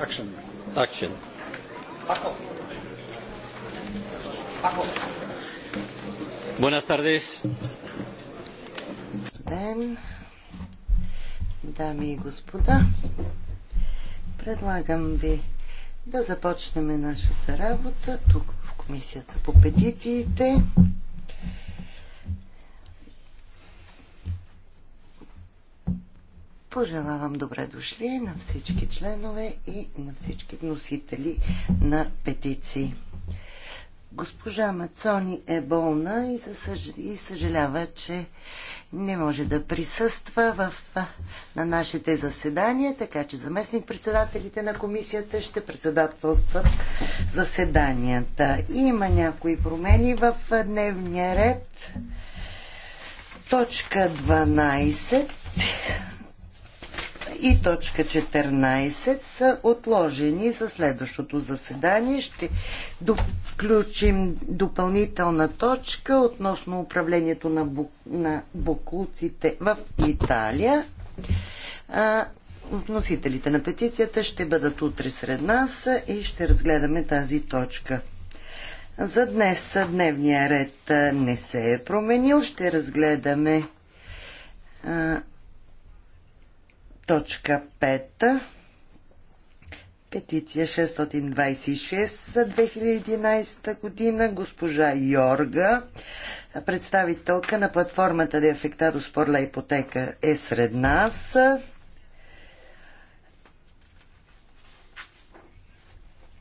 Action. Action. Buenas tardes. Ден, дами и господа, предлагам ви да започнем нашата работа тук в Комисията по петициите. Пожелавам добре дошли на всички членове и на всички вносители на петиции. Госпожа Мацони е болна и, съж... и съжалява, че не може да присъства в... на нашите заседания, така че заместник-председателите на комисията ще председателстват заседанията. Има някои промени в дневния ред. Точка 12 и точка 14 са отложени за следващото заседание. Ще включим допълнителна точка относно управлението на, бу... на буклуците в Италия. А, вносителите на петицията ще бъдат утре сред нас и ще разгледаме тази точка. За днес дневния ред не се е променил. Ще разгледаме а, Точка 5. Петиция 626-2011 година. Госпожа Йорга, представителка на платформата де Ефектадо por la ипотека е сред нас.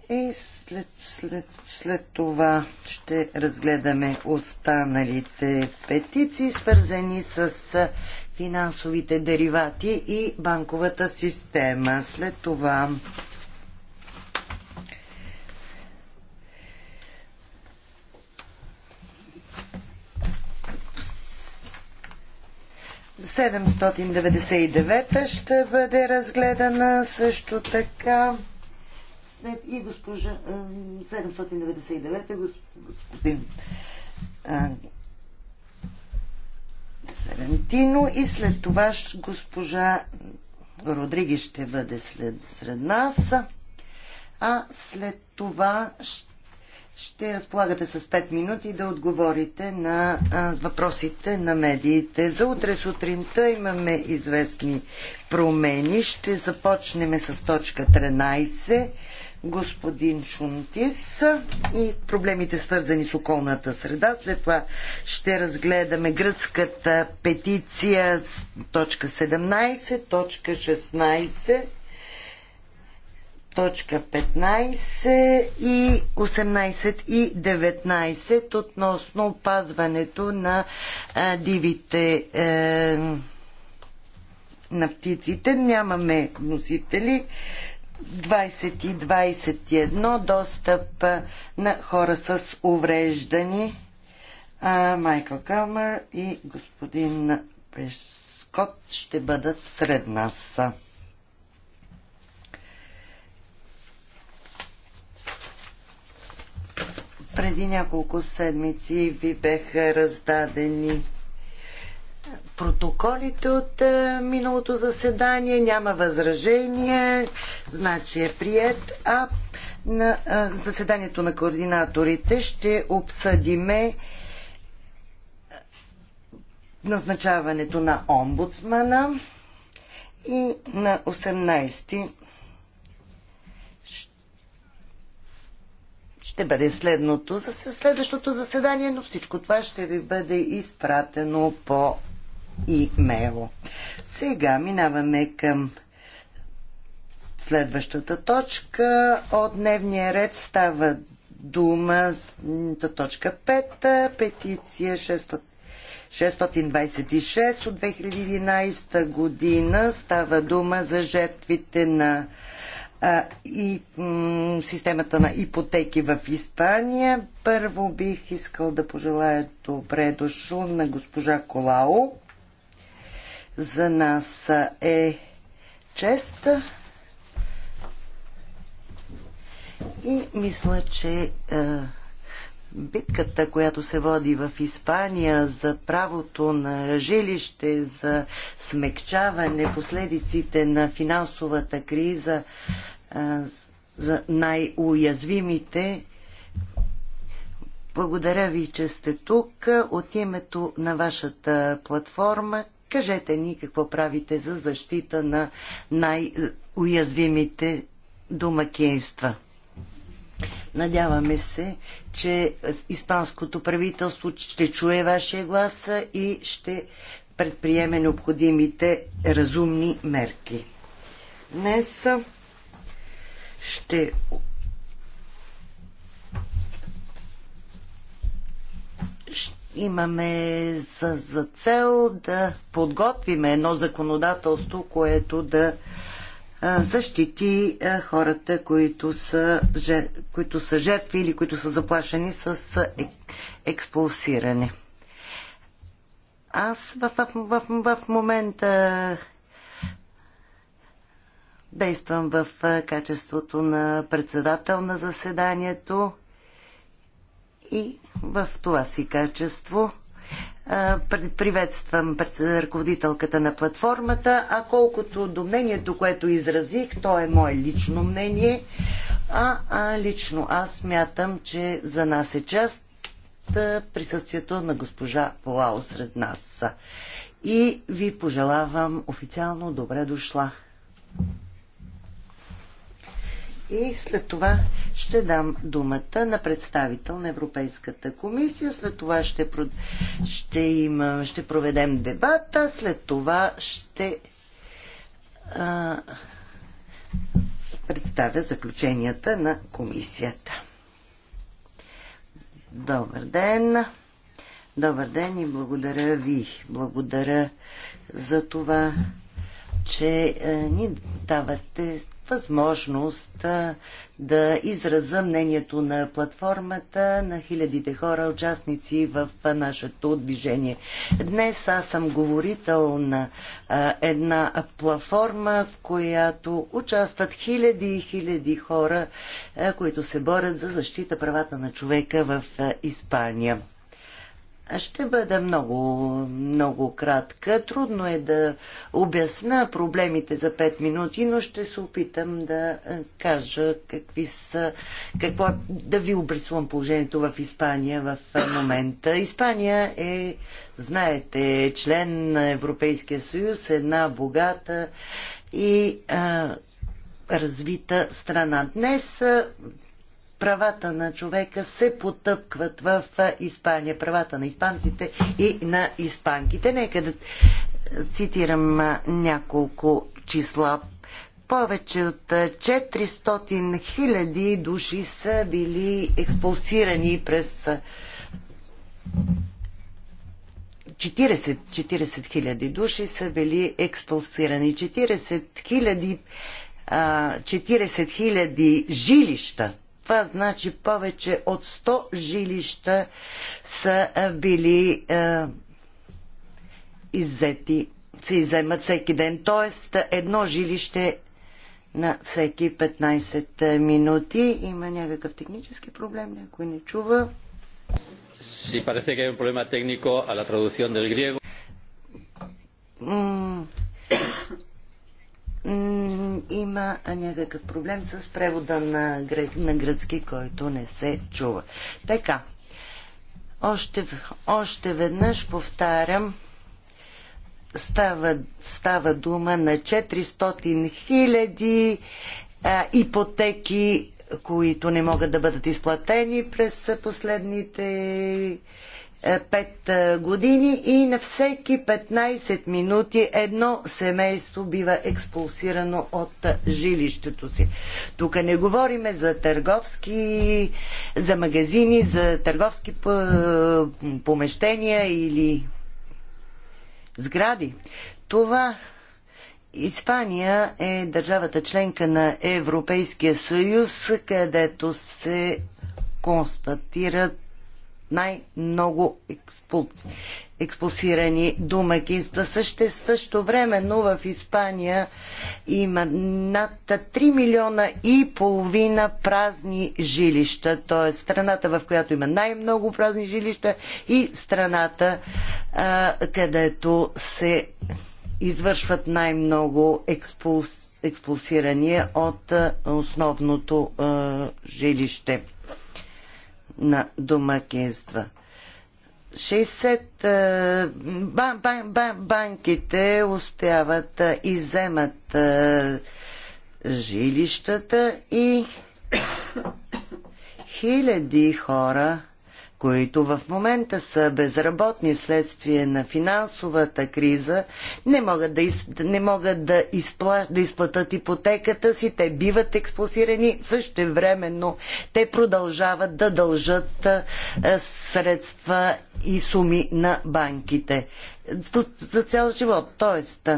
И след, след, след това ще разгледаме останалите петиции, свързани с финансовите деривати и банковата система. След това 799 ще бъде разгледана също така след и госпожа 799 господин Сарантино и след това госпожа Родриги, ще бъде след, сред нас, а след това ще, ще разполагате с 5 минути да отговорите на а, въпросите на медиите. За утре сутринта имаме известни промени. Ще започнем с точка 13 господин Шунтис и проблемите свързани с околната среда. След това ще разгледаме гръцката петиция точка 17, точка 16, точка 15 и 18 и 19 относно опазването на а, дивите е, на птиците. Нямаме носители. 20 и 21 достъп на хора с увреждани. Майкъл Кълмър и господин Прескот ще бъдат сред нас. Преди няколко седмици ви беха раздадени протоколите от е, миналото заседание, няма възражение, значи е прият, а на е, заседанието на координаторите ще обсъдиме е, назначаването на омбудсмана и на 18 ще бъде следното, за следващото заседание, но всичко това ще ви бъде изпратено по имейл. Сега минаваме към следващата точка. От дневния ред става дума за точка 5, петиция 600 626 от 2011 година става дума за жертвите на а, и, системата на ипотеки в Испания. Първо бих искал да пожелая добре дошъл на госпожа Колао, за нас е чест. И мисля, че е, битката, която се води в Испания за правото на жилище, за смекчаване последиците на финансовата криза е, за най-уязвимите, благодаря ви, че сте тук. От името на вашата платформа Кажете ни какво правите за защита на най-уязвимите домакинства. Надяваме се, че испанското правителство ще чуе вашия глас и ще предприеме необходимите разумни мерки. Днес ще ще имаме за цел да подготвим едно законодателство, което да защити хората, които са, които са жертви или които са заплашени с е, експулсиране. Аз в, в, в, в момента действам в качеството на председател на заседанието и в това си качество приветствам ръководителката на платформата, а колкото до мнението, което изразих, то е мое лично мнение, а, а лично аз мятам, че за нас е част присъствието на госпожа Полао сред нас. И ви пожелавам официално добре дошла. И след това ще дам думата на представител на Европейската комисия. След това ще, ще, има, ще проведем дебата. След това ще а, представя заключенията на комисията. Добър ден! Добър ден и благодаря ви. Благодаря за това, че е, ни давате възможност да израза мнението на платформата на хилядите хора, участници в нашето движение. Днес аз съм говорител на една платформа, в която участват хиляди и хиляди хора, които се борят за защита правата на човека в Испания. Ще бъда много, много кратка. Трудно е да обясна проблемите за 5 минути, но ще се опитам да е, кажа какви са, какво е, да ви обрисувам положението в Испания в е, момента. Испания е, знаете, член на Европейския съюз, една богата и а, е, развита страна. Днес правата на човека се потъпкват в Испания. Правата на испанците и на испанките. Нека да цитирам няколко числа. Повече от 400 хиляди души са били експулсирани през 40 хиляди души са били експулсирани. 40 хиляди 40 хиляди жилища това значи повече от 100 жилища са били е, иззети, се иземат всеки ден. Тоест едно жилище на всеки 15 минути. Има някакъв технически проблем, някой не чува. Sí, parece que hay un problema técnico a la traducción del griego има някакъв проблем с превода на, грек, на гръцки, който не се чува. Така, още, още веднъж повтарям, става, става дума на 400 хиляди ипотеки, които не могат да бъдат изплатени през последните 5 години и на всеки 15 минути едно семейство бива експулсирано от жилището си. Тук не говориме за търговски, за магазини, за търговски помещения или сгради. Това Испания е държавата членка на Европейския съюз, където се констатират най-много експулсирани домакинства. Също, също време, но в Испания има над 3 милиона и половина празни жилища. Т.е. страната, в която има най-много празни жилища и страната, а, където се извършват най-много експулс... експулсирания от а, основното а, жилище на домакинства. 60 банките успяват и вземат жилищата и хиляди хора които в момента са безработни вследствие на финансовата криза, не могат да, из, не могат да, да изплатат ипотеката си, те биват експлосирани, същевременно те продължават да дължат средства и суми на банките за, за цял живот. Тоест,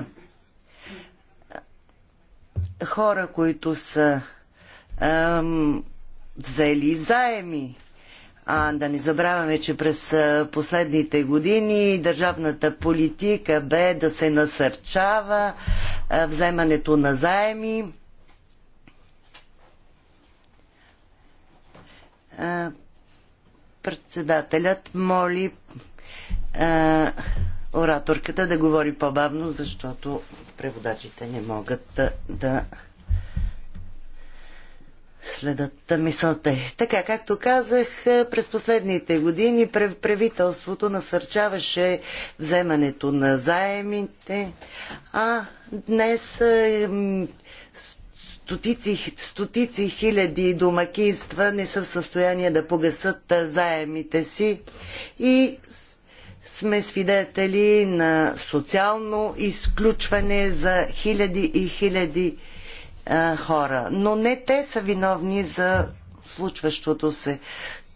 хора, които са ам, взели заеми, а да не забравяме, че през последните години държавната политика бе да се насърчава вземането на заеми. Председателят моли ораторката да говори по-бавно, защото преводачите не могат да следат мисълта. Така, както казах, е, през последните години правителството насърчаваше вземането на заемите, а днес е, стотици, стотици хиляди домакинства не са в състояние да погасат е, заемите си и сме свидетели на социално изключване за хиляди и хиляди а, хора. Но не те са виновни за случващото се.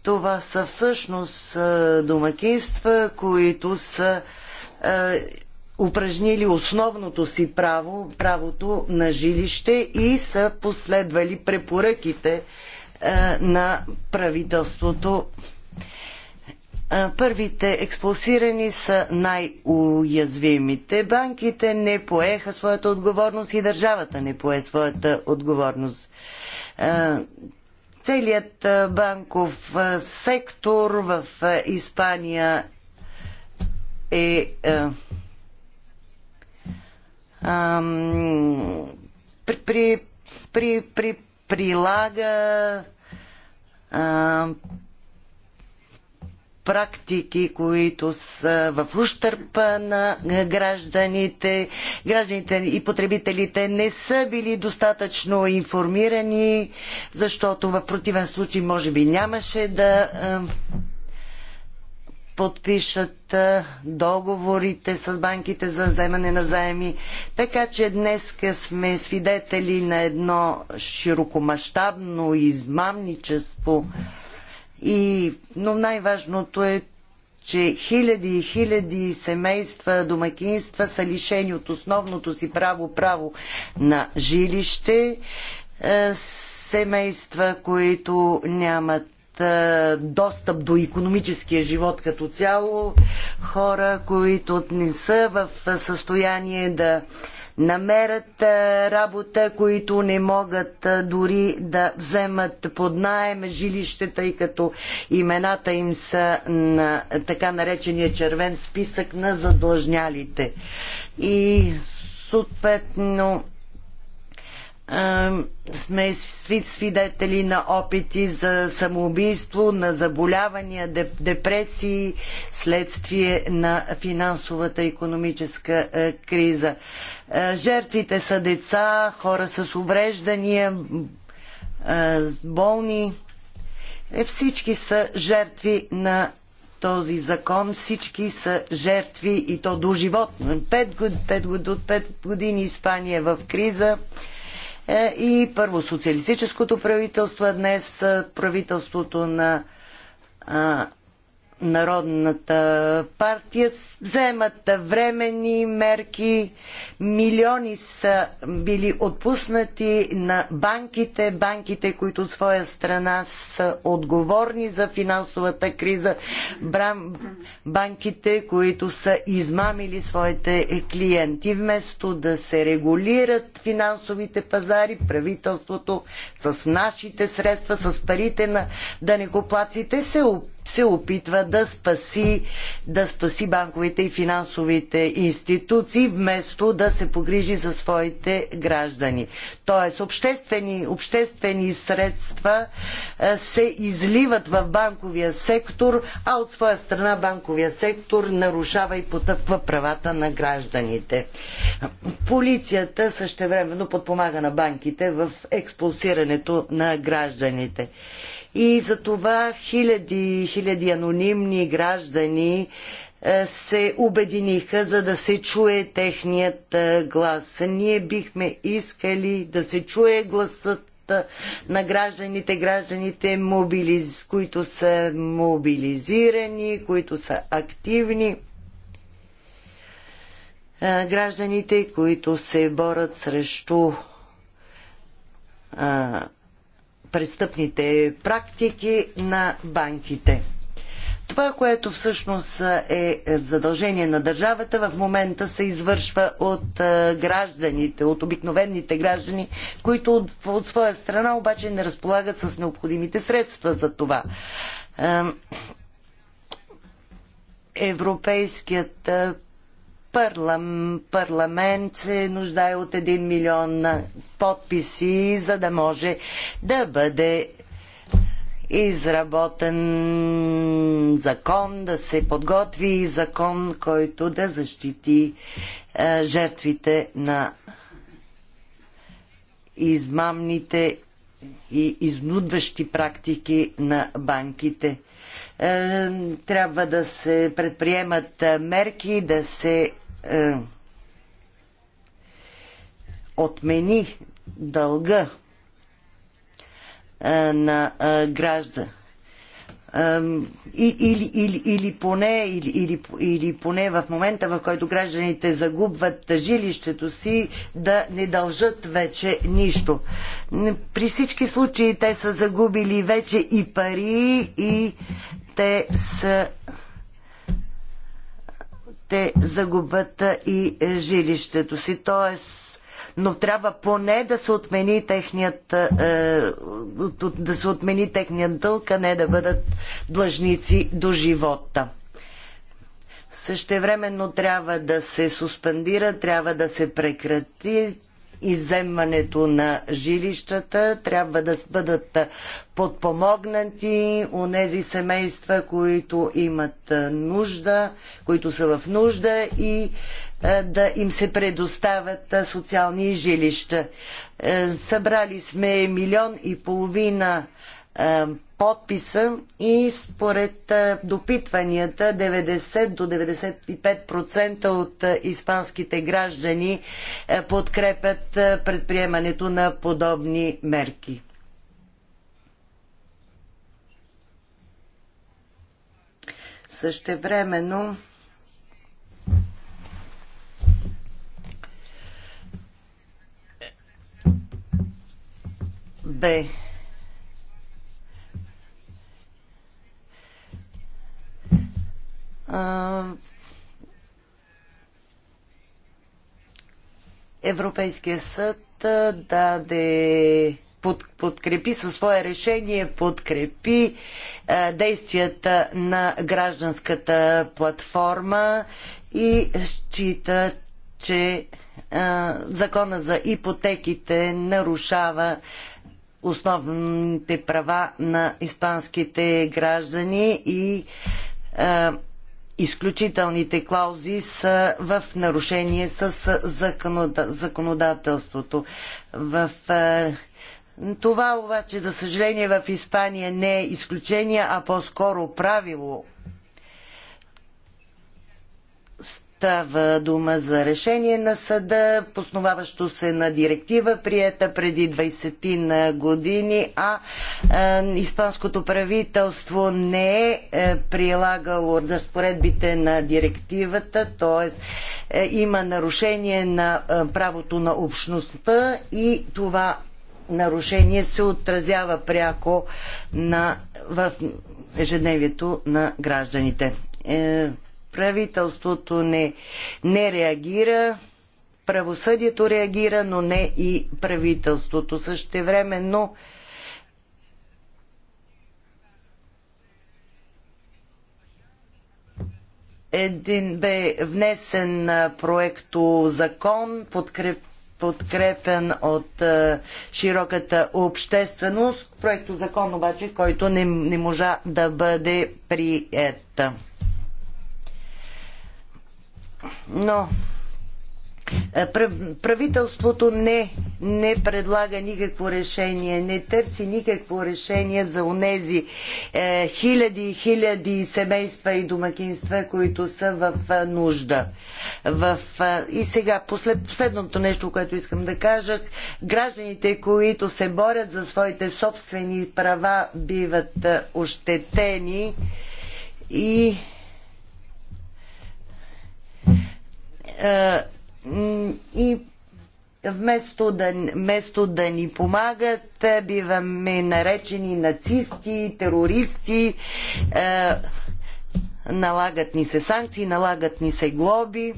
Това са всъщност домакинства, които са а, упражнили основното си право, правото на жилище и са последвали препоръките а, на правителството Първите експулсирани са най-уязвимите. Банките не поеха своята отговорност и държавата не пое своята отговорност. Целият банков сектор в Испания е при, при, при, при прилага практики, които са в ущърп на гражданите. Гражданите и потребителите не са били достатъчно информирани, защото в противен случай може би нямаше да подпишат договорите с банките за вземане на заеми. Така че днес сме свидетели на едно широкомащабно измамничество и, но най-важното е, че хиляди и хиляди семейства, домакинства са лишени от основното си право, право на жилище, е, семейства, които нямат е, достъп до економическия живот като цяло, хора, които не са в състояние да намерят работа, които не могат дори да вземат под найем жилищета, тъй като имената им са на така наречения червен списък на задлъжнялите. И съответно сме свидетели на опити за самоубийство, на заболявания, депресии, следствие на финансовата и економическа е, криза. Е, жертвите са деца, хора с увреждания, е, болни. Всички са жертви на този закон. Всички са жертви и то до живот. Пет, пет, от пет години Испания е в криза. Е, и първо социалистическото правителство, а днес е, правителството на Народната партия вземат временни мерки. Милиони са били отпуснати на банките, банките, които от своя страна са отговорни за финансовата криза, банките, които са измамили своите клиенти. Вместо да се регулират финансовите пазари, правителството с нашите средства, с парите на данекоплаците се опитва се опитва да спаси, да спаси банковите и финансовите институции, вместо да се погрижи за своите граждани. Тоест, обществени, обществени средства е, се изливат в банковия сектор, а от своя страна банковия сектор нарушава и потъпква правата на гражданите. Полицията същевременно подпомага на банките в експулсирането на гражданите и за това хиляди, хиляди анонимни граждани е, се обединиха, за да се чуе техният е, глас. Ние бихме искали да се чуе гласът е, на гражданите, гражданите, мобилиз, които са мобилизирани, които са активни гражданите, които се борят срещу а, престъпните практики на банките. Това, което всъщност е задължение на държавата, в момента се извършва от е, гражданите, от обикновените граждани, които от, от своя страна обаче не разполагат с необходимите средства за това. Европейският е, Парлам, парламент се нуждае от 1 милион подписи, за да може да бъде изработен закон, да се подготви закон, който да защити е, жертвите на измамните и изнудващи практики на банките. Е, трябва да се предприемат мерки, да се е, отмени дълга е, на е, гражда. Е, или, или, или, поне, или, или, или поне в момента, в който гражданите загубват жилището си, да не дължат вече нищо. При всички случаи те са загубили вече и пари, и те са ще загубят и е, жилището си. Тоест, но трябва поне да се отмени техният, е, да се отмени техният дълг, а не да бъдат длъжници до живота. Същевременно трябва да се суспендира, трябва да се прекрати иземането на жилищата. Трябва да бъдат подпомогнати у нези семейства, които имат нужда, които са в нужда и да им се предоставят социални жилища. Е, събрали сме милион и половина подписа и според е, допитванията 90 до 95% от е, испанските граждани е, подкрепят предприемането на подобни мерки. Същевременно бе Европейския съд даде под, подкрепи със свое решение, подкрепи е, действията на гражданската платформа и счита, че е, закона за ипотеките нарушава основните права на испанските граждани и е, изключителните клаузи са в нарушение с законодателството. В е, това обаче, за съжаление, в Испания не е изключение, а по-скоро правило Става дума за решение на съда, основаващо се на директива, приета преди 20 на години, а е, испанското правителство не е, е, прилагало разпоредбите на директивата, т.е. Е, има нарушение на е, правото на общността и това нарушение се отразява пряко на, в ежедневието на гражданите. Е, правителството не, не реагира, правосъдието реагира, но не и правителството. Същевременно един бе внесен проекто закон, подкреп, подкрепен от а, широката общественост. Проекто закон обаче, който не, не можа да бъде прият но е, правителството не, не предлага никакво решение, не търси никакво решение за онези е, хиляди и хиляди семейства и домакинства, които са в е, нужда. В, е, и сега, послед, последното нещо, което искам да кажа, гражданите, които се борят за своите собствени права, биват е, ощетени и Е, и вместо да, вместо да ни помагат, е, биваме наречени нацисти, терористи, е, налагат ни се санкции, налагат ни се глоби.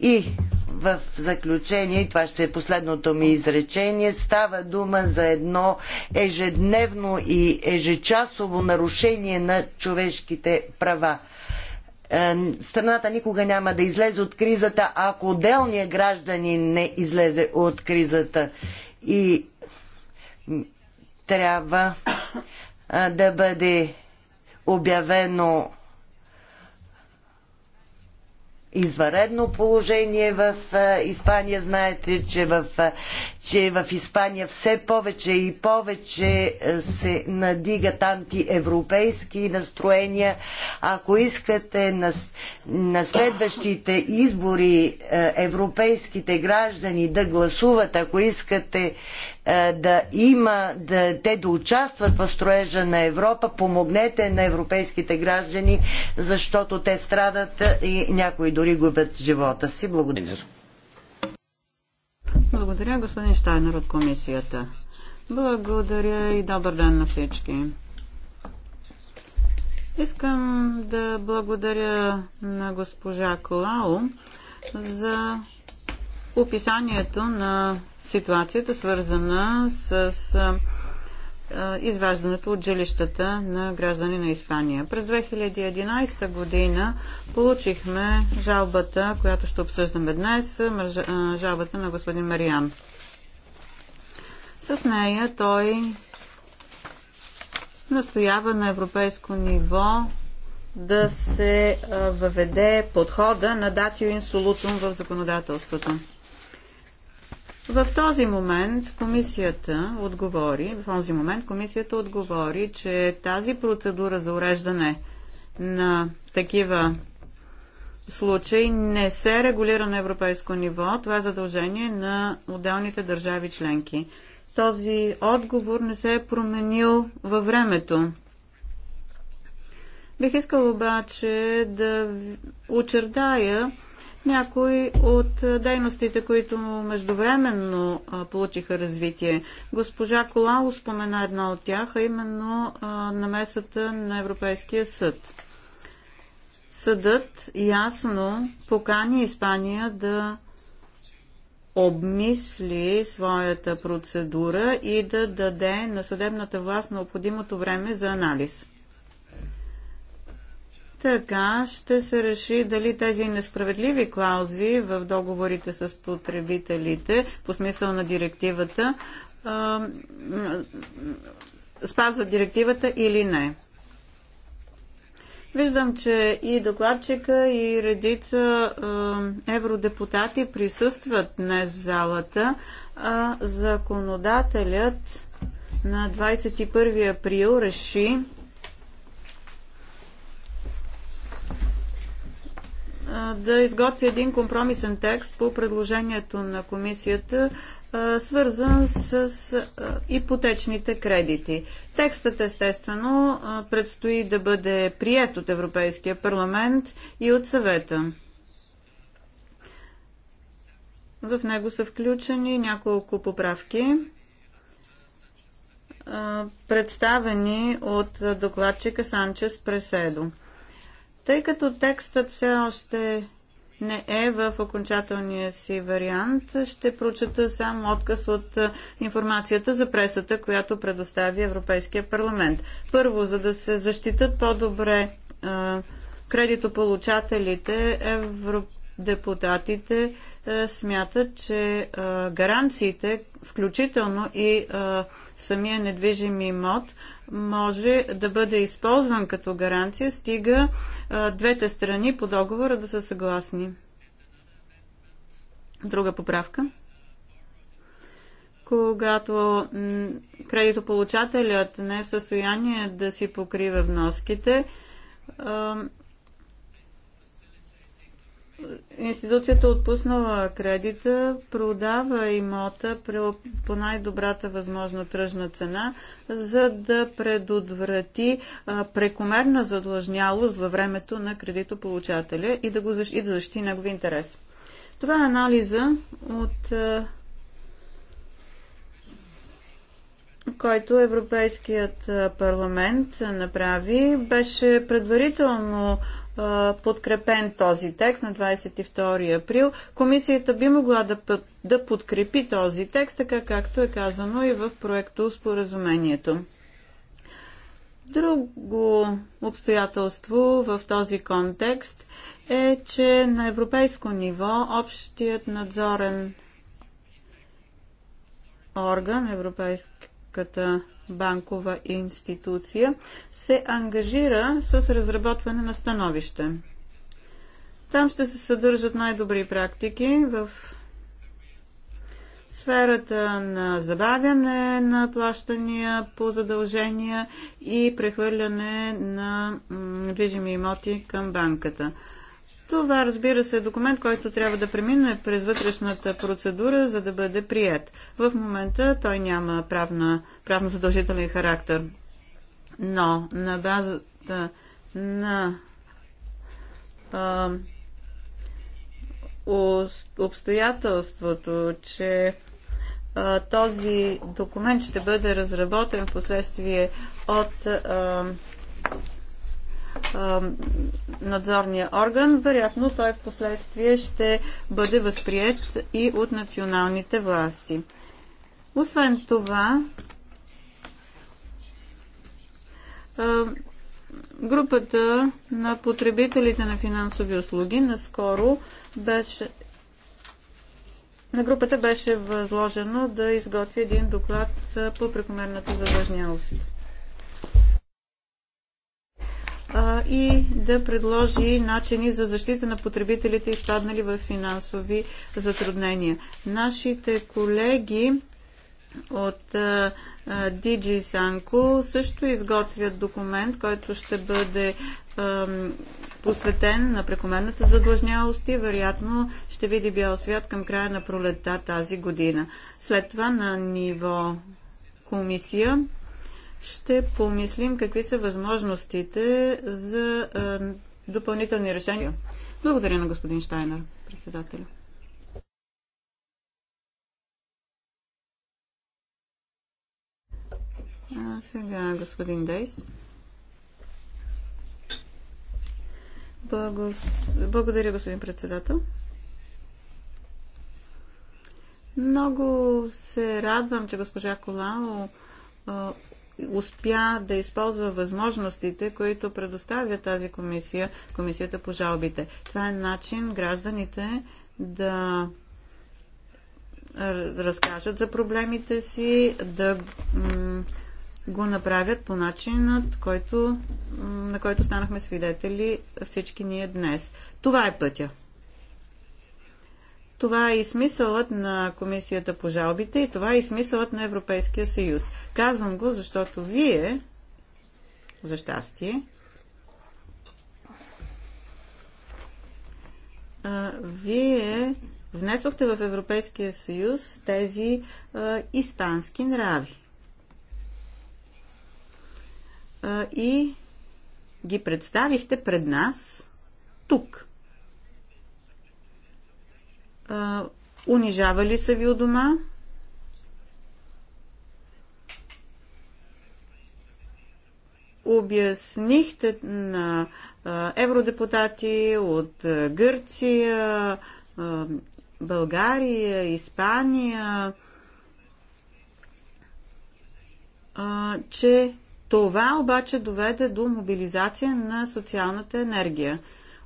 И в заключение, и това ще е последното ми изречение, става дума за едно ежедневно и ежечасово нарушение на човешките права. Е, страната никога няма да излезе от кризата, ако отделният гражданин не излезе от кризата. И трябва е, да бъде обявено извънредно положение в Испания. Знаете, че в, че в Испания все повече и повече се надигат антиевропейски настроения. Ако искате на, на следващите избори европейските граждани да гласуват, ако искате е, да има, да, те да участват в строежа на Европа. Помогнете на европейските граждани, защото те страдат и някои дори губят живота си. Благодаря. Благодаря, господин Штайнер от комисията. Благодаря и добър ден на всички. Искам да благодаря на госпожа Колао за описанието на ситуацията, свързана с изваждането от жилищата на граждани на Испания. През 2011 година получихме жалбата, която ще обсъждаме днес, жалбата на господин Мариан. С нея той настоява на европейско ниво да се въведе подхода на датио инсолутум в законодателството. В този момент комисията отговори, в този момент комисията отговори, че тази процедура за уреждане на такива случаи не се регулира на европейско ниво. Това е задължение на отделните държави членки. Този отговор не се е променил във времето. Бих искал обаче да очертая някои от дейностите, които междувременно получиха развитие. Госпожа Колао спомена една от тях, а именно намесата на Европейския съд. Съдът ясно покани Испания да обмисли своята процедура и да даде на съдебната власт необходимото време за анализ. Така ще се реши дали тези несправедливи клаузи в договорите с потребителите по смисъл на директивата спазват директивата или не. Виждам, че и докладчика, и редица е, евродепутати присъстват днес в залата, а законодателят на 21 април реши да изготви един компромисен текст по предложението на комисията, свързан с ипотечните кредити. Текстът естествено предстои да бъде прият от Европейския парламент и от съвета. В него са включени няколко поправки, представени от докладчика Санчес Преседо. Тъй като текстът все още не е в окончателния си вариант, ще прочета само отказ от информацията за пресата, която предостави Европейския парламент. Първо, за да се защитат по-добре кредитополучателите, евродепутатите е, смятат, че е, гаранциите, включително и е, самия недвижим имот, може да бъде използван като гаранция, стига двете страни по договора да са съгласни. Друга поправка. Когато кредитополучателят не е в състояние да си покрива вноските, институцията отпуснала кредита, продава имота по най-добрата възможна тръжна цена, за да предотврати прекомерна задлъжнялост във времето на кредитополучателя и да, го защити, и да негови интерес. Това е анализа от който Европейският парламент направи, беше предварително подкрепен този текст на 22 април. Комисията би могла да, да подкрепи този текст, така както е казано и в проекто споразумението. Друго обстоятелство в този контекст е, че на европейско ниво общият надзорен орган, Европейски българската банкова институция се ангажира с разработване на становище. Там ще се съдържат най-добри практики в сферата на забавяне на плащания по задължения и прехвърляне на движими имоти към банката. Това, разбира се, е документ, който трябва да премине през вътрешната процедура, за да бъде прият. В момента той няма правна, правно задължителен характер. Но на базата на а, обстоятелството, че а, този документ ще бъде разработен в последствие от а, надзорния орган, вероятно той в последствие ще бъде възприят и от националните власти. Освен това, групата на потребителите на финансови услуги наскоро беше на групата беше възложено да изготви един доклад по прекомерната задлъжнялост. и да предложи начини за защита на потребителите, изпаднали в финансови затруднения. Нашите колеги от DG Sanko също изготвят документ, който ще бъде посветен на прекомерната задлъжнялост и вероятно ще види бял свят към края на пролетта тази година. След това на ниво комисия ще помислим какви са възможностите за допълнителни решения. Благодаря на господин Штайнер, председателя. А сега господин Дейс. Благос... Благодаря, господин председател. Много се радвам, че госпожа Колао успя да използва възможностите, които предоставя тази комисия, комисията по жалбите. Това е начин гражданите да разкажат за проблемите си, да го направят по начинът, който, на който станахме свидетели всички ние днес. Това е пътя. Това е и смисълът на Комисията по жалбите и това е и смисълът на Европейския съюз. Казвам го, защото вие, за щастие, вие внесохте в Европейския съюз тези а, испански нрави. А, и ги представихте пред нас тук унижавали са ви у дома? Обяснихте на евродепутати от Гърция, България, Испания, че това обаче доведе до мобилизация на социалната енергия.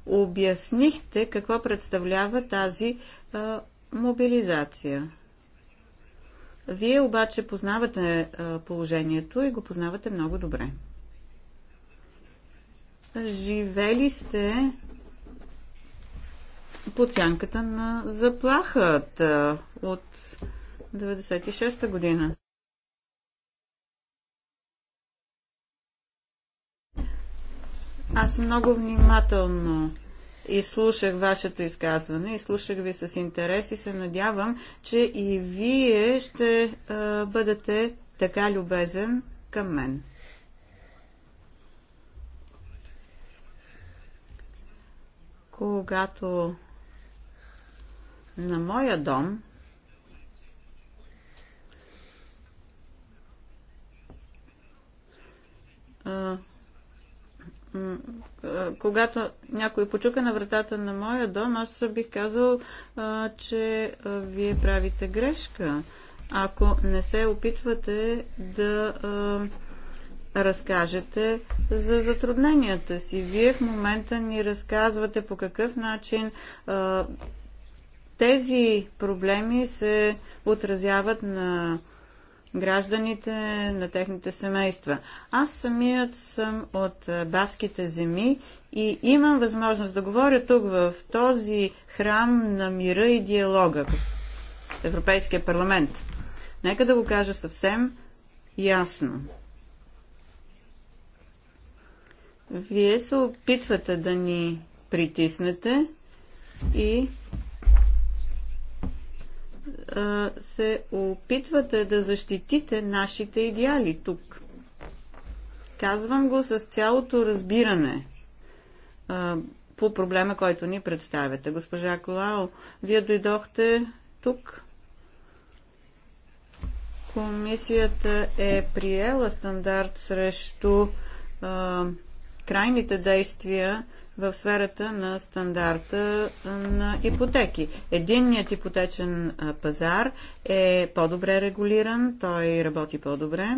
Обяснихте какво представлява тази а, мобилизация. Вие обаче познавате а, положението и го познавате много добре. Живели сте по сянката на заплахата от 96-та година. Аз много внимателно и слушах вашето изказване, и слушах ви с интерес и се надявам, че и вие ще а, бъдете така любезен към мен. Когато на моя дом а, когато някой почука на вратата на моя дом, аз бих казал, че вие правите грешка. Ако не се опитвате да разкажете за затрудненията си. Вие в момента ни разказвате по какъв начин тези проблеми се отразяват на гражданите, на техните семейства. Аз самият съм от баските земи и имам възможност да говоря тук в този храм на мира и диалога в Европейския парламент. Нека да го кажа съвсем ясно. Вие се опитвате да ни притиснете и се опитвате да защитите нашите идеали тук. Казвам го с цялото разбиране по проблема, който ни представяте. Госпожа Колао, вие дойдохте тук. Комисията е приела стандарт срещу а, крайните действия в сферата на стандарта на ипотеки. Единният ипотечен пазар е по-добре регулиран, той работи по-добре.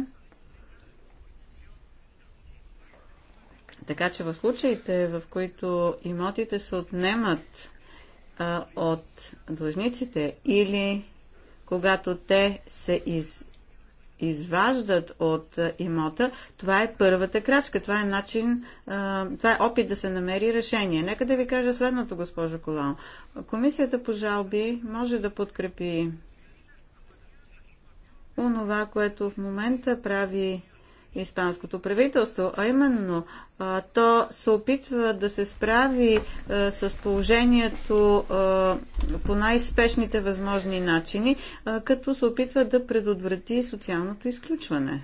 Така че в случаите, в които имотите се отнемат а, от длъжниците или когато те се из, изваждат от имота, това е първата крачка. Това е начин, това е опит да се намери решение. Нека да ви кажа следното, госпожо Колао. Комисията по жалби може да подкрепи онова, което в момента прави испанското правителство, а именно а, то се опитва да се справи а, с положението а, по най-спешните възможни начини, а, като се опитва да предотврати социалното изключване.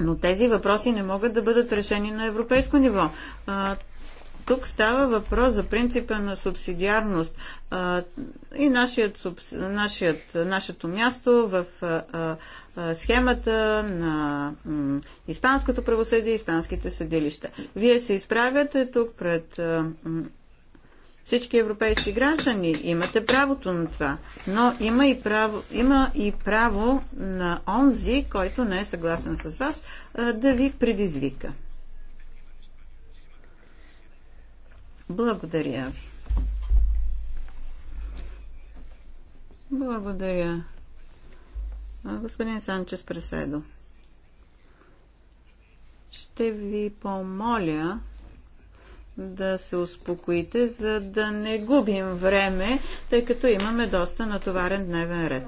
Но тези въпроси не могат да бъдат решени на европейско ниво. Тук става въпрос за принципа на субсидиарност и нашият, нашият, нашето място в схемата на испанското правосъдие и испанските съдилища. Вие се изправяте тук пред всички европейски граждани. Имате правото на това. Но има и право, има и право на онзи, който не е съгласен с вас, да ви предизвика. Благодаря ви. Благодаря. Господин Санчес Преседо, ще ви помоля да се успокоите, за да не губим време, тъй като имаме доста натоварен дневен ред.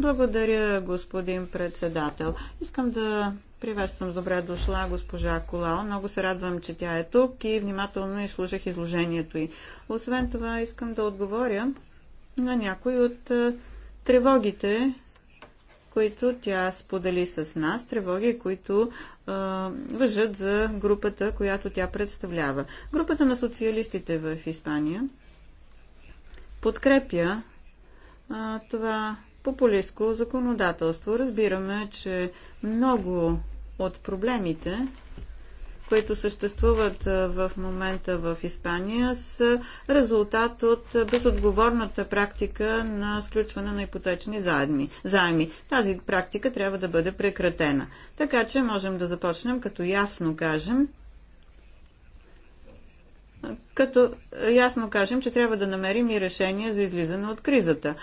Благодаря, господин председател. Искам да Приветствам добре дошла госпожа Колао. Много се радвам, че тя е тук и внимателно изслушах изложението й. Освен това, искам да отговоря на някои от е, тревогите, които тя сподели с нас, тревоги, които а, е, въжат за групата, която тя представлява. Групата на социалистите в Испания подкрепя а, е, това популистско законодателство. Разбираме, че много от проблемите, които съществуват в момента в Испания, са резултат от безотговорната практика на сключване на ипотечни заеми. Тази практика трябва да бъде прекратена. Така че можем да започнем като ясно кажем, като ясно кажем, че трябва да намерим и решения за излизане от кризата.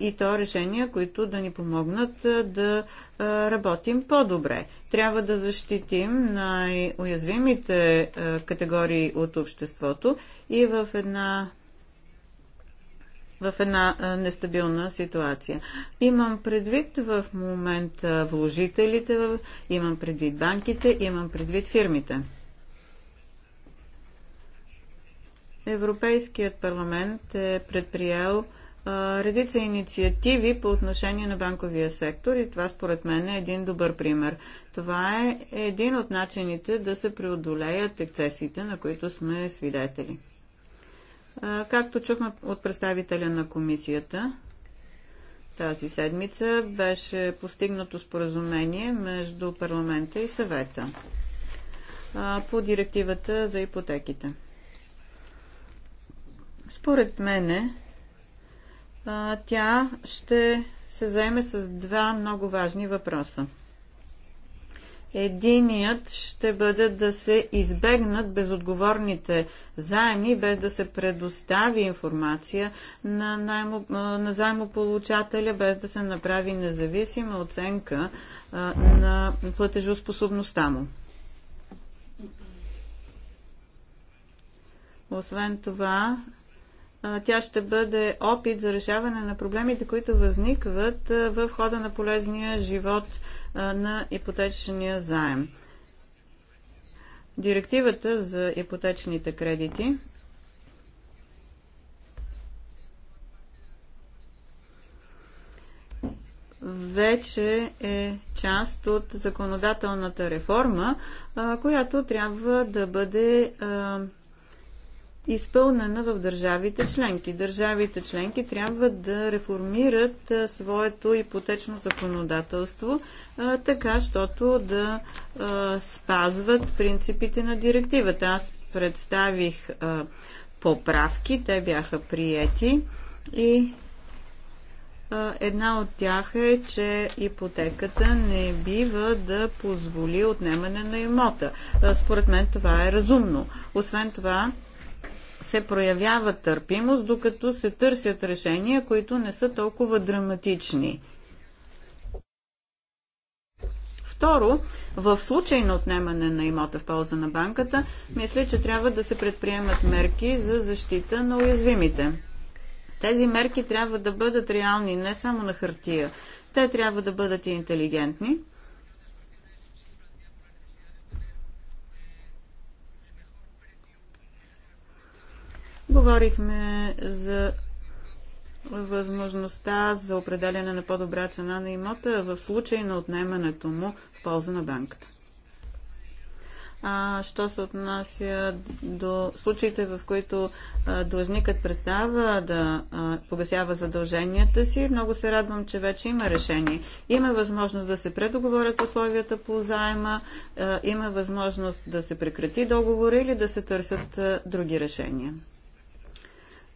И то решения, които да ни помогнат да работим по-добре. Трябва да защитим най-уязвимите категории от обществото и в една в една нестабилна ситуация. Имам предвид в момента вложителите, имам предвид банките, имам предвид фирмите. Европейският парламент е предприел а, редица инициативи по отношение на банковия сектор и това според мен е един добър пример. Това е един от начините да се преодолеят ексцесиите, на които сме свидетели. А, както чухме от представителя на комисията, тази седмица беше постигнато споразумение между парламента и съвета а, по директивата за ипотеките. Според мене, тя ще се заеме с два много важни въпроса. Единият ще бъде да се избегнат безотговорните заеми, без да се предостави информация на, наймо, на заемополучателя, без да се направи независима оценка на платежоспособността му. Освен това, тя ще бъде опит за решаване на проблемите, които възникват в хода на полезния живот на ипотечния заем. Директивата за ипотечните кредити вече е част от законодателната реформа, която трябва да бъде изпълнена в държавите членки. Държавите членки трябва да реформират своето ипотечно законодателство, така, щото да спазват принципите на директивата. Аз представих поправки, те бяха приети и Една от тях е, че ипотеката не бива да позволи отнемане на имота. Според мен това е разумно. Освен това, се проявява търпимост, докато се търсят решения, които не са толкова драматични. Второ, в случай на отнемане на имота в полза на банката, мисля, че трябва да се предприемат мерки за защита на уязвимите. Тези мерки трябва да бъдат реални не само на хартия. Те трябва да бъдат и интелигентни – Говорихме за възможността за определяне на по-добра цена на имота в случай на отнемането му в полза на банката. А, що се отнася до случаите, в които а, длъжникът представа да а, погасява задълженията си, много се радвам, че вече има решение. Има възможност да се предоговорят условията по заема, а, има възможност да се прекрати договор или да се търсят а, други решения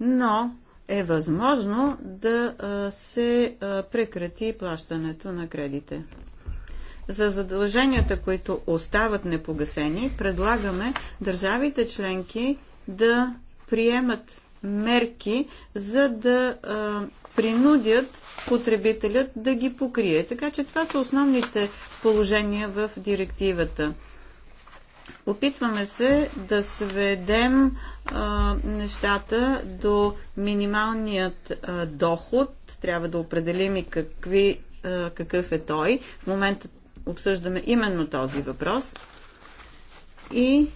но е възможно да се прекрати плащането на кредите. За задълженията, които остават непогасени, предлагаме държавите членки да приемат мерки, за да а, принудят потребителят да ги покрие. Така че това са основните положения в директивата. Опитваме се да сведем а, нещата до минималният а, доход. Трябва да определим и какви, а, какъв е той. В момента обсъждаме именно този въпрос. И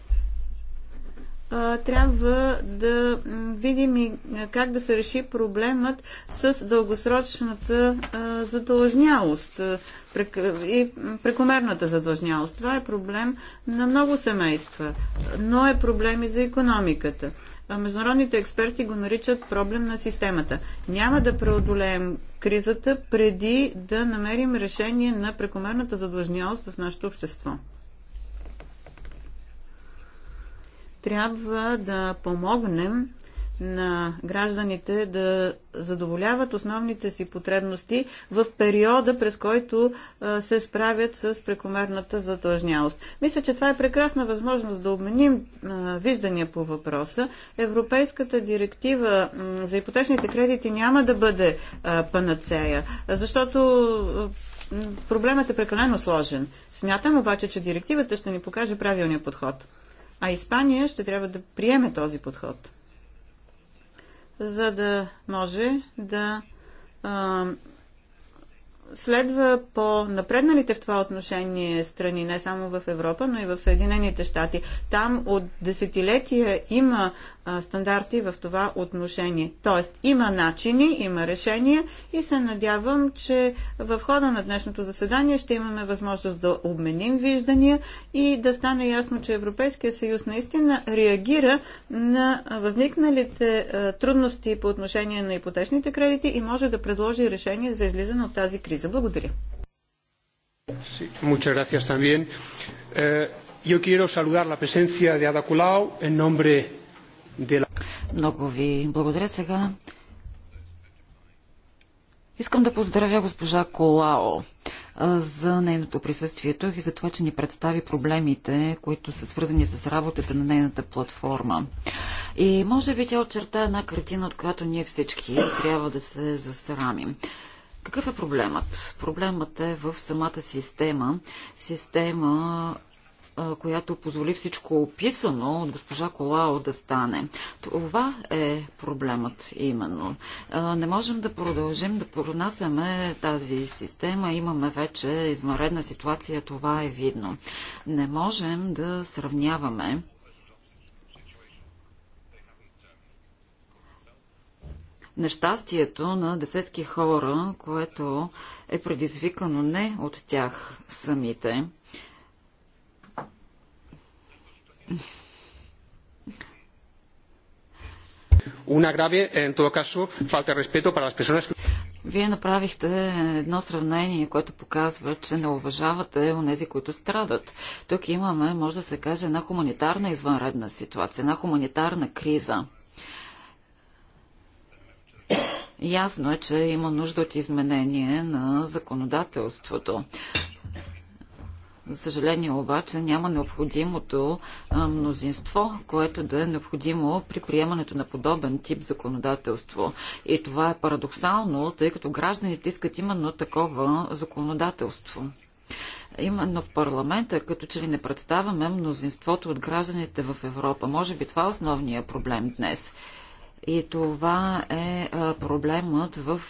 трябва да видим и как да се реши проблемът с дългосрочната задължнялост и прекомерната задлъжнялост. Това е проблем на много семейства, но е проблем и за економиката. Международните експерти го наричат проблем на системата. Няма да преодолеем кризата преди да намерим решение на прекомерната задлъжнялост в нашето общество. Трябва да помогнем на гражданите да задоволяват основните си потребности в периода, през който се справят с прекомерната задлъжнялост. Мисля, че това е прекрасна възможност да обменим виждания по въпроса. Европейската директива за ипотечните кредити няма да бъде панацея, защото проблемът е прекалено сложен. Смятам обаче, че директивата ще ни покаже правилния подход. А Испания ще трябва да приеме този подход за да може да следва по напредналите в това отношение страни, не само в Европа, но и в Съединените щати. Там от десетилетия има а, стандарти в това отношение. Тоест има начини, има решения и се надявам, че в хода на днешното заседание ще имаме възможност да обменим виждания и да стане ясно, че Европейския съюз наистина реагира на възникналите а, трудности по отношение на ипотечните кредити и може да предложи решение за излизане от тази криза криза. Благодаря. Sí, muchas gracias también. Eh, yo quiero saludar la presencia de Ada Colau en nombre de la... Много ви благодаря сега. Искам да поздравя госпожа Колао за нейното присъствие тук и за това, че ни представи проблемите, които са свързани с работата на нейната платформа. И може би тя очерта една картина, от която ние всички трябва да се засрамим. Какъв е проблемът? Проблемът е в самата система. Система, която позволи всичко описано от госпожа Колао да стане. Това е проблемът именно. Не можем да продължим да пронасяме тази система. Имаме вече измаредна ситуация, това е видно. Не можем да сравняваме нещастието на десетки хора, което е предизвикано не от тях самите. Una grave, en todo caso, falta respeto para las personas. Вие направихте едно сравнение, което показва, че не уважавате нези, които страдат. Тук имаме, може да се каже, една хуманитарна извънредна ситуация, една хуманитарна криза. Ясно е, че има нужда от изменение на законодателството. За съжаление обаче няма необходимото мнозинство, което да е необходимо при приемането на подобен тип законодателство. И това е парадоксално, тъй като гражданите искат именно такова законодателство. Именно в парламента, като че ли не представяме мнозинството от гражданите в Европа. Може би това е основният проблем днес. И това е проблемът в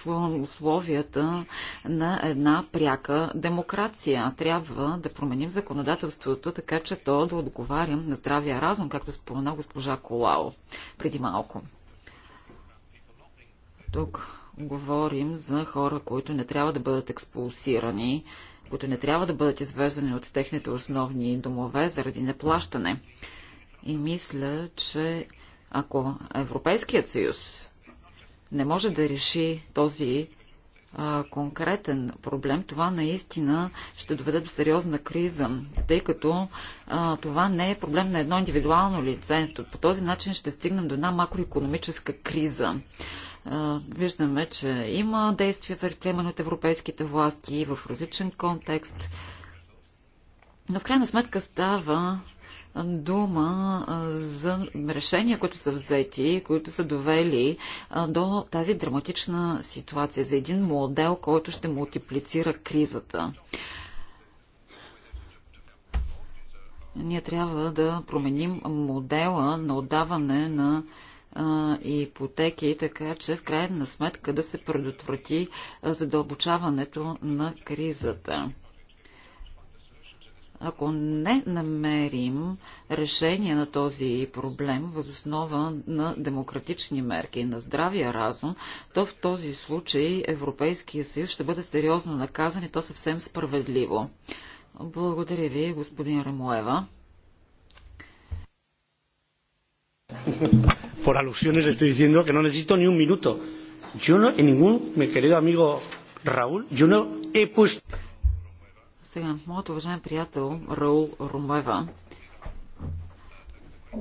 условията на една пряка демокрация. Трябва да променим законодателството, така че то да отговаря на здравия разум, както спомена госпожа Колао преди малко. Тук говорим за хора, които не трябва да бъдат експулсирани, които не трябва да бъдат извеждани от техните основни домове заради неплащане. И мисля, че ако Европейският съюз не може да реши този а, конкретен проблем, това наистина ще доведе до сериозна криза, тъй като а, това не е проблем на едно индивидуално лице. По този начин ще стигнем до една макроекономическа криза. А, виждаме, че има действия предприемани от европейските власти в различен контекст, но в крайна сметка става дума за решения, които са взети, които са довели до тази драматична ситуация, за един модел, който ще мултиплицира кризата. Ние трябва да променим модела на отдаване на ипотеки, така че в крайна сметка да се предотврати задълбочаването на кризата. Ако не намерим решение на този проблем възоснова на демократични мерки и на здравия разум, то в този случай Европейския съюз ще бъде сериозно наказан и то съвсем справедливо. Благодаря ви, господин Рамоева. Por alusiones le estoy diciendo que no necesito ni un minuto. Yo no, en ningún, mi querido amigo Raúl, yo no he puesto. Сега, моят уважаем приятел Раул Румева.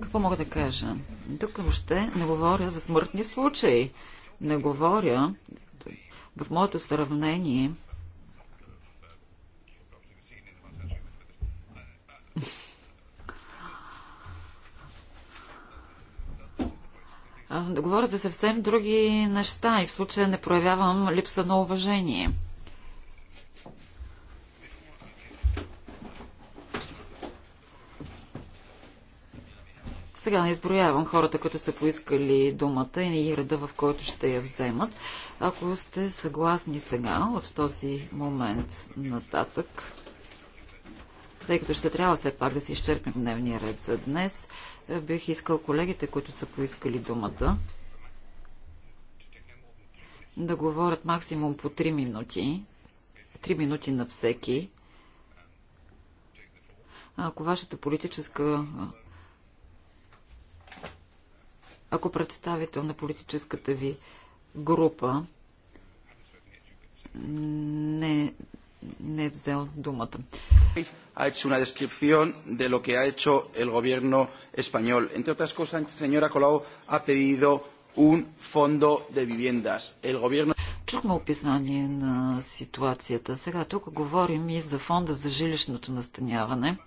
Какво мога да кажа? Тук въобще не говоря за смъртни случаи. Не говоря в моето сравнение да говоря за съвсем други неща и в случая не проявявам липса на уважение. Сега не изброявам хората, които са поискали думата и реда, в който ще я вземат. Ако сте съгласни сега, от този момент нататък, тъй като ще трябва все пак да се изчерпим дневния ред за днес, бих искал колегите, които са поискали думата, да говорят максимум по 3 минути, 3 минути на всеки. Ако вашата политическа ако представител на политическата ви група не, не е взел думата. Ha hecho una descripción de lo que ha hecho el gobierno español. Entre otras cosas, señora Colau ha pedido un fondo de viviendas. El gobierno... Чухме описание на ситуацията. Сега тук говорим и за фонда за жилищното настаняване.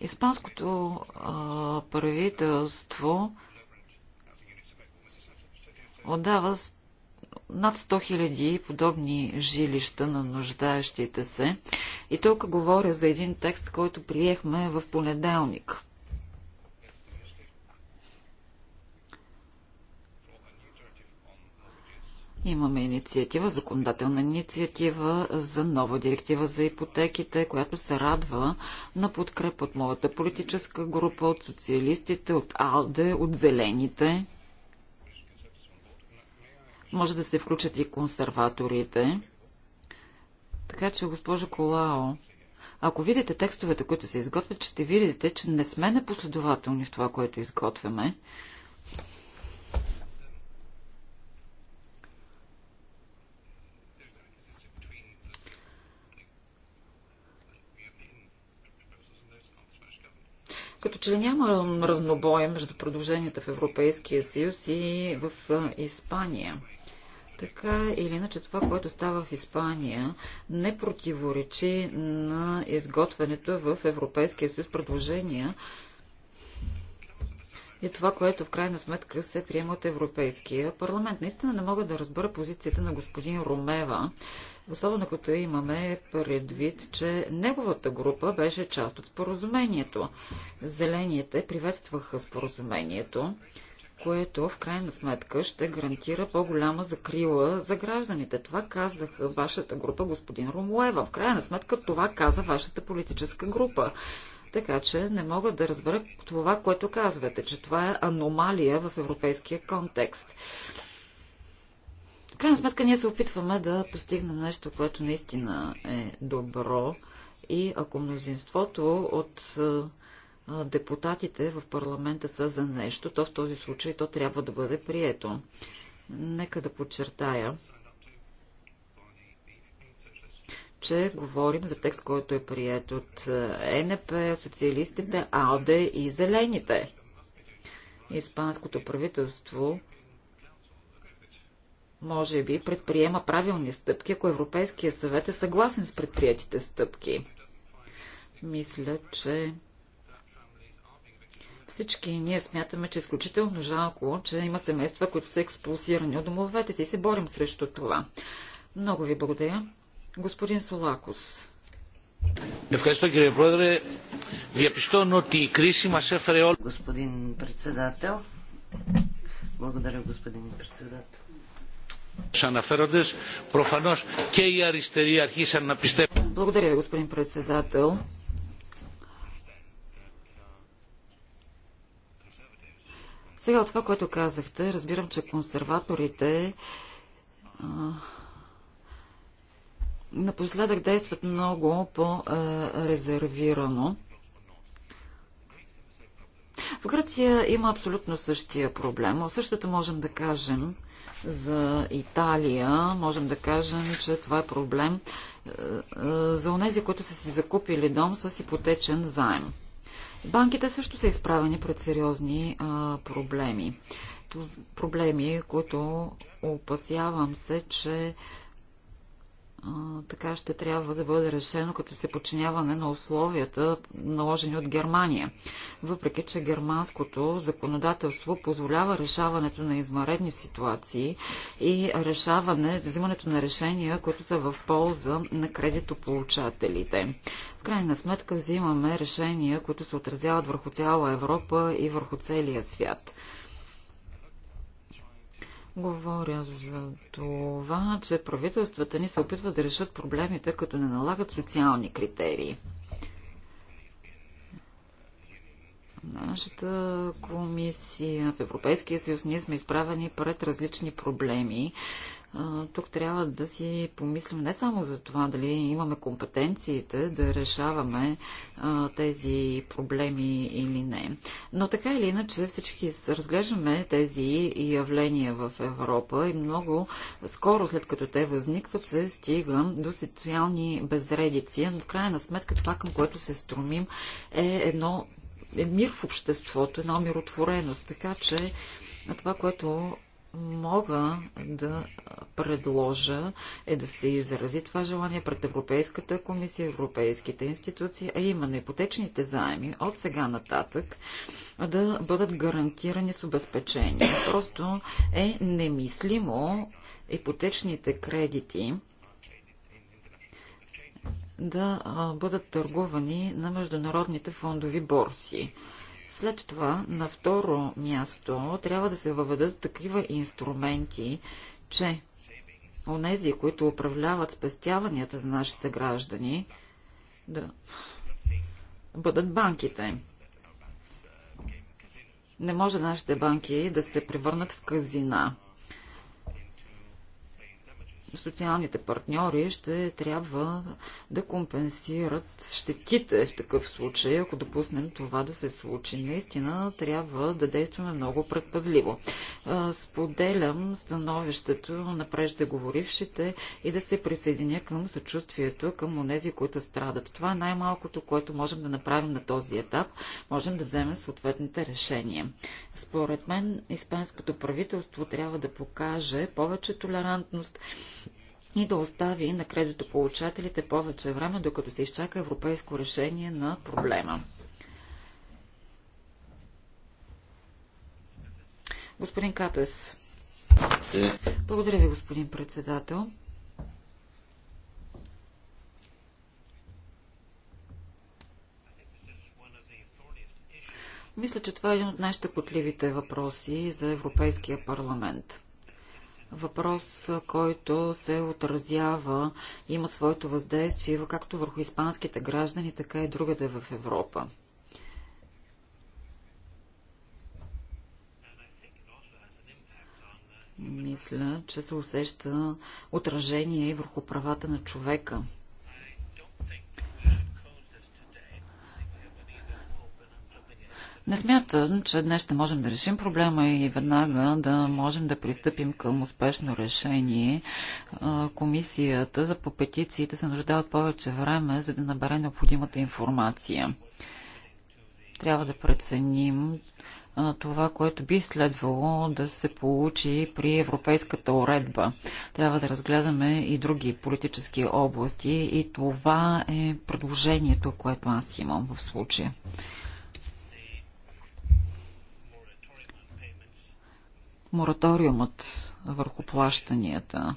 Испанското а, правителство отдава над 100 000 подобни жилища на нуждаещите се. И тук говоря за един текст, който приехме в понеделник. Имаме инициатива, законодателна инициатива за нова директива за ипотеките, която се радва на подкреп от моята политическа група, от социалистите, от АЛДЕ, от зелените. Може да се включат и консерваторите. Така че, госпожо Колао, ако видите текстовете, които се изготвят, ще видите, че не сме непоследователни в това, което изготвяме. като че ли няма разнобоя между продълженията в Европейския съюз и в Испания. Така или иначе това, което става в Испания, не противоречи на изготвянето в Европейския съюз предложения и това, което в крайна сметка се приема от Европейския парламент. Наистина не мога да разбера позицията на господин Ромева, особено като имаме предвид, че неговата група беше част от споразумението. Зелените приветстваха споразумението което в крайна сметка ще гарантира по-голяма закрила за гражданите. Това казах вашата група, господин Ромуева. В крайна сметка това каза вашата политическа група. Така че не мога да разбера това, което казвате, че това е аномалия в европейския контекст. В крайна сметка ние се опитваме да постигнем нещо, което наистина е добро и ако мнозинството от е, депутатите в парламента са за нещо, то в този случай то трябва да бъде прието. Нека да подчертая, че говорим за текст, който е прият от е, НП, социалистите, АЛДЕ и Зелените. Испанското правителство може би предприема правилни стъпки, ако Европейския съвет е съгласен с предприятите стъпки. Мисля, че всички ние смятаме, че е изключително жалко, че има семейства, които са експулсирани от домовете си и се борим срещу това. Много ви благодаря. Господин Солакус. Ευχαριστώ κύριε Πρόεδρε. Διαπιστώνω ότι η κρίση μας έφερε όλους. Господин Председател. Благодаря господин Председател. Τους αναφέροντες προφανώς και οι αριστεροί αρχίσαν να πιστεύουν. Благодаря господин Председател. Сега от това, което казахте, разбирам, че консерваторите а, напоследък действат много по-резервирано. В Гръция има абсолютно същия проблем. Същото можем да кажем за Италия. Можем да кажем, че това е проблем за онези, които са си закупили дом с ипотечен заем. Банките също са изправени пред сериозни а, проблеми. проблеми, които опасявам се, че така ще трябва да бъде решено като се подчиняване на условията, наложени от Германия. Въпреки, че германското законодателство позволява решаването на измаредни ситуации и решаване, взимането на решения, които са в полза на кредитополучателите. В крайна сметка взимаме решения, които се отразяват върху цяла Европа и върху целия свят. Говоря за това, че правителствата ни се опитват да решат проблемите, като не налагат социални критерии. Нашата комисия в Европейския съюз ние сме изправени пред различни проблеми тук трябва да си помислим не само за това дали имаме компетенциите да решаваме тези проблеми или не. Но така или иначе всички разглеждаме тези явления в Европа и много скоро след като те възникват се стига до социални безредици. Но в крайна сметка това към което се стромим, е едно е мир в обществото, една миротвореност. Така че това, което мога да предложа е да се изрази това желание пред Европейската комисия, европейските институции, а именно ипотечните заеми от сега нататък да бъдат гарантирани с обезпечение. Просто е немислимо ипотечните кредити да бъдат търгувани на международните фондови борси. След това, на второ място, трябва да се въведат такива инструменти, че онези, които управляват спестяванията на нашите граждани, да бъдат банките. Не може нашите банки да се превърнат в казина социалните партньори ще трябва да компенсират щетите в такъв случай, ако допуснем това да се случи. Наистина трябва да действаме много предпазливо. Споделям становището на преждеговорившите и да се присъединя към съчувствието към онези, които страдат. Това е най-малкото, което можем да направим на този етап. Можем да вземем съответните решения. Според мен, испанското правителство трябва да покаже повече толерантност, и да остави на кредитополучателите повече време, докато се изчака европейско решение на проблема. Господин Катес. Е. Благодаря ви, господин председател. Мисля, че това е един от най-щекотливите въпроси за Европейския парламент въпрос, който се отразява, има своето въздействие както върху испанските граждани, така и другата в Европа. Мисля, че се усеща отражение и върху правата на човека – Не смятам, че днес ще можем да решим проблема и веднага да можем да пристъпим към успешно решение. Комисията за по петициите се нуждае от повече време, за да набере необходимата информация. Трябва да преценим това, което би следвало да се получи при европейската уредба. Трябва да разгледаме и други политически области и това е предложението, което аз имам в случая. мораториумът върху плащанията.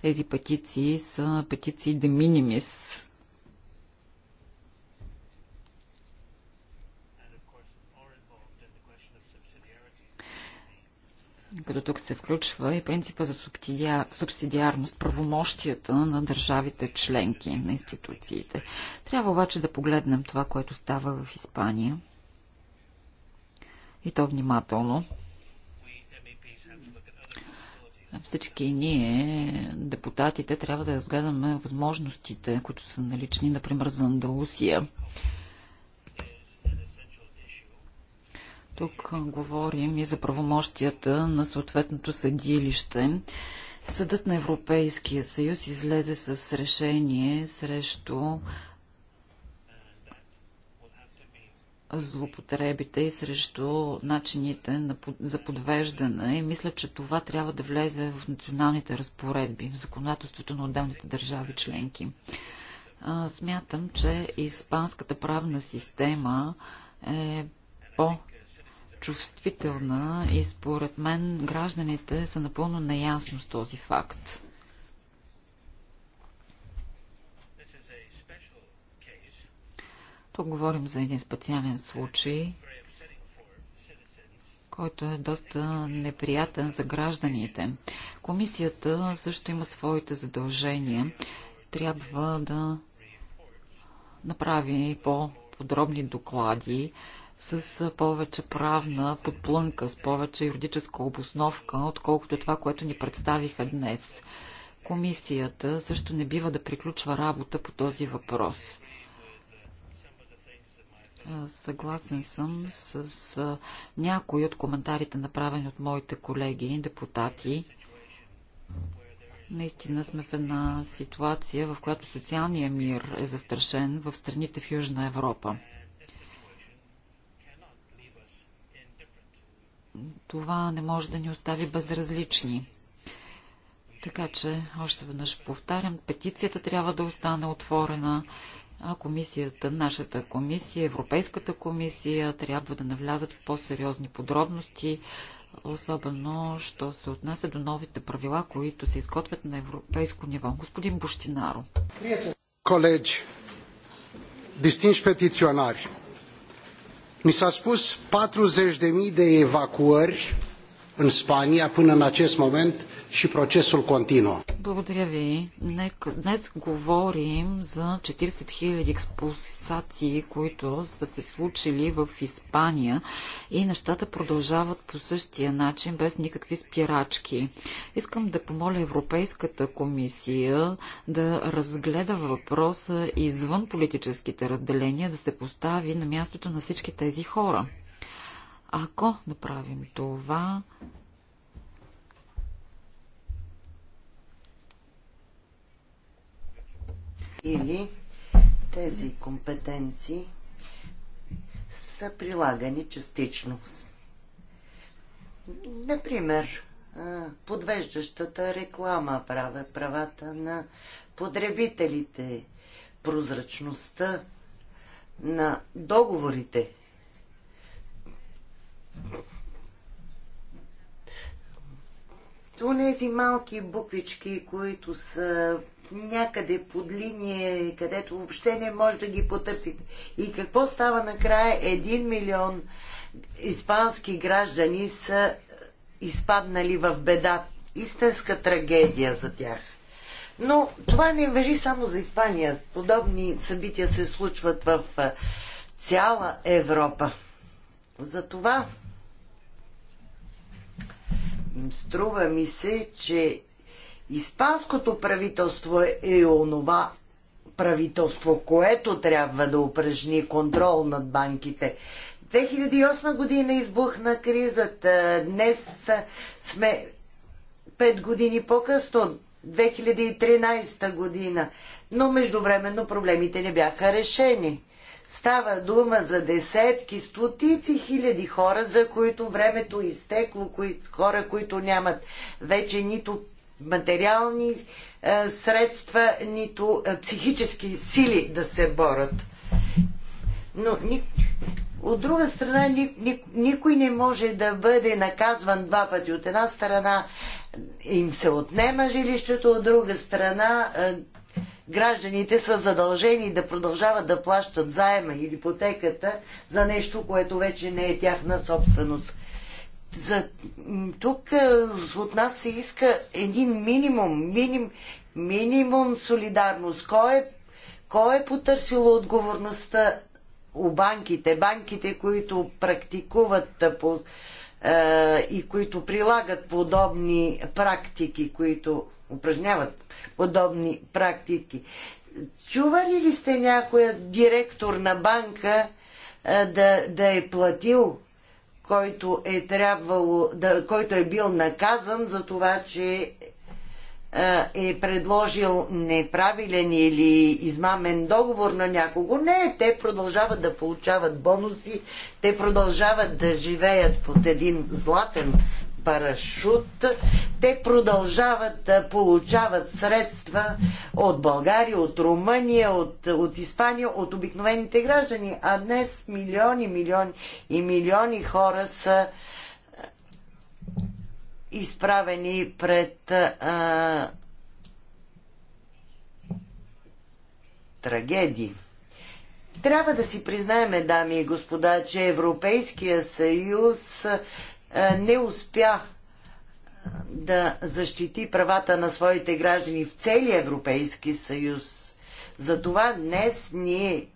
Тези петиции са петиции де минимис. Като тук се включва и принципа за субсидиарност, правомощията на държавите членки, на институциите. Трябва обаче да погледнем това, което става в Испания – и то внимателно. Всички ние, депутатите, трябва да разгледаме възможностите, които са налични, например, за Андалусия. Тук говорим и за правомощията на съответното съдилище. Съдът на Европейския съюз излезе с решение срещу злопотребите и срещу начините на, за подвеждане. И мисля, че това трябва да влезе в националните разпоредби, в законодателството на отделните държави членки. А, смятам, че испанската правна система е по чувствителна и според мен гражданите са напълно наясно с този факт. Тук говорим за един специален случай, който е доста неприятен за гражданите. Комисията също има своите задължения. Трябва да направи по-подробни доклади с повече правна подплънка, с повече юридическа обосновка, отколкото това, което ни представиха днес. Комисията също не бива да приключва работа по този въпрос. Съгласен съм с някои от коментарите, направени от моите колеги депутати. Наистина сме в една ситуация, в която социалният мир е застрашен в страните в Южна Европа. Това не може да ни остави безразлични. Така че, още веднъж повтарям, петицията трябва да остане отворена а комисията, нашата комисия, Европейската комисия трябва да навлязат в по-сериозни подробности, особено, що се отнася до новите правила, които се изготвят на европейско ниво. Господин Буштинаро. Колеги, дистинși петиционари, ни s-a spus 40.000 de evacuări în Spania până în acest moment și procesul continuă. Благодаря ви. Днес говорим за 40 000 експулсации, които са се случили в Испания и нещата продължават по същия начин, без никакви спирачки. Искам да помоля Европейската комисия да разгледа въпроса извън политическите разделения, да се постави на мястото на всички тези хора. Ако направим това, или тези компетенции са прилагани частично. Например, подвеждащата реклама правя правата на потребителите, прозрачността на договорите. Унези малки буквички, които са някъде под линия, където въобще не може да ги потърсите. И какво става накрая? Един милион испански граждани са изпаднали в беда. Истинска трагедия за тях. Но това не въжи само за Испания. Подобни събития се случват в цяла Европа. Затова Струва ми се, че испанското правителство е онова правителство, което трябва да упражни контрол над банките. 2008 година избухна кризата. Днес сме 5 години по-късно, 2013 година. Но междувременно проблемите не бяха решени. Става дума за десетки, стотици хиляди хора, за които времето е изтекло, кои, хора, които нямат вече нито материални е, средства, нито е, психически сили да се борят. Но ни, от друга страна, ни, ни, никой не може да бъде наказван два пъти. От една страна им се отнема жилището, от друга страна е, гражданите са задължени да продължават да плащат заема или ипотеката за нещо, което вече не е тяхна собственост. За... Тук е, от нас се иска един минимум, миним, минимум солидарност. Кой е, кой е потърсило отговорността у банките? Банките, които практикуват е, по, е, и които прилагат подобни практики, които упражняват подобни практики. Чували ли сте някоя директор на банка да, да е платил, който е трябвало, да, който е бил наказан за това, че е предложил неправилен или измамен договор на някого. Не, те продължават да получават бонуси, те продължават да живеят под един златен парашут. Те продължават да получават средства от България, от Румъния, от, от Испания, от обикновените граждани. А днес милиони, милиони и милиони хора са изправени пред а, трагедии. Трябва да си признаеме, дами и господа, че Европейския съюз е, не успя е, да защити правата на своите граждани в целия Европейски съюз. Затова днес ние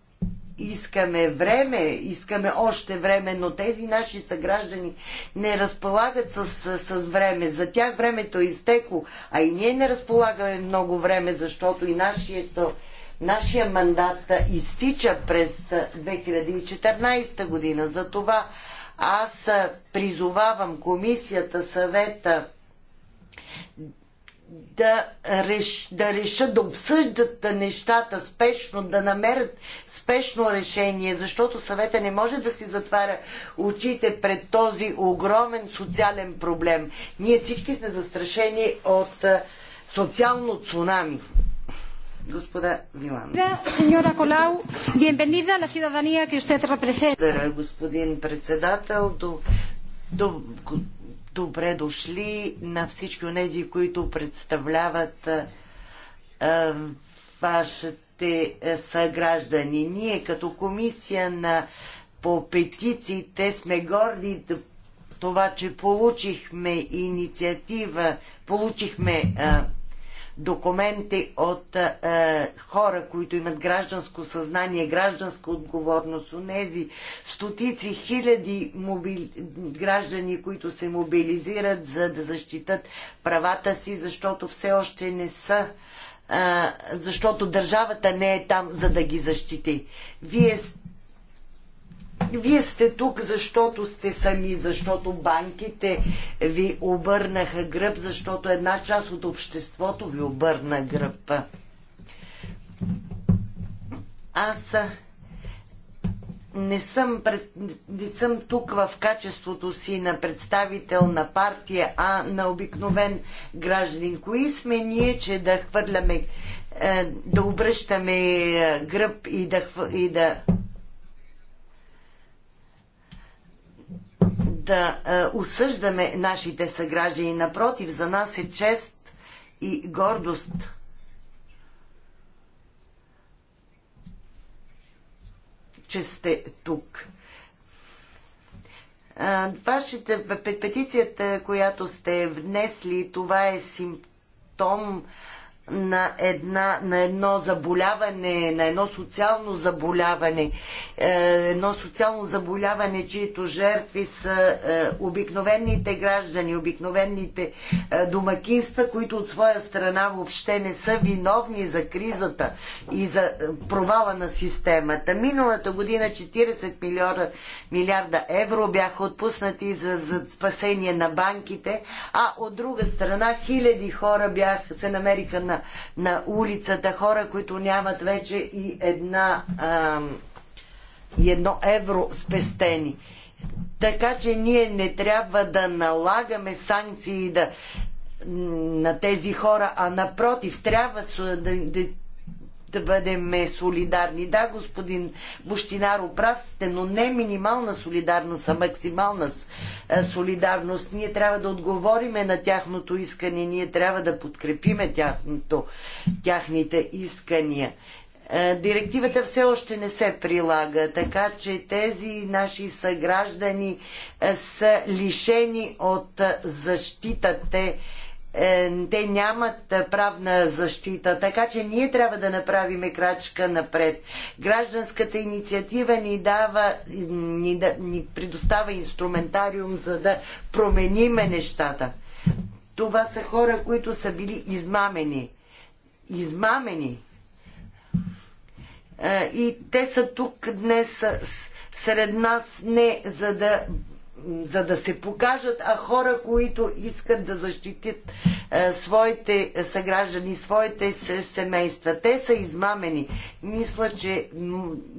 искаме време, искаме още време, но тези наши съграждани не разполагат с, с, с време. За тях времето е изтекло, а и ние не разполагаме много време, защото и нашието, нашия мандат изтича през 2014 година. Затова това аз призовавам комисията, съвета да, реш, да решат, да обсъждат нещата спешно, да намерят спешно решение, защото съвета не може да си затваря очите пред този огромен социален проблем. Ние всички сме застрашени от социално цунами. Господа Вилан. Сеньора Колау, ciudadanía que usted representa. господин председател. добре дошли на всички от тези, които представляват вашите съграждани. Ние като комисия на по петициите сме горди това, че получихме инициатива, получихме а, документи от е, хора, които имат гражданско съзнание, гражданска отговорност, онези стотици, хиляди мобили... граждани, които се мобилизират за да защитат правата си, защото все още не са е, защото държавата не е там, за да ги защити. Вие вие сте тук, защото сте сами, защото банките ви обърнаха гръб, защото една част от обществото ви обърна гръб. Аз не съм, пред, не съм тук в качеството си на представител на партия, а на обикновен гражданин. Кои сме ние, че да хвърляме, е, да обръщаме е, гръб и да, и да да е, осъждаме нашите съграждани. Напротив, за нас е чест и гордост. че сте тук. Е, Вашата петицията, която сте внесли, това е симптом на, една, на едно заболяване, на едно социално заболяване, е, едно социално заболяване, чието жертви са е, обикновените граждани, обикновените е, домакинства, които от своя страна въобще не са виновни за кризата и за провала на системата. Миналата година 40 милиона, милиарда евро бяха отпуснати за, за спасение на банките, а от друга страна хиляди хора бяха, се намериха на на улицата, хора, които нямат вече и, една, а, и едно евро спестени. Така че ние не трябва да налагаме санкции да, на тези хора, а напротив, трябва да, да, да бъдем солидарни. Да, господин Бощинаро, прав сте, но не минимална солидарност, а максимална е, солидарност. Ние трябва да отговориме на тяхното искане, ние трябва да подкрепиме тяхното, тяхните искания. Е, директивата все още не се прилага, така че тези наши съграждани е, са лишени от защитата. Е, те нямат правна защита, така че ние трябва да направим крачка напред. Гражданската инициатива ни, дава, ни, ни предоставя инструментариум, за да промениме нещата. Това са хора, които са били измамени. Измамени. Е, и те са тук днес сред нас не за да за да се покажат, а хора, които искат да защитят е, своите съграждани, своите семейства. Те са измамени. Мисля, че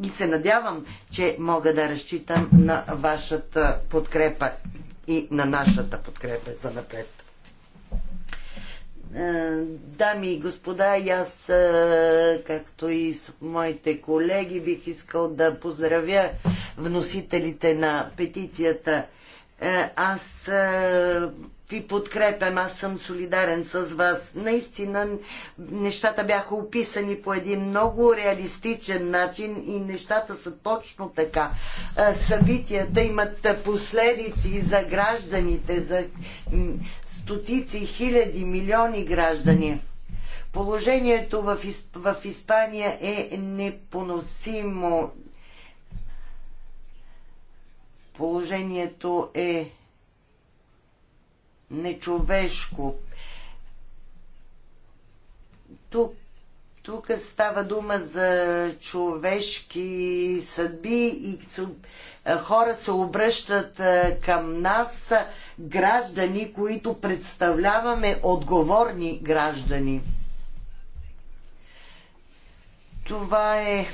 и се надявам, че мога да разчитам на вашата подкрепа и на нашата подкрепа за напред. Е, дами и господа, и аз, е, както и с моите колеги, бих искал да поздравя вносителите на петицията. Е, аз ви подкрепям, аз съм солидарен с вас. Наистина, нещата бяха описани по един много реалистичен начин и нещата са точно така. Събитията имат последици за гражданите, за, стотици, хиляди, милиони граждани. Положението в, Исп... в Испания е непоносимо. Положението е нечовешко. Тук тук става дума за човешки съдби и хора се обръщат към нас, граждани, които представляваме отговорни граждани. Това е.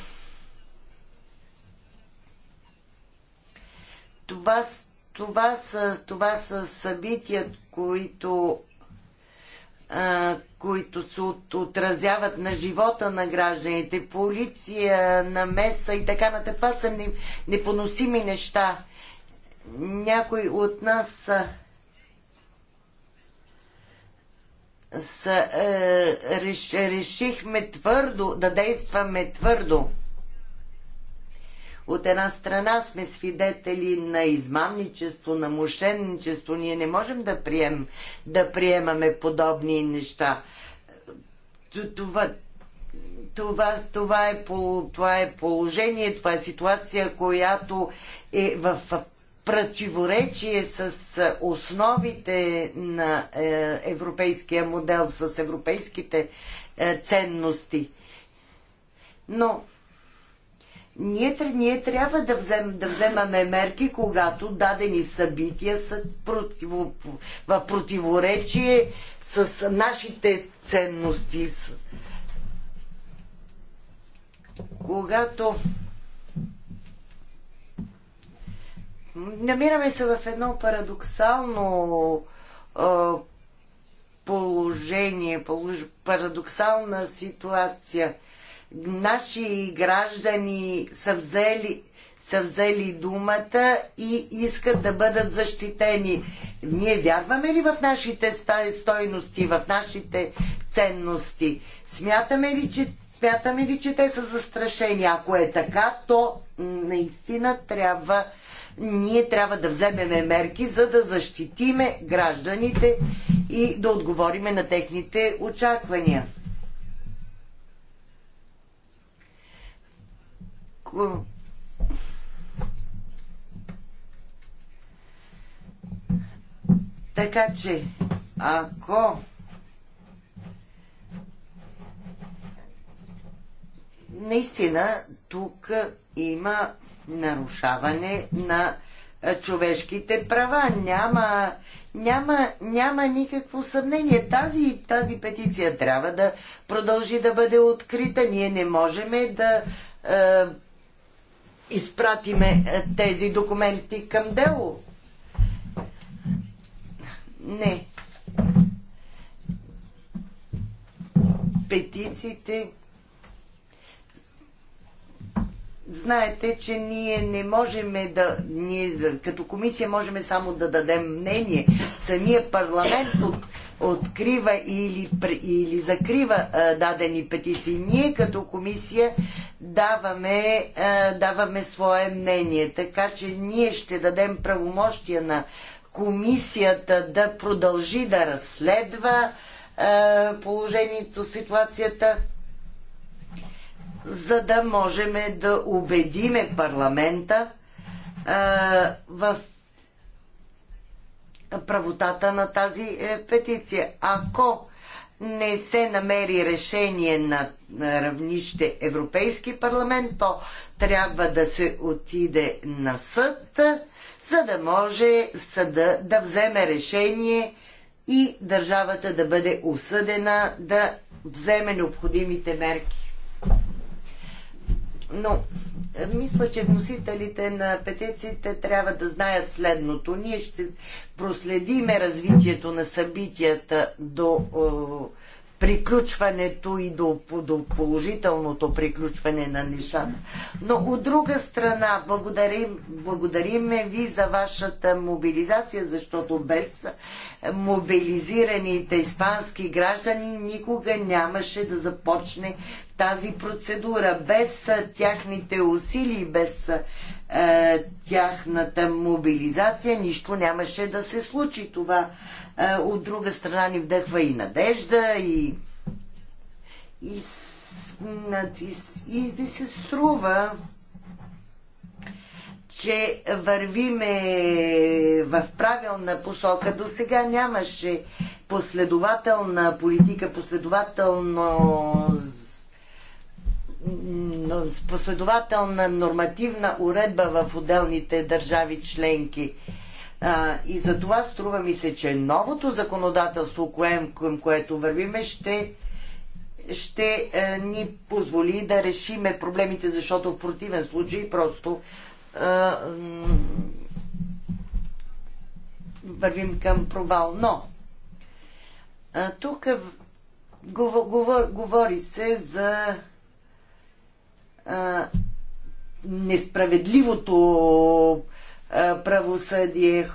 Това, това, са, това са събития, които а, които се отразяват на живота на гражданите, полиция, намеса и така нататък. Това са непоносими неща. Някои от нас са, са е, реш, решихме твърдо да действаме твърдо. От една страна сме свидетели на измамничество, на мошенничество. Ние не можем да, прием, да приемаме подобни неща. Това, това, това, е, това е положение, това е ситуация, която е в противоречие с основите на е, европейския модел, с европейските е, ценности. Но ние, ние трябва да, взем, да вземаме мерки, когато дадени събития са против, в противоречие с нашите ценности. Когато намираме се в едно парадоксално положение, парадоксална ситуация – наши граждани са взели, са взели думата и искат да бъдат защитени. Ние вярваме ли в нашите стойности, в нашите ценности? Смятаме ли, че, смятаме ли, че те са застрашени? Ако е така, то наистина трябва ние трябва да вземеме мерки, за да защитиме гражданите и да отговориме на техните очаквания. Така че, ако наистина тук има нарушаване на човешките права. Няма, няма, няма никакво съмнение. Тази, тази петиция трябва да продължи да бъде открита. Ние не можем да е, изпратиме е, тези документи към дело? Не. Петициите. Знаете, че ние не можем да... Ние като комисия можем само да дадем мнение. Самия парламент от открива или, или закрива а, дадени петиции. Ние като комисия даваме, а, даваме свое мнение, така че ние ще дадем правомощия на комисията да продължи да разследва а, положението, ситуацията, за да можем да убедиме парламента в правотата на тази е, петиция. Ако не се намери решение на равнище Европейски парламент, то трябва да се отиде на съд, за да може съда да вземе решение и държавата да бъде осъдена да вземе необходимите мерки. Но е, мисля, че вносителите на петициите трябва да знаят следното. Ние ще проследиме развитието на събитията до е, приключването и до, до положителното приключване на нещата. Но от друга страна, благодарим, благодариме ви за вашата мобилизация, защото без мобилизираните испански граждани никога нямаше да започне тази процедура. Без тяхните усилия, без е, тяхната мобилизация, нищо нямаше да се случи. Това е, от друга страна ни вдъхва и надежда, и, и, и, и ми се струва, че вървиме в правилна посока. До сега нямаше последователна политика, последователно последователна нормативна уредба в отделните държави членки. А, и за това струва ми се, че новото законодателство, кое, към което вървиме, ще, ще е, ни позволи да решиме проблемите, защото в противен случай просто е, вървим към провал. Но е, тук говори се за несправедливото правосъдие,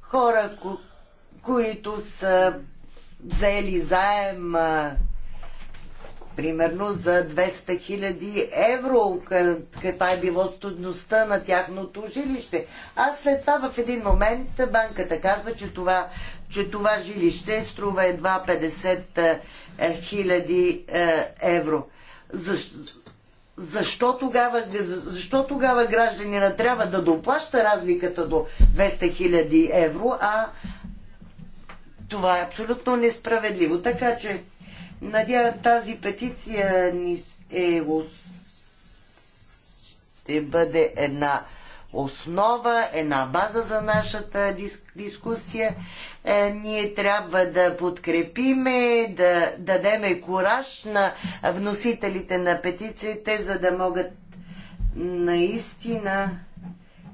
хора, които са взели заем примерно за 200 хиляди евро, каква е било студността на тяхното жилище. А след това в един момент банката казва, че това, че това жилище струва едва 50 хиляди евро. Защо? защо тогава, защо тогава гражданина трябва да доплаща разликата до 200 000 евро, а това е абсолютно несправедливо. Така че, надявам тази петиция ни е, ще бъде една основа, една база за нашата дис, дискусия. Е, ние трябва да подкрепиме, да дадеме кураж на вносителите на петициите, за да могат наистина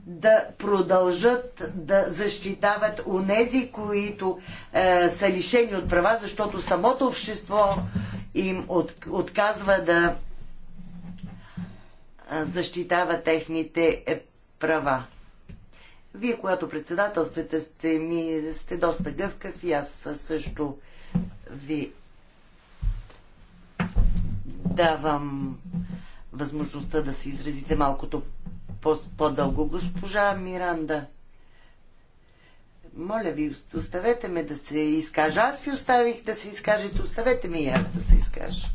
да продължат да защитават унези, които е, са лишени от права, защото самото общество им от, отказва да защитава техните е, права. Вие, когато председателствате, сте, ми, сте доста гъвкав и аз също ви давам възможността да се изразите малкото по-дълго. -по Госпожа Миранда, моля ви, оставете ме да се изкажа. Аз ви оставих да се изкажете. Оставете ме и аз да се изкажа.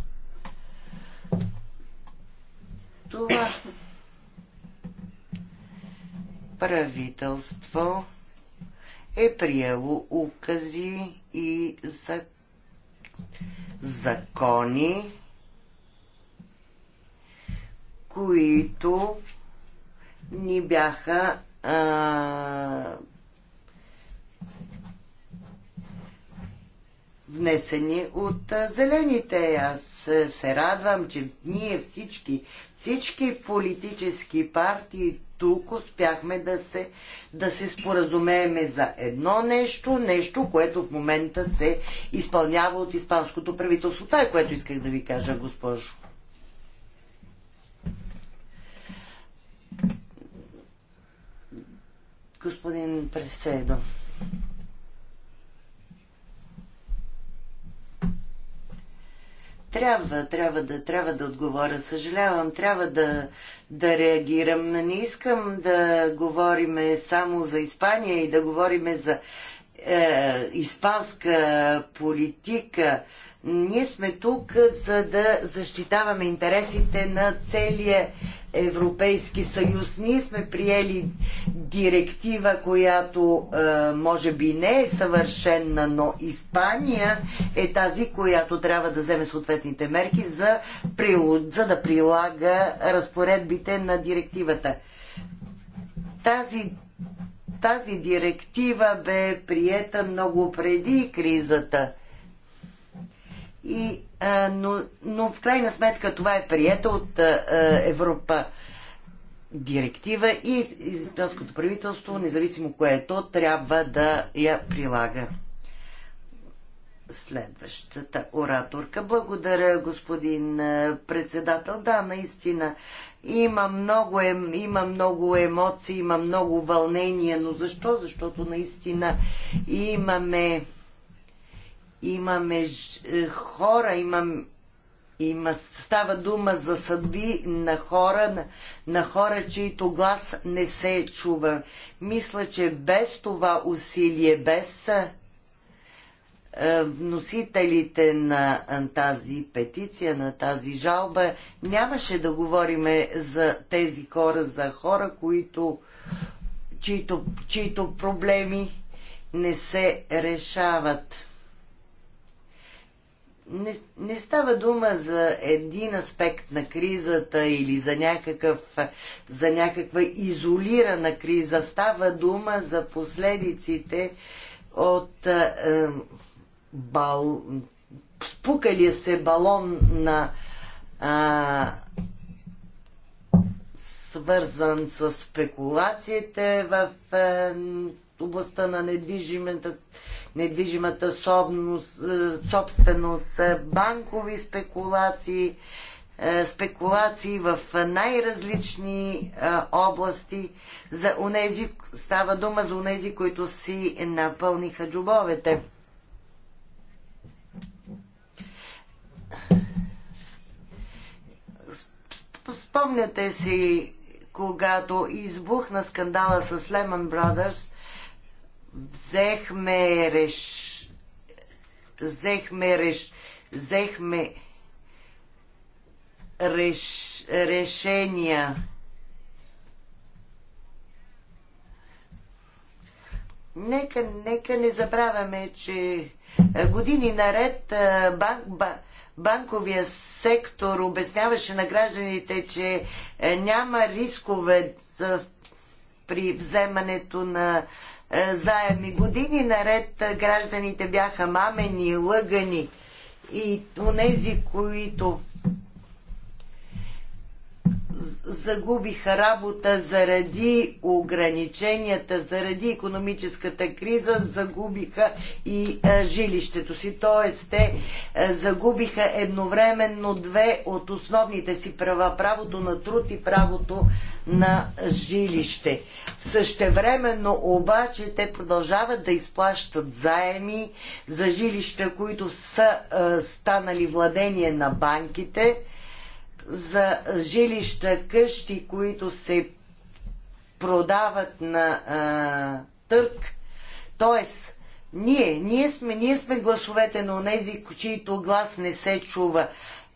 Това правителство е приело укази и за... закони, които ни бяха а... внесени от зелените. Аз се радвам, че ние всички, всички политически партии тук успяхме да се, да се споразумееме за едно нещо, нещо, което в момента се изпълнява от испанското правителство. Това е което исках да ви кажа, госпожо. Господин Преседов. Трябва, трябва да, трябва да отговоря. Съжалявам, трябва да, да реагирам. Не искам да говориме само за Испания и да говориме за е, испанска политика. Ние сме тук, за да защитаваме интересите на целия Европейски съюз. Ние сме приели директива, която е, може би не е съвършена, но Испания е тази, която трябва да вземе съответните мерки за, за да прилага разпоредбите на директивата. Тази тази директива бе приета много преди кризата. И, а, но, но в крайна сметка това е прието от а, Европа директива и израелското правителство, независимо кое е то, трябва да я прилага. Следващата ораторка. Благодаря, господин председател. Да, наистина има много, има много емоции, има много вълнения, но защо? Защото наистина имаме има меж... Е, хора, има, има... става дума за съдби на хора, на... на хора, чието глас не се чува. Мисля, че без това усилие, без е, е, вносителите на тази петиция, на тази жалба, нямаше да говориме за тези хора, за хора, които, чието, чието проблеми не се решават не, не става дума за един аспект на кризата или за, някакъв, за някаква изолирана криза. Става дума за последиците от е, бал, спукалия се балон на а, свързан с спекулациите в Е, областта на недвижимата, недвижимата собност, е, собственост, е, банкови спекулации, е, спекулации в най-различни области за унези, става дума за унези, които си напълниха джубовете. Спомняте си, когато избухна скандала с Lehman Brothers, взехме реш... Взехме реш... Взехме реш... решения Нека, нека не забравяме, че години наред банк, банковия сектор обясняваше на гражданите, че е, няма рискове за, при вземането на е, заеми. Години наред гражданите бяха мамени, лъгани и онези, които загубиха работа заради ограниченията, заради економическата криза, загубиха и е, жилището си. Тоест, те е, загубиха едновременно две от основните си права правото на труд и правото на жилище. Същевременно обаче те продължават да изплащат заеми за жилища, които са е, станали владение на банките за жилища, къщи, които се продават на а, търк. Тоест, ние, ние сме, ние сме гласовете на тези, чието глас не се чува.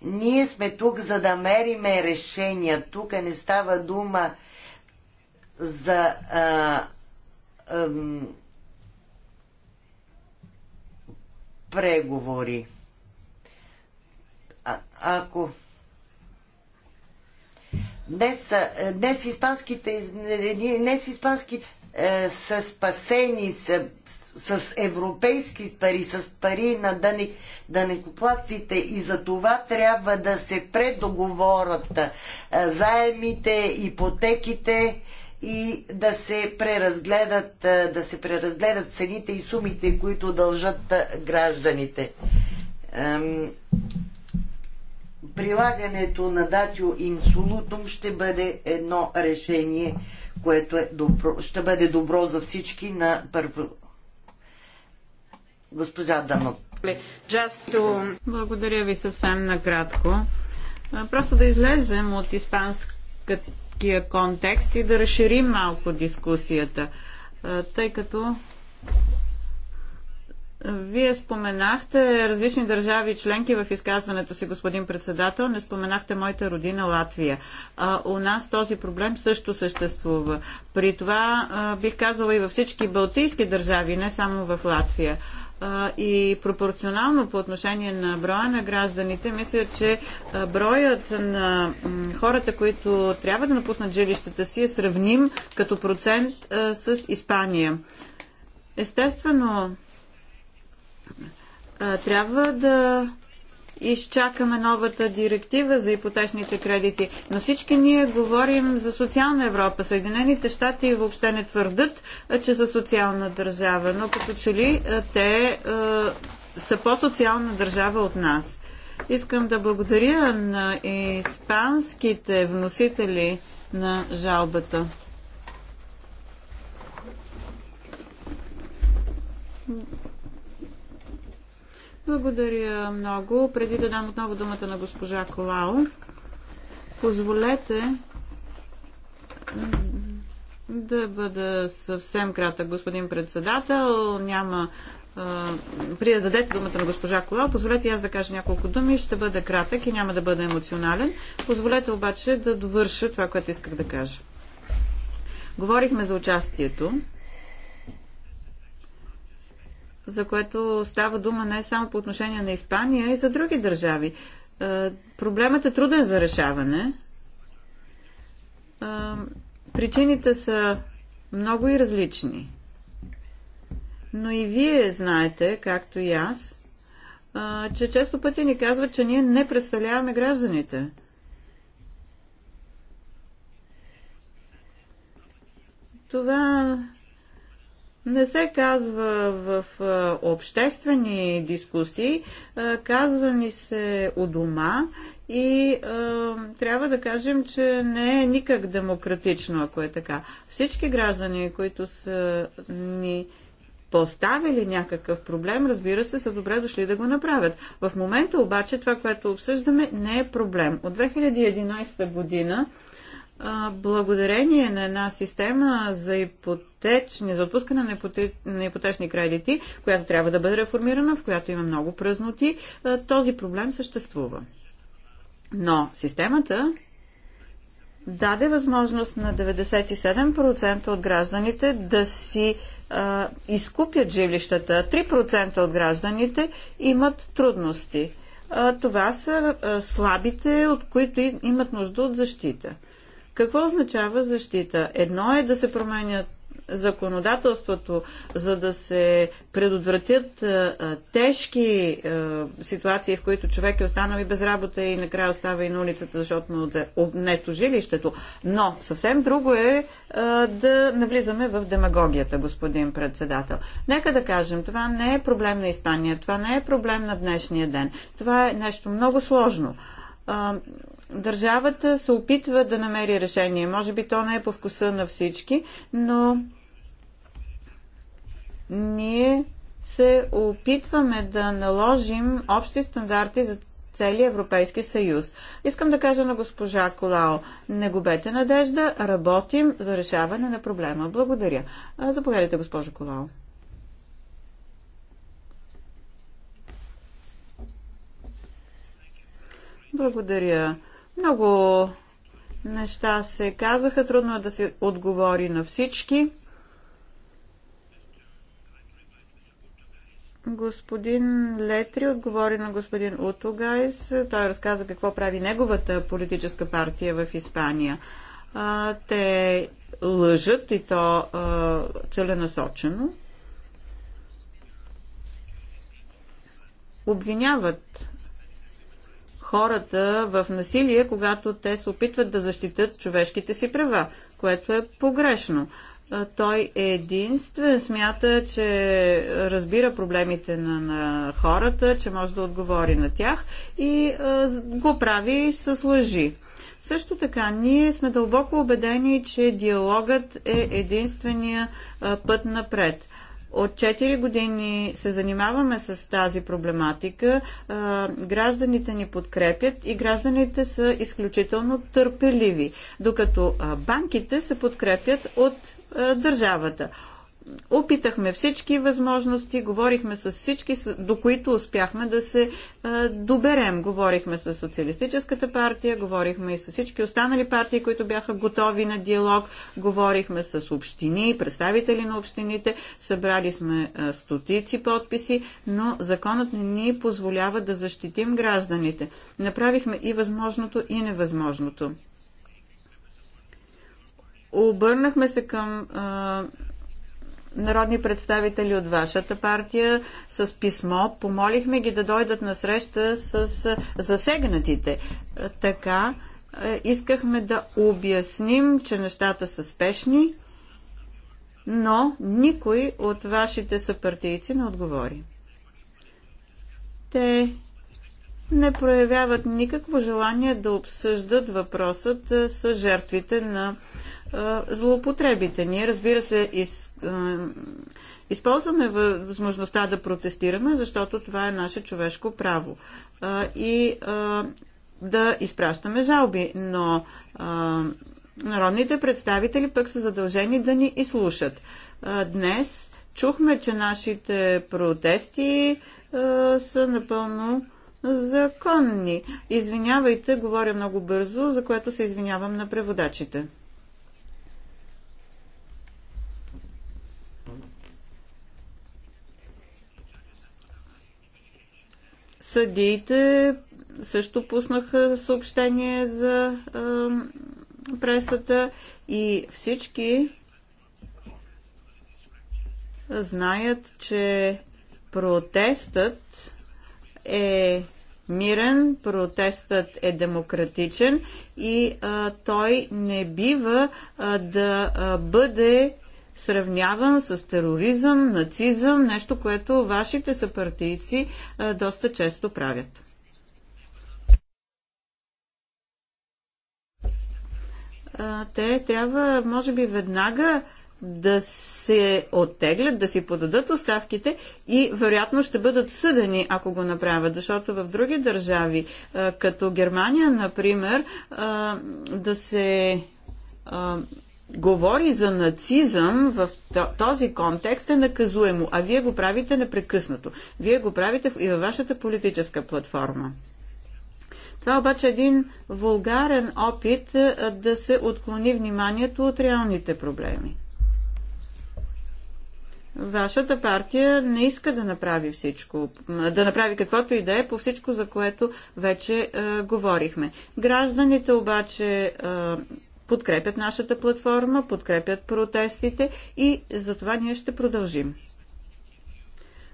Ние сме тук, за да мериме решения. Тук не става дума за а, ам, преговори. А, ако Днес, днес испанските, днес е, са спасени с, с европейски пари, с пари на дъник, и за това трябва да се предоговорят е, заемите, ипотеките и да се преразгледат, е, да се преразгледат цените и сумите, които дължат гражданите прилагането на датио инсулутум ще бъде едно решение, което е добро, ще бъде добро за всички на първо. Госпожа дано. To... Благодаря ви съвсем накратко. Просто да излезем от испанския контекст и да разширим малко дискусията, тъй като вие споменахте различни държави и членки в изказването си, господин председател. Не споменахте моята родина Латвия. А, у нас този проблем също съществува. При това а, бих казала и във всички балтийски държави, не само в Латвия и пропорционално по отношение на броя на гражданите, мисля, че броят на хората, които трябва да напуснат жилищата си е сравним като процент с Испания. Естествено, трябва да изчакаме новата директива за ипотечните кредити. Но всички ние говорим за социална Европа. Съединените щати въобще не твърдат, че са социална държава, но като че ли те са по-социална държава от нас. Искам да благодаря на испанските вносители на жалбата. Благодаря много. Преди да дам отново думата на госпожа Колао, позволете да бъда съвсем кратък, господин председател. Няма при да дадете думата на госпожа Колао, позволете аз да кажа няколко думи, ще бъда кратък и няма да бъда емоционален. Позволете обаче да довърша това, което исках да кажа. Говорихме за участието за което става дума не само по отношение на Испания, а и за други държави. Проблемът е труден за решаване. Причините са много и различни. Но и вие знаете, както и аз, че често пъти ни казват, че ние не представляваме гражданите. Това не се казва в обществени дискусии, казва ни се у дома и трябва да кажем, че не е никак демократично, ако е така. Всички граждани, които са ни поставили някакъв проблем, разбира се, са добре дошли да го направят. В момента обаче това, което обсъждаме, не е проблем. От 2011 година благодарение на една система за ипотечни, за отпускане на, ипоте, на ипотечни кредити, която трябва да бъде реформирана, в която има много пръзноти, този проблем съществува. Но системата даде възможност на 97% от гражданите да си а, изкупят жилищата. 3% от гражданите имат трудности. А, това са а, слабите, от които имат нужда от защита. Какво означава защита? Едно е да се променят законодателството, за да се предотвратят а, е, е, тежки а, е, ситуации, в които човек е останал и без работа и накрая остава и на улицата, защото му отнето жилището. Но съвсем друго е а, да навлизаме в демагогията, господин председател. Нека да кажем, това не е проблем на Испания, това не е проблем на днешния ден. Това е нещо много сложно държавата се опитва да намери решение. Може би то не е по вкуса на всички, но ние се опитваме да наложим общи стандарти за целия Европейски съюз. Искам да кажа на госпожа Колао, не губете надежда, работим за решаване на проблема. Благодаря. Заповядайте, госпожо Колао. Благодаря. Много неща се казаха, трудно е да се отговори на всички. Господин Летри отговори на господин Утогайс. Той разказа какво прави неговата политическа партия в Испания. А, те лъжат и то а, целенасочено. Обвиняват хората в насилие, когато те се опитват да защитат човешките си права, което е погрешно. Той е единствен смята, че разбира проблемите на, на хората, че може да отговори на тях и а, го прави с лъжи. Също така, ние сме дълбоко убедени, че диалогът е единствения път напред. От 4 години се занимаваме с тази проблематика. Гражданите ни подкрепят и гражданите са изключително търпеливи, докато банките се подкрепят от държавата опитахме всички възможности, говорихме с всички, до които успяхме да се доберем. Говорихме с Социалистическата партия, говорихме и с всички останали партии, които бяха готови на диалог, говорихме с общини, представители на общините, събрали сме стотици подписи, но законът не ни позволява да защитим гражданите. Направихме и възможното, и невъзможното. Обърнахме се към народни представители от вашата партия с писмо. Помолихме ги да дойдат на среща с засегнатите. Така е, искахме да обясним, че нещата са спешни, но никой от вашите съпартийци не отговори. Те не проявяват никакво желание да обсъждат въпросът с жертвите на злоупотребите. Ние, разбира се, из, използваме възможността да протестираме, защото това е наше човешко право. И да изпращаме жалби, но народните представители пък са задължени да ни изслушат. Днес чухме, че нашите протести са напълно законни. Извинявайте, говоря много бързо, за което се извинявам на преводачите. Съдиите също пуснаха съобщение за е, пресата и всички знаят, че протестът е мирен, протестът е демократичен и а, той не бива а, да а, бъде сравняван с тероризъм, нацизъм, нещо, което вашите съпартийци а, доста често правят. А, те трябва, може би, веднага да се оттеглят, да си подадат оставките и вероятно ще бъдат съдени, ако го направят. Защото в други държави, като Германия, например, да се говори за нацизъм в този контекст е наказуемо, а вие го правите непрекъснато. Вие го правите и във вашата политическа платформа. Това е обаче е един вулгарен опит да се отклони вниманието от реалните проблеми. Вашата партия не иска да направи всичко, да направи каквото и да е по всичко, за което вече е, говорихме. Гражданите обаче е, подкрепят нашата платформа, подкрепят протестите и за това ние ще продължим.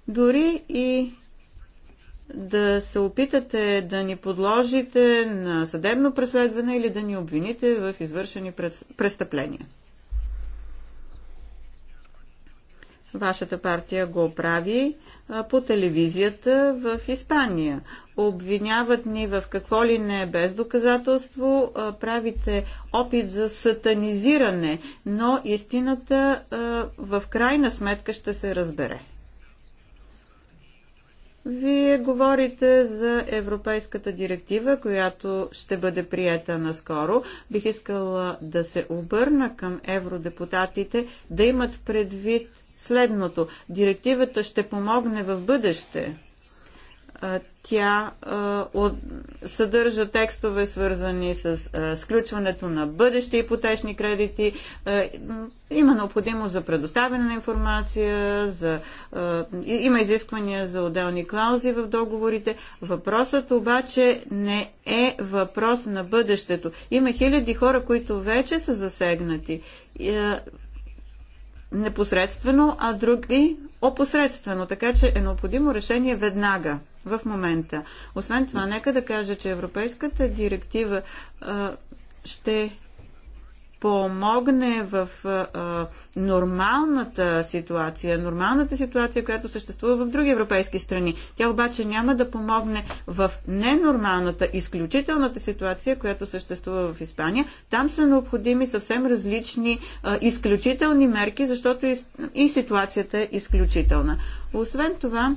Дори и да се опитате да ни подложите на съдебно преследване или да ни обвините в извършени престъпления. Вашата партия го прави по телевизията в Испания. Обвиняват ни в какво ли не без доказателство, правите опит за сатанизиране, но истината в крайна сметка ще се разбере. Вие говорите за Европейската директива, която ще бъде приета наскоро. Бих искала да се обърна към евродепутатите да имат предвид – следното. Директивата ще помогне в бъдеще. Тя съдържа текстове, свързани с сключването на бъдещи ипотечни кредити. Има необходимост за предоставяне на информация, за... има изисквания за отделни клаузи в договорите. Въпросът обаче не е въпрос на бъдещето. Има хиляди хора, които вече са засегнати непосредствено, а други опосредствено, така че е необходимо решение веднага, в момента. Освен това, нека да кажа, че Европейската директива а, ще помогне в а, нормалната ситуация, нормалната ситуация, която съществува в други европейски страни. Тя обаче няма да помогне в ненормалната, изключителната ситуация, която съществува в Испания. Там са необходими съвсем различни а, изключителни мерки, защото и, и ситуацията е изключителна. Освен това,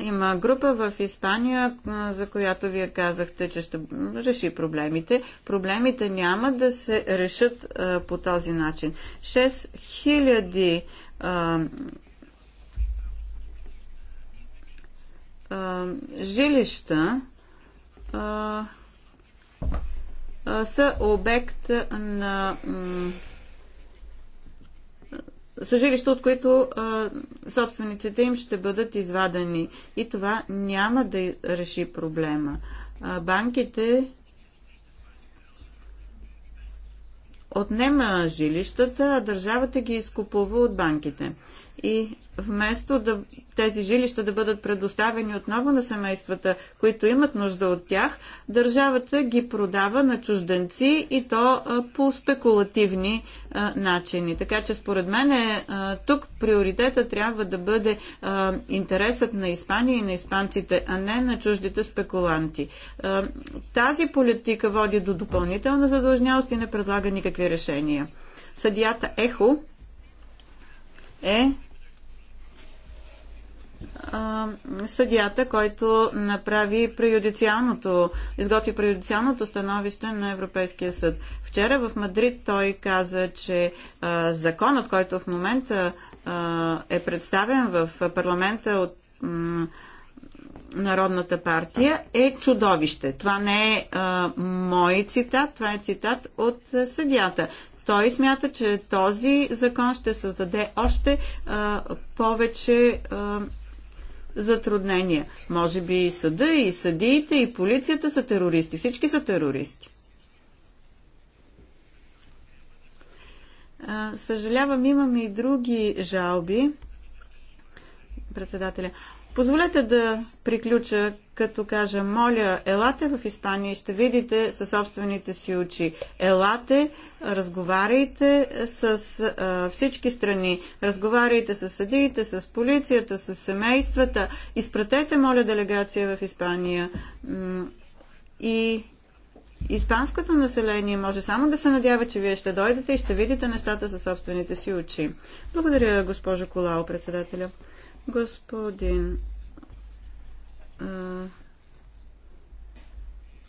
има група в Испания, за която вие казахте, че ще реши проблемите. Проблемите няма да се решат а, по този начин. 6000 а, а, жилища а, а, са обект на. М- са жилища, от които а, собствениците им ще бъдат извадени. И това няма да реши проблема. А, банките отнема жилищата, а държавата ги изкупува от банките. И вместо да, тези жилища да бъдат предоставени отново на семействата, които имат нужда от тях, държавата ги продава на чужденци и то по спекулативни а, начини. Така че според мен е, а, тук приоритета трябва да бъде а, интересът на Испания и на испанците, а не на чуждите спекуланти. А, тази политика води до допълнителна задължнявост и не предлага никакви решения. Съдията Ехо е съдията, който направи преюдициалното, изготви преюдициалното становище на Европейския съд. Вчера в Мадрид той каза, че а, законът, който в момента а, е представен в парламента от Народната партия е чудовище. Това не е а, мой цитат, това е цитат от съдята. Той смята, че този закон ще създаде още а, повече а, затруднения. Може би и съда, и съдиите, и полицията са терористи. Всички са терористи. Съжалявам, имаме и други жалби. Председателя. Позволете да приключа, като кажа, моля, елате в Испания и ще видите със собствените си очи. Елате, разговаряйте с а, всички страни, разговаряйте с съдиите, с полицията, с семействата. Изпратете, моля, делегация в Испания. И Испанското население може само да се надява, че вие ще дойдете и ще видите нещата със собствените си очи. Благодаря, госпожо Колао, председателя. Господин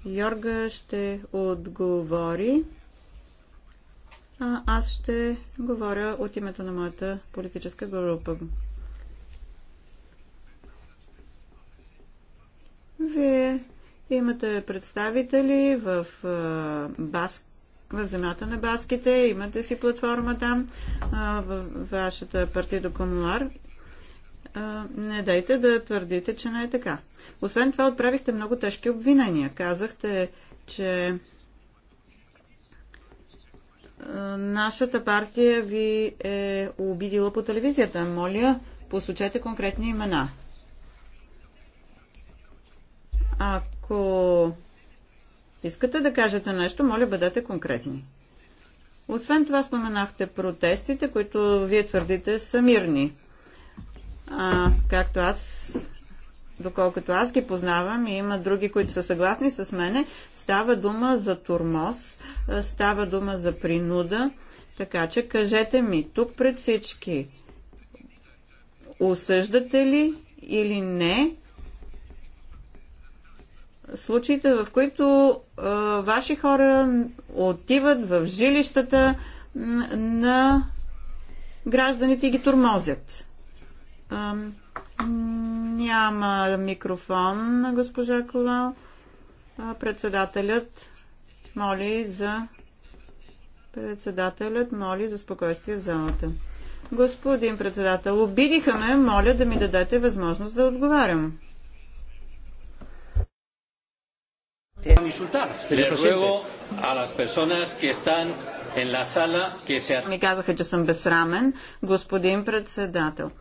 Йорга ще отговори. А аз ще говоря от името на моята политическа група. Вие имате представители в, Баск... в земята на баските, имате си платформа там, в вашата партия Комунар не дайте да твърдите, че не е така. Освен това, отправихте много тежки обвинения. Казахте, че нашата партия ви е обидила по телевизията. Моля, посочете конкретни имена. Ако искате да кажете нещо, моля, бъдете конкретни. Освен това, споменахте протестите, които вие твърдите са мирни а, както аз, доколкото аз ги познавам и има други, които са съгласни с мене, става дума за турмоз, става дума за принуда. Така че кажете ми, тук пред всички, осъждате ли или не случаите, в които а, ваши хора отиват в жилищата на гражданите и ги турмозят? Няма микрофон на госпожа Ковал. Председателят моли за Председателят моли за спокойствие в залата. Господин председател, обидиха ме, моля да ми дадете възможност да отговарям. Ми казаха, че съм безсрамен. Господин председател,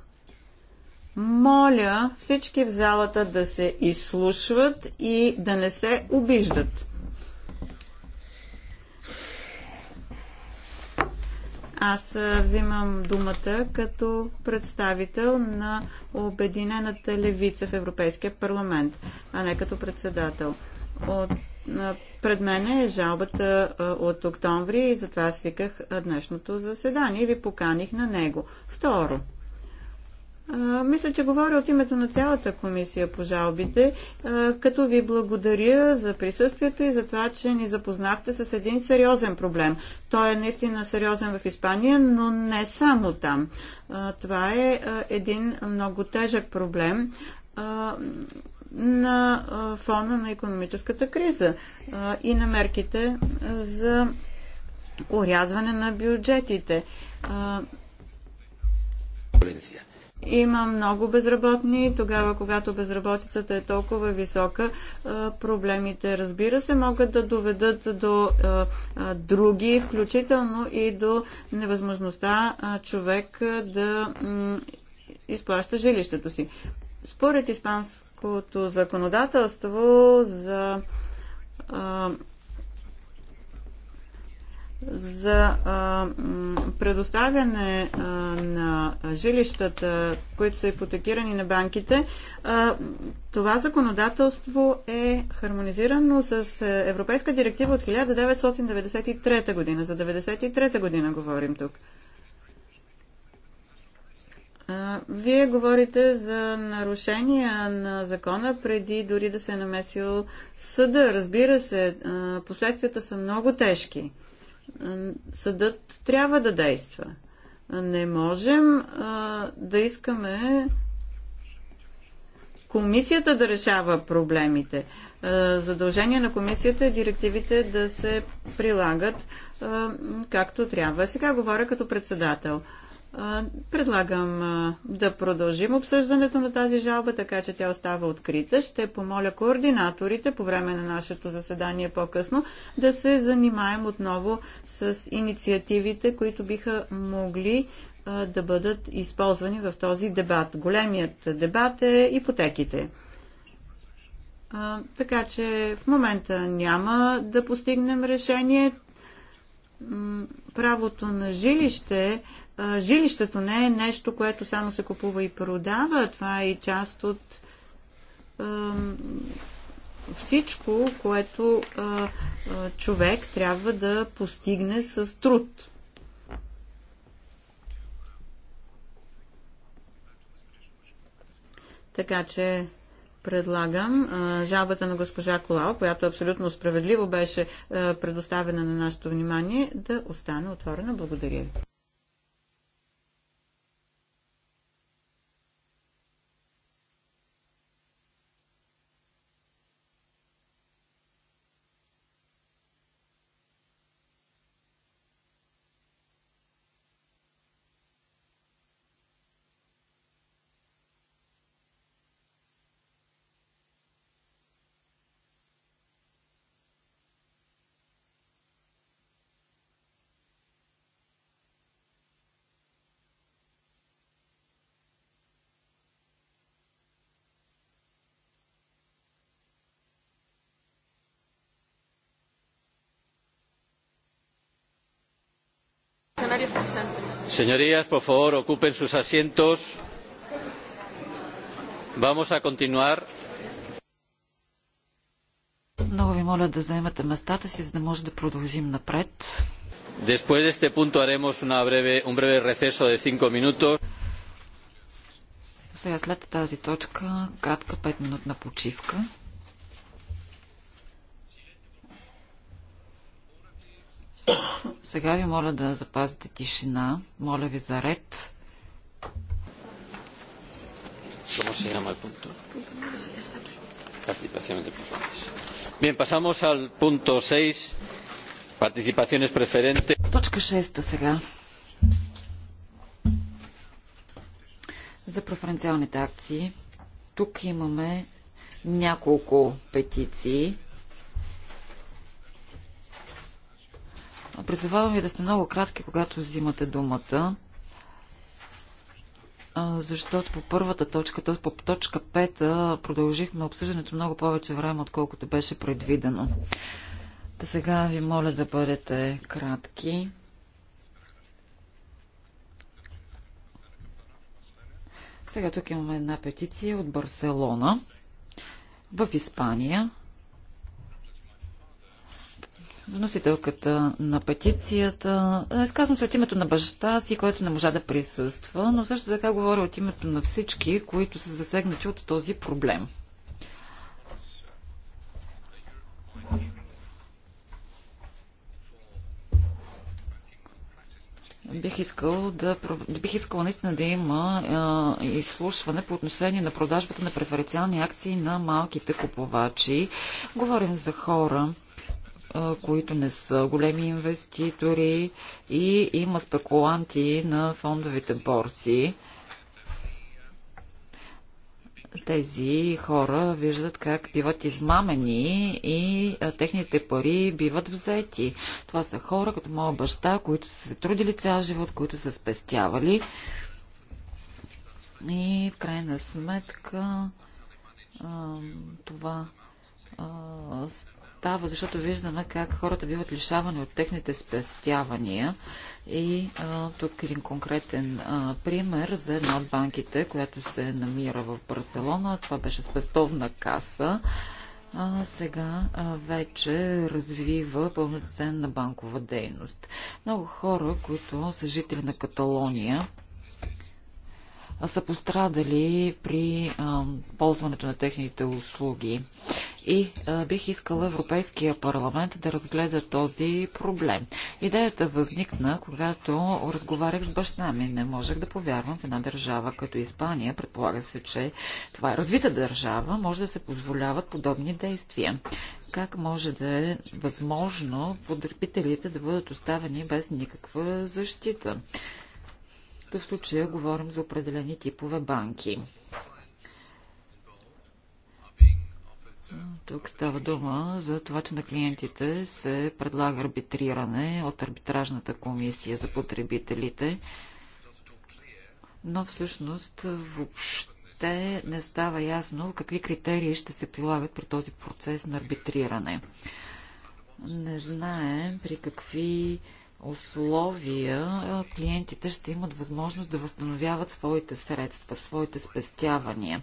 моля всички в залата да се изслушват и да не се обиждат. Аз взимам думата като представител на Обединената левица в Европейския парламент, а не като председател. От, пред мен е жалбата от октомври и затова свиках днешното заседание и ви поканих на него. Второ – мисля, че говоря от името на цялата комисия по жалбите, като ви благодаря за присъствието и за това, че ни запознахте с един сериозен проблем. Той е наистина сериозен в Испания, но не само там. Това е един много тежък проблем на фона на економическата криза и на мерките за урязване на бюджетите. Полиция има много безработни. Тогава, когато безработицата е толкова висока, проблемите, разбира се, могат да доведат до други, включително и до невъзможността човек да изплаща жилището си. Според испанското законодателство за за а, предоставяне а, на жилищата, които са ипотекирани на банките, а, това законодателство е хармонизирано с Европейска директива от 1993 година. За 1993 година говорим тук. Вие говорите за нарушения на закона преди дори да се е намесил съда. Разбира се, последствията са много тежки съдът трябва да действа. Не можем а, да искаме комисията да решава проблемите. А, задължение на комисията е директивите да се прилагат а, както трябва. Сега говоря като председател. А, Предлагам да продължим обсъждането на тази жалба, така че тя остава открита. Ще помоля координаторите по време на нашето заседание по-късно да се занимаем отново с инициативите, които биха могли да бъдат използвани в този дебат. Големият дебат е ипотеките. Така че в момента няма да постигнем решение. Правото на жилище е жилището не е нещо, което само се купува и продава. Това е и част от всичко, което човек трябва да постигне с труд. Така че предлагам жалбата на госпожа Колао, която абсолютно справедливо беше предоставена на нашето внимание, да остане отворена. Благодаря ви. parlamentarios presentes. Señorías, por favor, ocupen sus asientos. Vamos a continuar. Много ви моля да заемете местата си, за да може да продължим напред. Después de este punto haremos una breve, un breve receso de cinco minutos. Сега след тази точка, кратка 5-минутна почивка. Сега ви моля да запазите тишина. Моля ви за ред. ¿Cómo se llama el punto? Participaciones de Bien, pasamos al punto 6. Participaciones preferentes. Точка 6 сега. За преференциалните акции. Тук имаме няколко петиции. Призовавам ви да сте много кратки, когато взимате думата, защото по първата точка, т.е. по точка 5, продължихме обсъждането много повече време, отколкото беше предвидено. Та сега ви моля да бъдете кратки. Сега тук имаме една петиция от Барселона в Испания – вносителката на петицията. Изказвам се от името на баща си, който не можа да присъства, но също така говоря от името на всички, които са засегнати от този проблем. Бих, искал да, бих искала наистина да има а, изслушване по отношение на продажбата на преференциални акции на малките купувачи. Говорим за хора, които не са големи инвеститори и има спекуланти на фондовите борси. Тези хора виждат как биват измамени и техните пари биват взети. Това са хора като моя баща, които са се трудили цял живот, които са спестявали. И в крайна сметка това става, защото виждаме как хората биват лишавани от техните спестявания. И а, тук един конкретен а, пример за една от банките, която се намира в Барселона. Това беше спестовна каса. А, сега а, вече развива пълноценна банкова дейност. Много хора, които са жители на Каталония, са пострадали при а, ползването на техните услуги. И а, бих искала Европейския парламент да разгледа този проблем. Идеята възникна, когато разговарях с баща ми. Не можех да повярвам в една държава като Испания. Предполага се, че това е развита държава. Може да се позволяват подобни действия. Как може да е възможно потребителите да бъдат оставени без никаква защита? Тук в случая говорим за определени типове банки. Тук става дума за това, че на клиентите се предлага арбитриране от арбитражната комисия за потребителите, но всъщност въобще не става ясно какви критерии ще се прилагат при този процес на арбитриране. Не знаем при какви условия клиентите ще имат възможност да възстановяват своите средства, своите спестявания.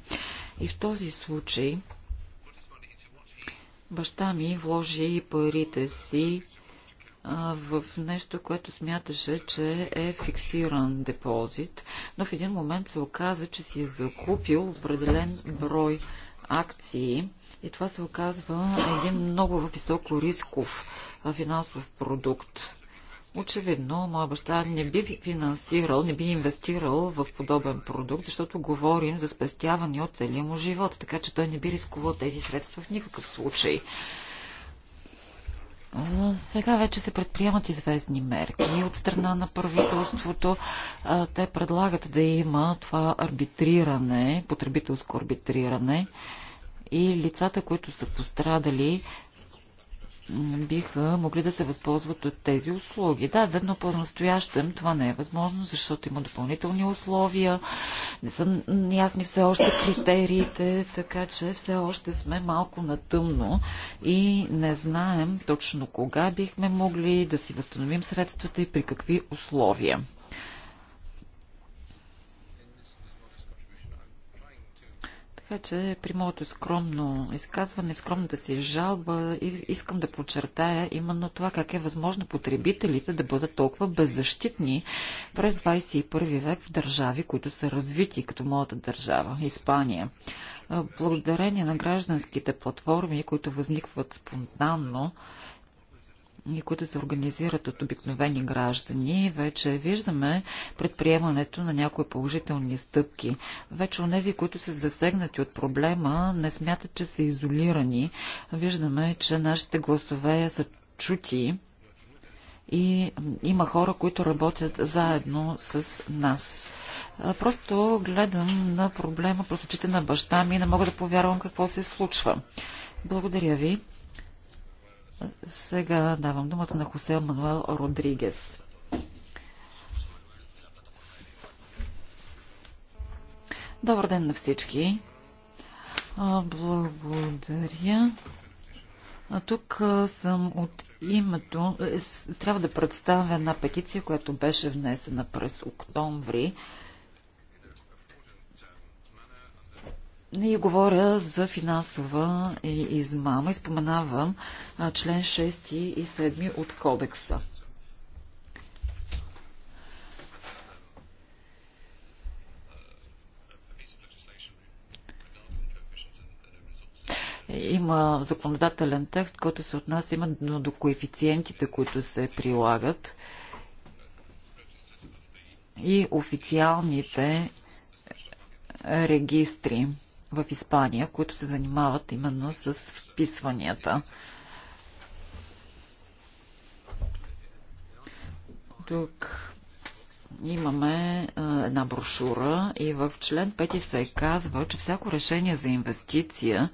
И в този случай баща ми вложи парите си в нещо, което смяташе, че е фиксиран депозит, но в един момент се оказа, че си е закупил определен брой акции и това се оказва един много високо рисков финансов продукт. Очевидно, моя баща не би финансирал, не би инвестирал в подобен продукт, защото говорим за спестяване от целия му живот, така че той не би рискувал тези средства в никакъв случай. Сега вече се предприемат известни мерки от страна на правителството. Те предлагат да има това арбитриране, потребителско арбитриране и лицата, които са пострадали, биха могли да се възползват от тези услуги. Да, верно по-настоящем това не е възможно, защото има допълнителни условия, не са ясни все още критериите, така че все още сме малко на тъмно и не знаем точно кога бихме могли да си възстановим средствата и при какви условия. Така че при моето скромно изказване, в скромната си жалба, искам да подчертая именно това, как е възможно потребителите да бъдат толкова беззащитни през 21 век в държави, които са развити, като моята държава, Испания. Благодарение на гражданските платформи, които възникват спонтанно, и които се организират от обикновени граждани, вече виждаме предприемането на някои положителни стъпки. Вече онези, които са засегнати от проблема, не смятат, че са изолирани. Виждаме, че нашите гласове са чути и има хора, които работят заедно с нас. Просто гледам на проблема през очите на баща ми и не мога да повярвам какво се случва. Благодаря ви. Сега давам думата на Хосе Мануел Родригес. Добър ден на всички. Благодаря. А тук съм от името. Е, трябва да представя една петиция, която беше внесена през октомври Не говоря за финансова измама. Изпоменавам член 6 и 7 от кодекса. Има законодателен текст, който се отнася именно до коефициентите, които се прилагат и официалните регистри в Испания, които се занимават именно с вписванията. Тук имаме една брошура и в член 5 се казва, че всяко решение за инвестиция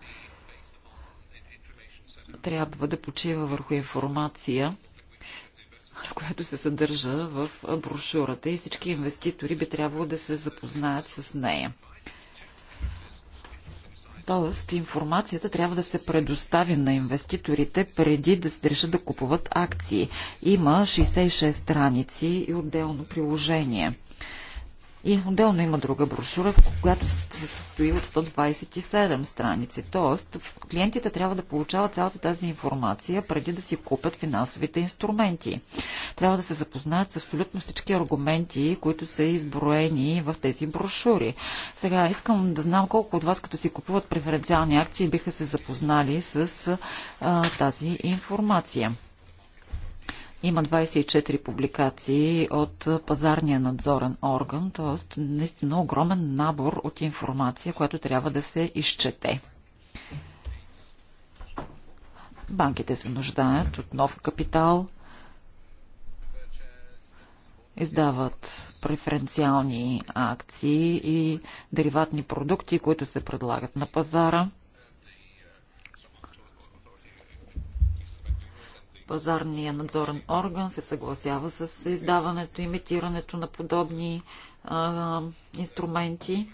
трябва да почива върху информация, която се съдържа в брошурата и всички инвеститори би трябвало да се запознаят с нея. Тоест, информацията трябва да се предостави на инвеститорите преди да се решат да купуват акции. Има 66 страници и отделно приложение. И отделно има друга брошура, която се състои от 127 страници. Тоест, клиентите трябва да получават цялата тази информация преди да си купят финансовите инструменти. Трябва да се запознаят с абсолютно всички аргументи, които са изброени в тези брошури. Сега искам да знам колко от вас, като си купуват преференциални акции, биха се запознали с а, тази информация. Има 24 публикации от пазарния надзорен орган, т.е. наистина огромен набор от информация, която трябва да се изчете. Банките се нуждаят от нов капитал, издават преференциални акции и дериватни продукти, които се предлагат на пазара – пазарния надзорен орган се съгласява с издаването и имитирането на подобни а, инструменти.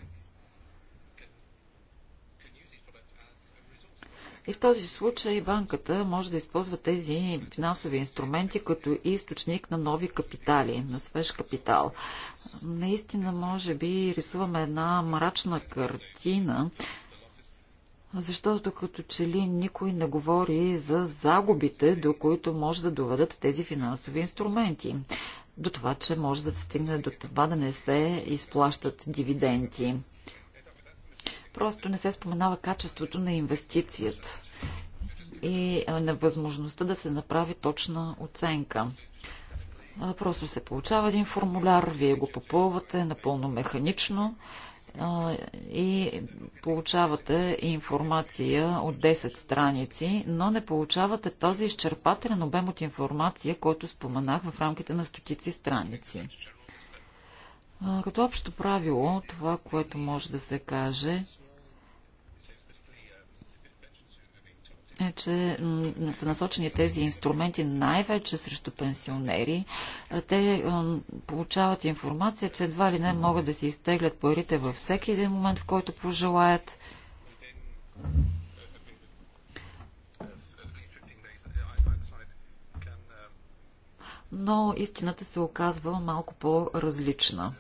И в този случай банката може да използва тези финансови инструменти като източник на нови капитали, на свеж капитал. Наистина, може би, рисуваме една мрачна картина защото като че ли никой не говори за загубите, до които може да доведат тези финансови инструменти. До това, че може да се стигне до това да не се изплащат дивиденти. Просто не се споменава качеството на инвестицията и невъзможността да се направи точна оценка. Просто се получава един формуляр, вие го попълвате напълно механично и получавате информация от 10 страници, но не получавате този изчерпателен обем от информация, който споменах в рамките на стотици страници. Като общо правило, това, което може да се каже, е, че са насочени тези инструменти най-вече срещу пенсионери. Те получават информация, че едва ли не могат да си изтеглят парите във всеки един момент, в който пожелаят. но истината се оказва малко по-различна.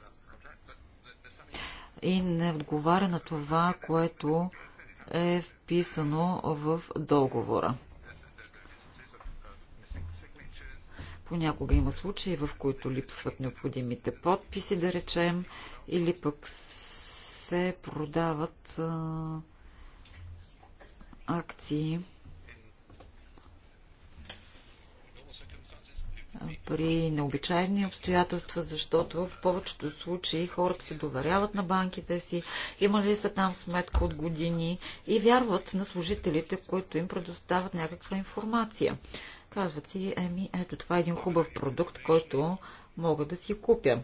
И не отговаря на това, което е вписано в договора. Понякога има случаи, в които липсват необходимите подписи, да речем, или пък се продават а, акции. при необичайни обстоятелства, защото в повечето случаи хората се доверяват на банките си, имали са там сметка от години и вярват на служителите, които им предоставят някаква информация. Казват си, еми, ето това е един хубав продукт, който мога да си купя.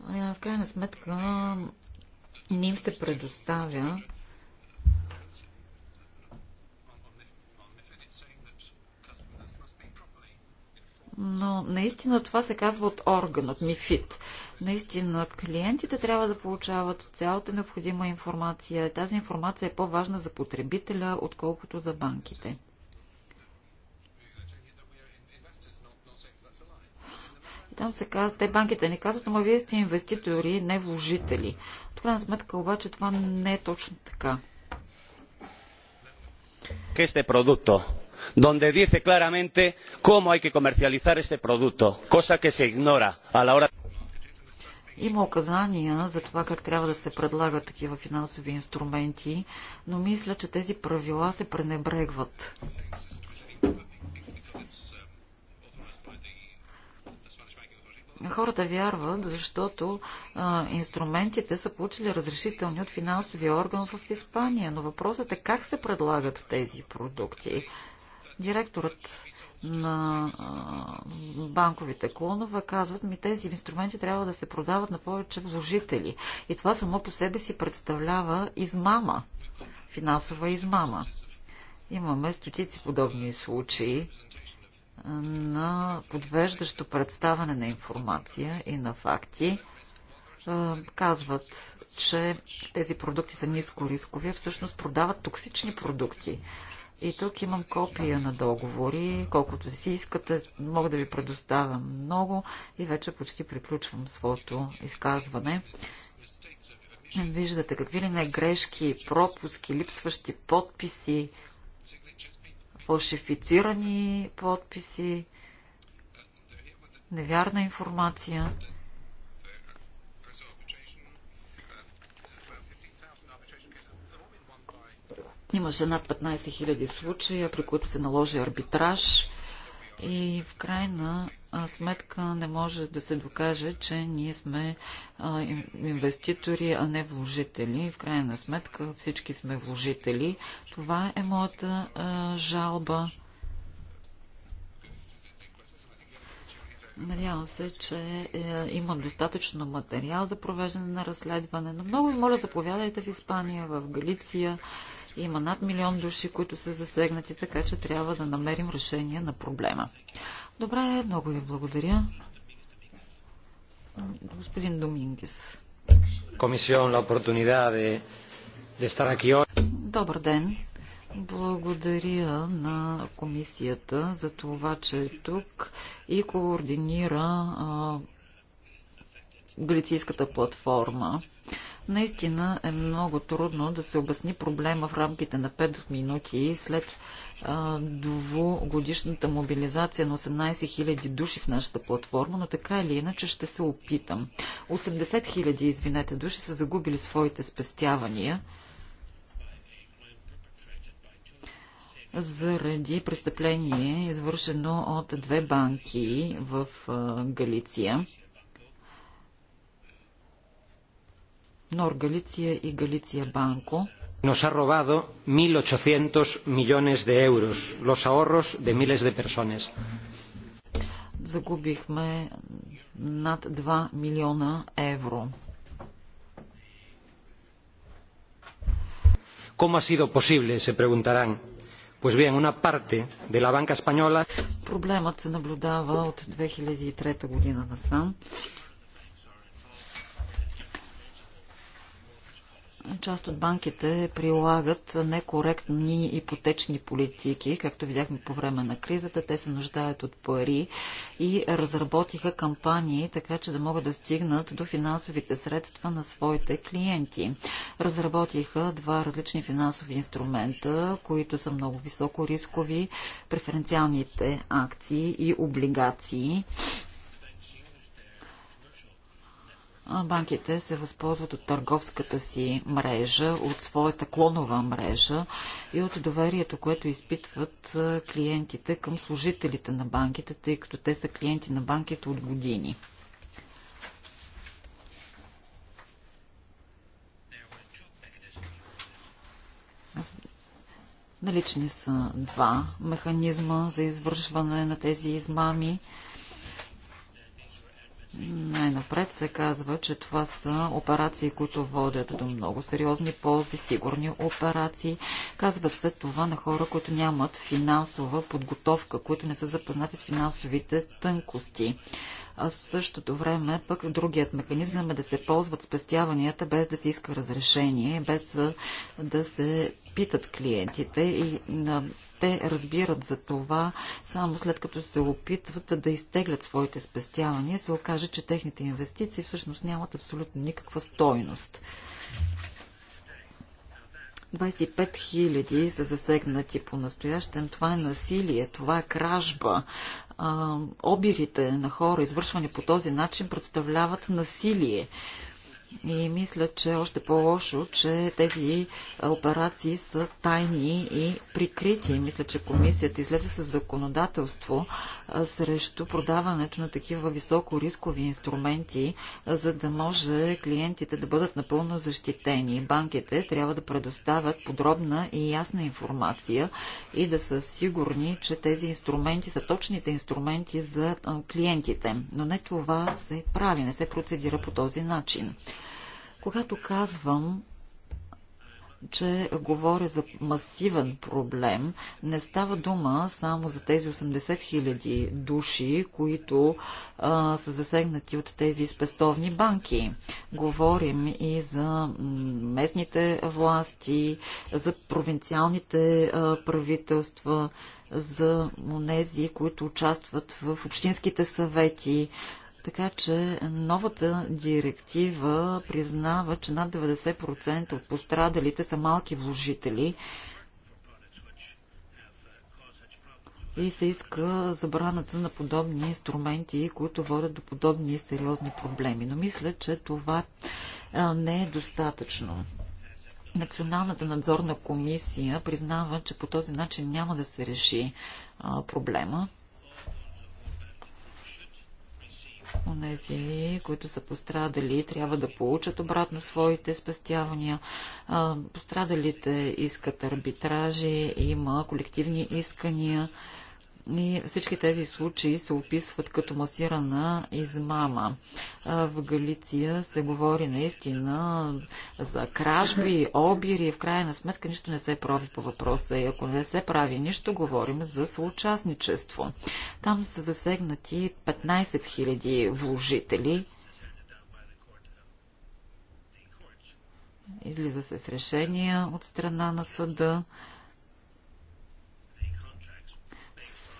В крайна сметка не им се предоставя но наистина това се казва от орган, от МИФИТ. Наистина клиентите трябва да получават цялата необходима информация. Тази информация е по-важна за потребителя, отколкото за банките. Там се казва, те банките не казват, ама вие сте инвеститори, не вложители. От крайна сметка обаче това не е точно така. Este продукто? donde dice claramente cómo hay que comercializar este producto, cosa que se ignora a la hora. Има указания за това как трябва да се предлагат такива финансови инструменти, но мисля, че тези правила се пренебрегват. Хората вярват, защото а, инструментите са получили разрешителни от финансовия орган в Испания, но въпросът е как се предлагат тези продукти. Директорът на банковите клонове казват ми, тези инструменти трябва да се продават на повече вложители. И това само по себе си представлява измама, финансова измама. Имаме стотици подобни случаи на подвеждащо представане на информация и на факти. Казват, че тези продукти са ниско рискови, а всъщност продават токсични продукти. И тук имам копия на договори, колкото си искате, мога да ви предоставя много и вече почти приключвам своето изказване. Виждате какви ли не грешки, пропуски, липсващи подписи, фалшифицирани подписи, невярна информация. Имаше над 15 000 случая, при които се наложи арбитраж и в крайна сметка не може да се докаже, че ние сме инвеститори, а не вложители. В крайна сметка всички сме вложители. Това е моята жалба. Надявам се, че е, има достатъчно материал за провеждане на разследване, но много ви моля, заповядайте в Испания, в Галиция, има над милион души, които са засегнати, така че трябва да намерим решение на проблема. Добре, много ви благодаря. Господин Домингес. Комисион, на oportunidad de estar aquí hoy. Добър ден. Благодаря на комисията за това, че е тук и координира а, Галицийската платформа. Наистина е много трудно да се обясни проблема в рамките на 5 минути след двугодишната мобилизация на 18 000 души в нашата платформа, но така или иначе ще се опитам. 80 000, извинете, души са загубили своите спестявания заради престъпление, извършено от две банки в Галиция Нор Галиция и Галиция Банко. Nos ha robado 1.800 millones de euros, los ahorros de miles de personas. Загубихме над 2 милиона евро. ¿Cómo ha sido posible? Se preguntarán. Pues bien, una parte de la banca española. Проблемът се наблюдава от 2003 година насам. Част от банките прилагат некоректни ипотечни политики, както видяхме по време на кризата. Те се нуждаят от пари и разработиха кампании, така че да могат да стигнат до финансовите средства на своите клиенти. Разработиха два различни финансови инструмента, които са много високо рискови, преференциалните акции и облигации банките се възползват от търговската си мрежа, от своята клонова мрежа и от доверието, което изпитват клиентите към служителите на банките, тъй като те са клиенти на банките от години. Налични са два механизма за извършване на тези измами. Най-напред се казва, че това са операции, които водят до много сериозни ползи, сигурни операции. Казва се това на хора, които нямат финансова подготовка, които не са запознати с финансовите тънкости. А в същото време пък другият механизъм е да се ползват спестяванията без да се иска разрешение, без да се питат клиентите и те разбират за това, само след като се опитват да изтеглят своите спестявания, се окаже, че техните инвестиции всъщност нямат абсолютно никаква стойност. 25 хиляди са засегнати по настоящем. Това е насилие, това е кражба. А, обирите на хора, извършвани по този начин, представляват насилие. И мисля, че е още по-лошо, че тези операции са тайни и прикрити. Мисля, че комисията излезе с законодателство срещу продаването на такива високо рискови инструменти, за да може клиентите да бъдат напълно защитени. Банките трябва да предоставят подробна и ясна информация и да са сигурни, че тези инструменти са точните инструменти за клиентите. Но не това се прави, не се процедира по този начин. Когато казвам, че говоря за масивен проблем. Не става дума само за тези 80 хиляди души, които а, са засегнати от тези спестовни банки. Говорим и за местните власти, за провинциалните а, правителства, за тези, които участват в общинските съвети, така че новата директива признава, че над 90% от пострадалите са малки вложители и се иска забраната на подобни инструменти, които водят до подобни сериозни проблеми. Но мисля, че това не е достатъчно. Националната надзорна комисия признава, че по този начин няма да се реши проблема. Онези, които са пострадали, трябва да получат обратно своите спестявания. Пострадалите искат арбитражи, има колективни искания и всички тези случаи се описват като масирана измама. В Галиция се говори наистина за кражби, обири. В крайна сметка нищо не се прави по въпроса. И ако не се прави нищо, говорим за съучастничество. Там са засегнати 15 000 вложители. Излиза се с решения от страна на съда.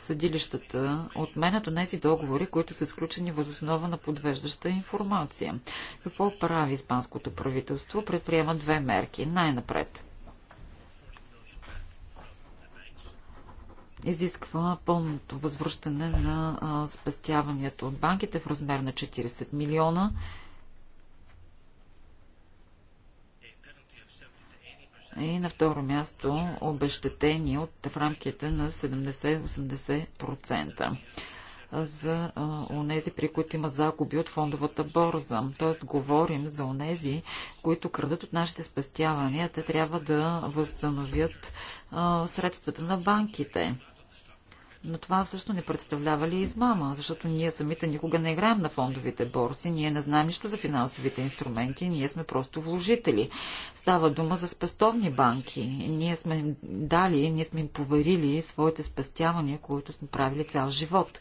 съдилищата отменят тези договори, които са сключени възоснова на подвеждаща информация. Какво прави испанското правителство? Предприема две мерки. Най-напред. изисква пълното възвръщане на спестяванията от банките в размер на 40 милиона И на второ място обещетени от в рамките на 70-80% за онези, при които има загуби от фондовата борза. Тоест, говорим за онези, които крадат от нашите спестявания. Те трябва да възстановят а, средствата на банките. Но това всъщност не представлява ли измама, защото ние самите никога не играем на фондовите борси, ние не знаем нищо за финансовите инструменти, ние сме просто вложители. Става дума за спестовни банки. Ние сме им дали, ние сме им поверили своите спестявания, които сме правили цял живот.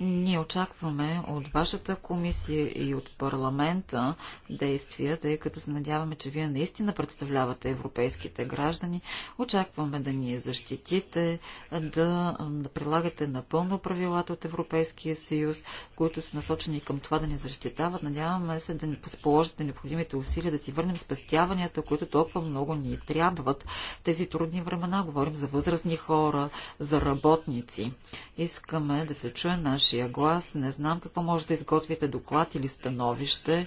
Ние очакваме от вашата комисия и от парламента действия, тъй като се надяваме, че вие наистина представлявате европейските граждани. Очакваме да ни защитите, да, да прилагате напълно правилата от Европейския съюз, които са насочени към това да ни защитават. Надяваме се да ни положите необходимите усилия да си върнем спестяванията, които толкова много ни трябват. Тези трудни времена говорим за възрастни хора, за работници. Искаме да се чуе наш вашия глас. Не знам какво може да изготвите доклад или становище.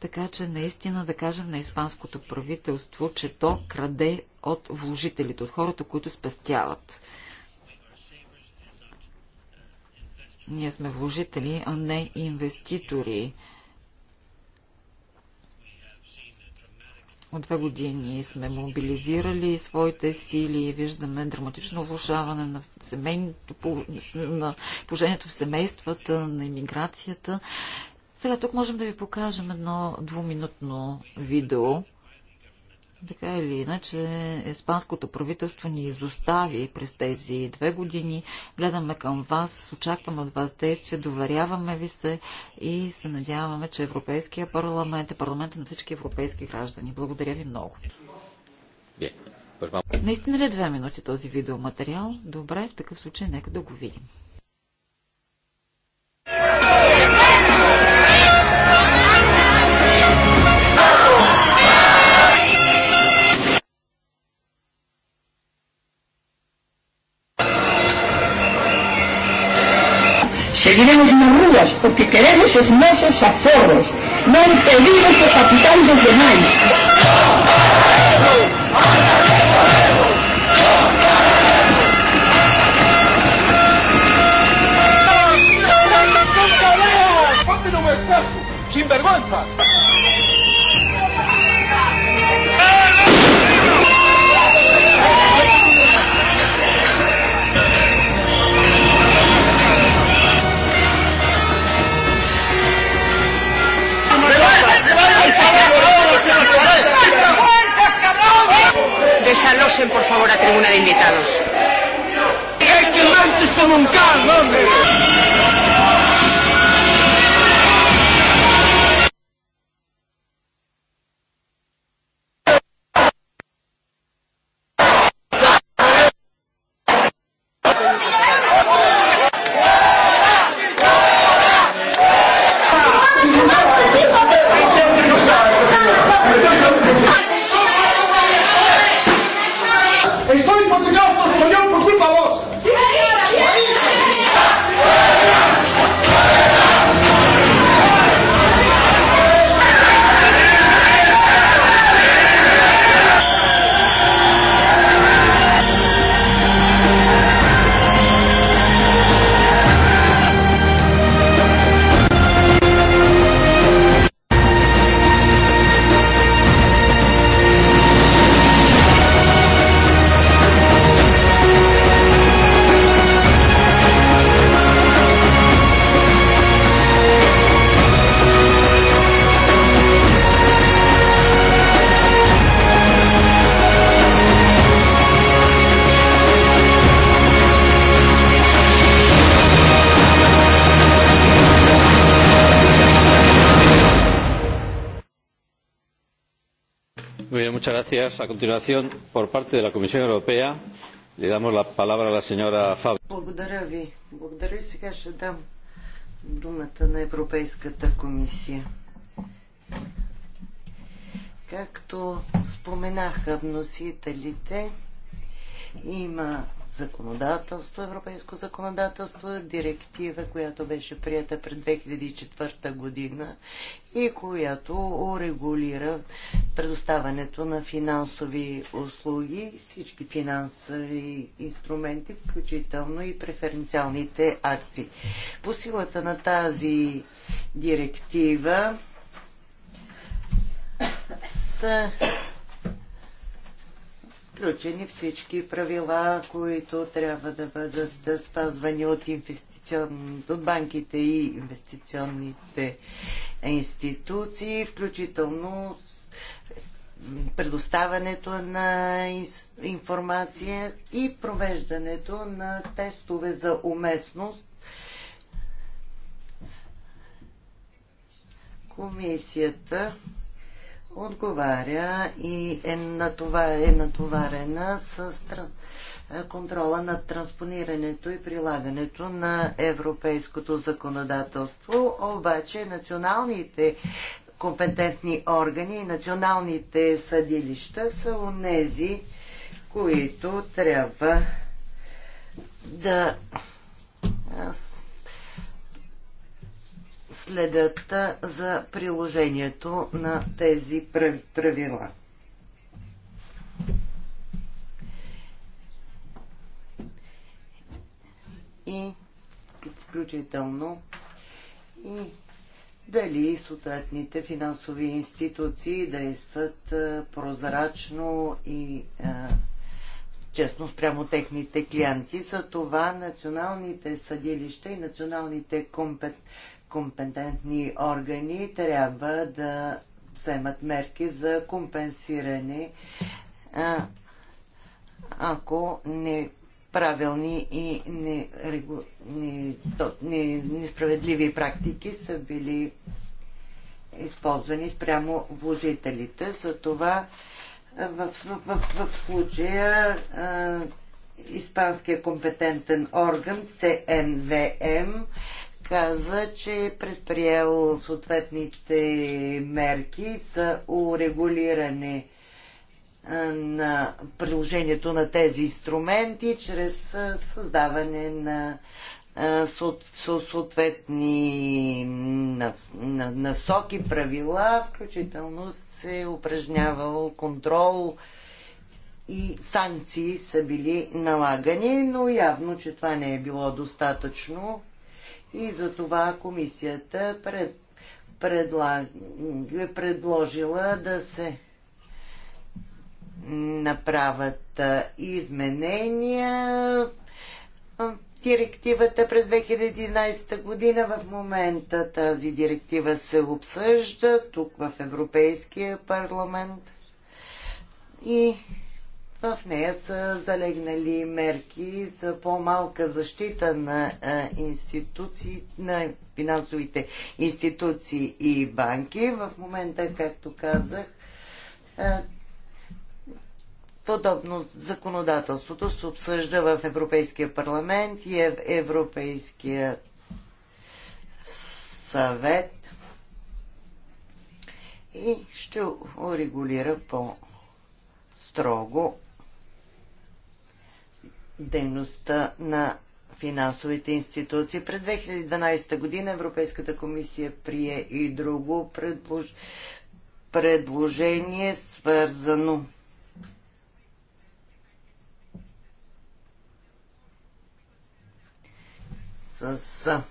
Така че наистина да кажем на испанското правителство, че то краде от вложителите, от хората, които спестяват. Ние сме вложители, а не инвеститори. От две години сме мобилизирали своите сили и виждаме драматично влушаване на, семейното, на положението в семействата, на иммиграцията. Сега тук можем да ви покажем едно двуминутно видео. Така или иначе, испанското правителство ни изостави през тези две години. Гледаме към вас, очакваме от вас действия, доверяваме ви се и се надяваме, че Европейския парламент е парламента на всички европейски граждани. Благодаря ви много. Наистина ли е две минути този видеоматериал? Добре, в такъв случай нека да го видим. Seguiremos nas ruas porque queremos os nosos aforos, non pedimos o capital dos demais. Sin vergüenza. Desalosen por favor, a tribuna de invitados. que un carro, hombre! Gracias. A continuación, por parte de la Comisión Europea, le damos la palabra a la señora Faber. Благодаря ви. Благодаря ви. Сега ще дам думата на Европейската комисия. Както споменаха вносителите, има законодателство, европейско законодателство, директива, която беше прията пред 2004 година и която урегулира предоставането на финансови услуги, всички финансови инструменти, включително и преференциалните акции. По силата на тази директива са включени всички правила, които трябва да бъдат спазвани от, инвестицион... от банките и инвестиционните институции, включително предоставянето на информация и провеждането на тестове за уместност. Комисията отговаря и е, натова, е натоварена с е, контрола на транспонирането и прилагането на европейското законодателство, обаче националните компетентни органи и националните съдилища са онези, които трябва да следят за приложението на тези правила. И включително и дали съответните финансови институции действат прозрачно и честно спрямо техните клиенти. За това националните съдилища и националните компетентни компетентни органи трябва да вземат мерки за компенсиране, ако не правилни и не, не, несправедливи практики са били използвани спрямо вложителите. Затова в, в, в, в случая а, Испанския компетентен орган CNVM, каза, че е предприел съответните мерки за урегулиране на приложението на тези инструменти чрез създаване на съответни насоки, правила, включително се упражнявал контрол и санкции са били налагани, но явно, че това не е било достатъчно и за това комисията пред, предлаг, е предложила да се направят изменения директивата през 2011 година. В момента тази директива се обсъжда тук в Европейския парламент. И в нея са залегнали мерки за по-малка защита на, институции, на финансовите институции и банки. В момента, както казах, Подобно законодателството се обсъжда в Европейския парламент и в Европейския съвет и ще урегулира по-строго дейността на финансовите институции. През 2012 година Европейската комисия прие и друго предлож... предложение, свързано с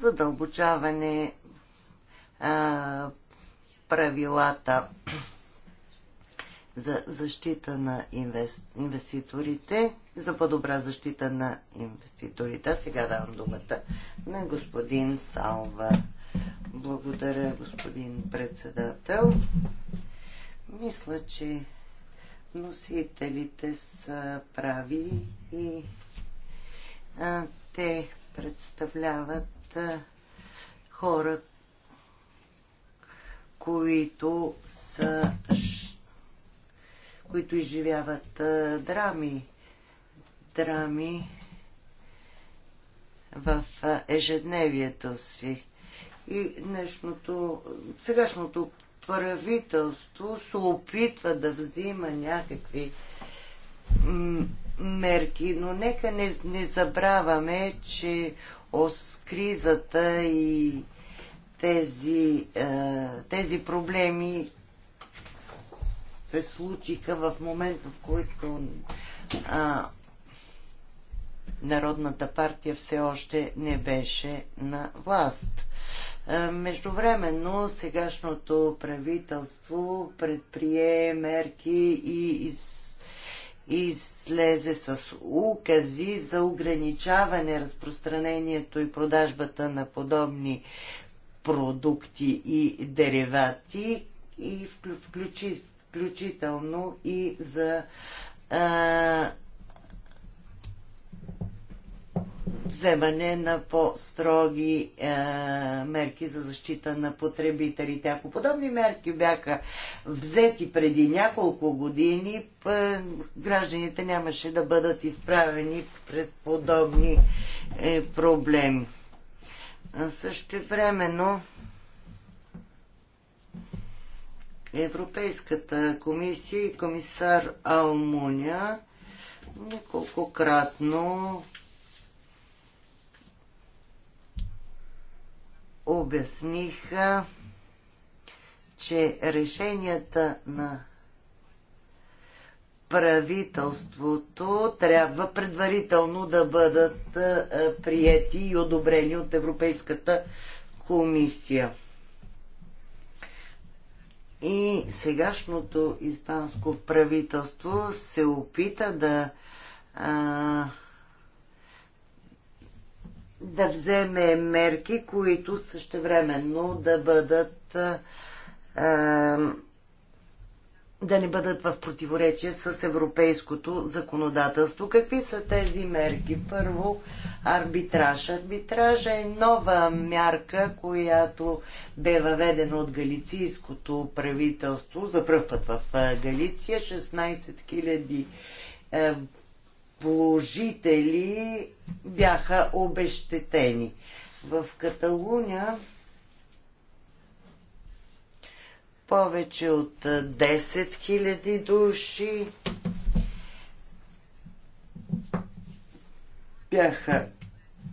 задълбочаване а, правилата за защита на инвеститорите, за по-добра защита на инвеститорите. Сега давам думата на господин Салва. Благодаря, господин председател. Мисля, че носителите са прави и а, те представляват а, хора, които са които изживяват а, драми. Драми в а, ежедневието си. И днешното, сегашното правителство се опитва да взима някакви мерки, но нека не, не забравяме, че с кризата и тези, тези проблеми се случиха в момента, в който а, Народната партия все още не беше на власт. Междувременно сегашното правителство предприе мерки и из, излезе с укази за ограничаване разпространението и продажбата на подобни продукти и деривати и включи, включително и за а, вземане на по-строги е, мерки за защита на потребителите. Ако подобни мерки бяха взети преди няколко години, гражданите нямаше да бъдат изправени пред подобни е, проблеми. времено. Европейската комисия и комисар Алмуня неколкократно обясниха, че решенията на правителството трябва предварително да бъдат приети и одобрени от Европейската комисия. И сегашното испанско правителство се опита да а, да вземе мерки, които същевременно да бъдат а, да не бъдат в противоречие с европейското законодателство. Какви са тези мерки? Първо, арбитраж. Арбитраж е нова мярка, която бе въведена от галицийското правителство за първ път в Галиция. 16 000 е, вложители бяха обещетени. В Каталуния повече от 10 000 души бяха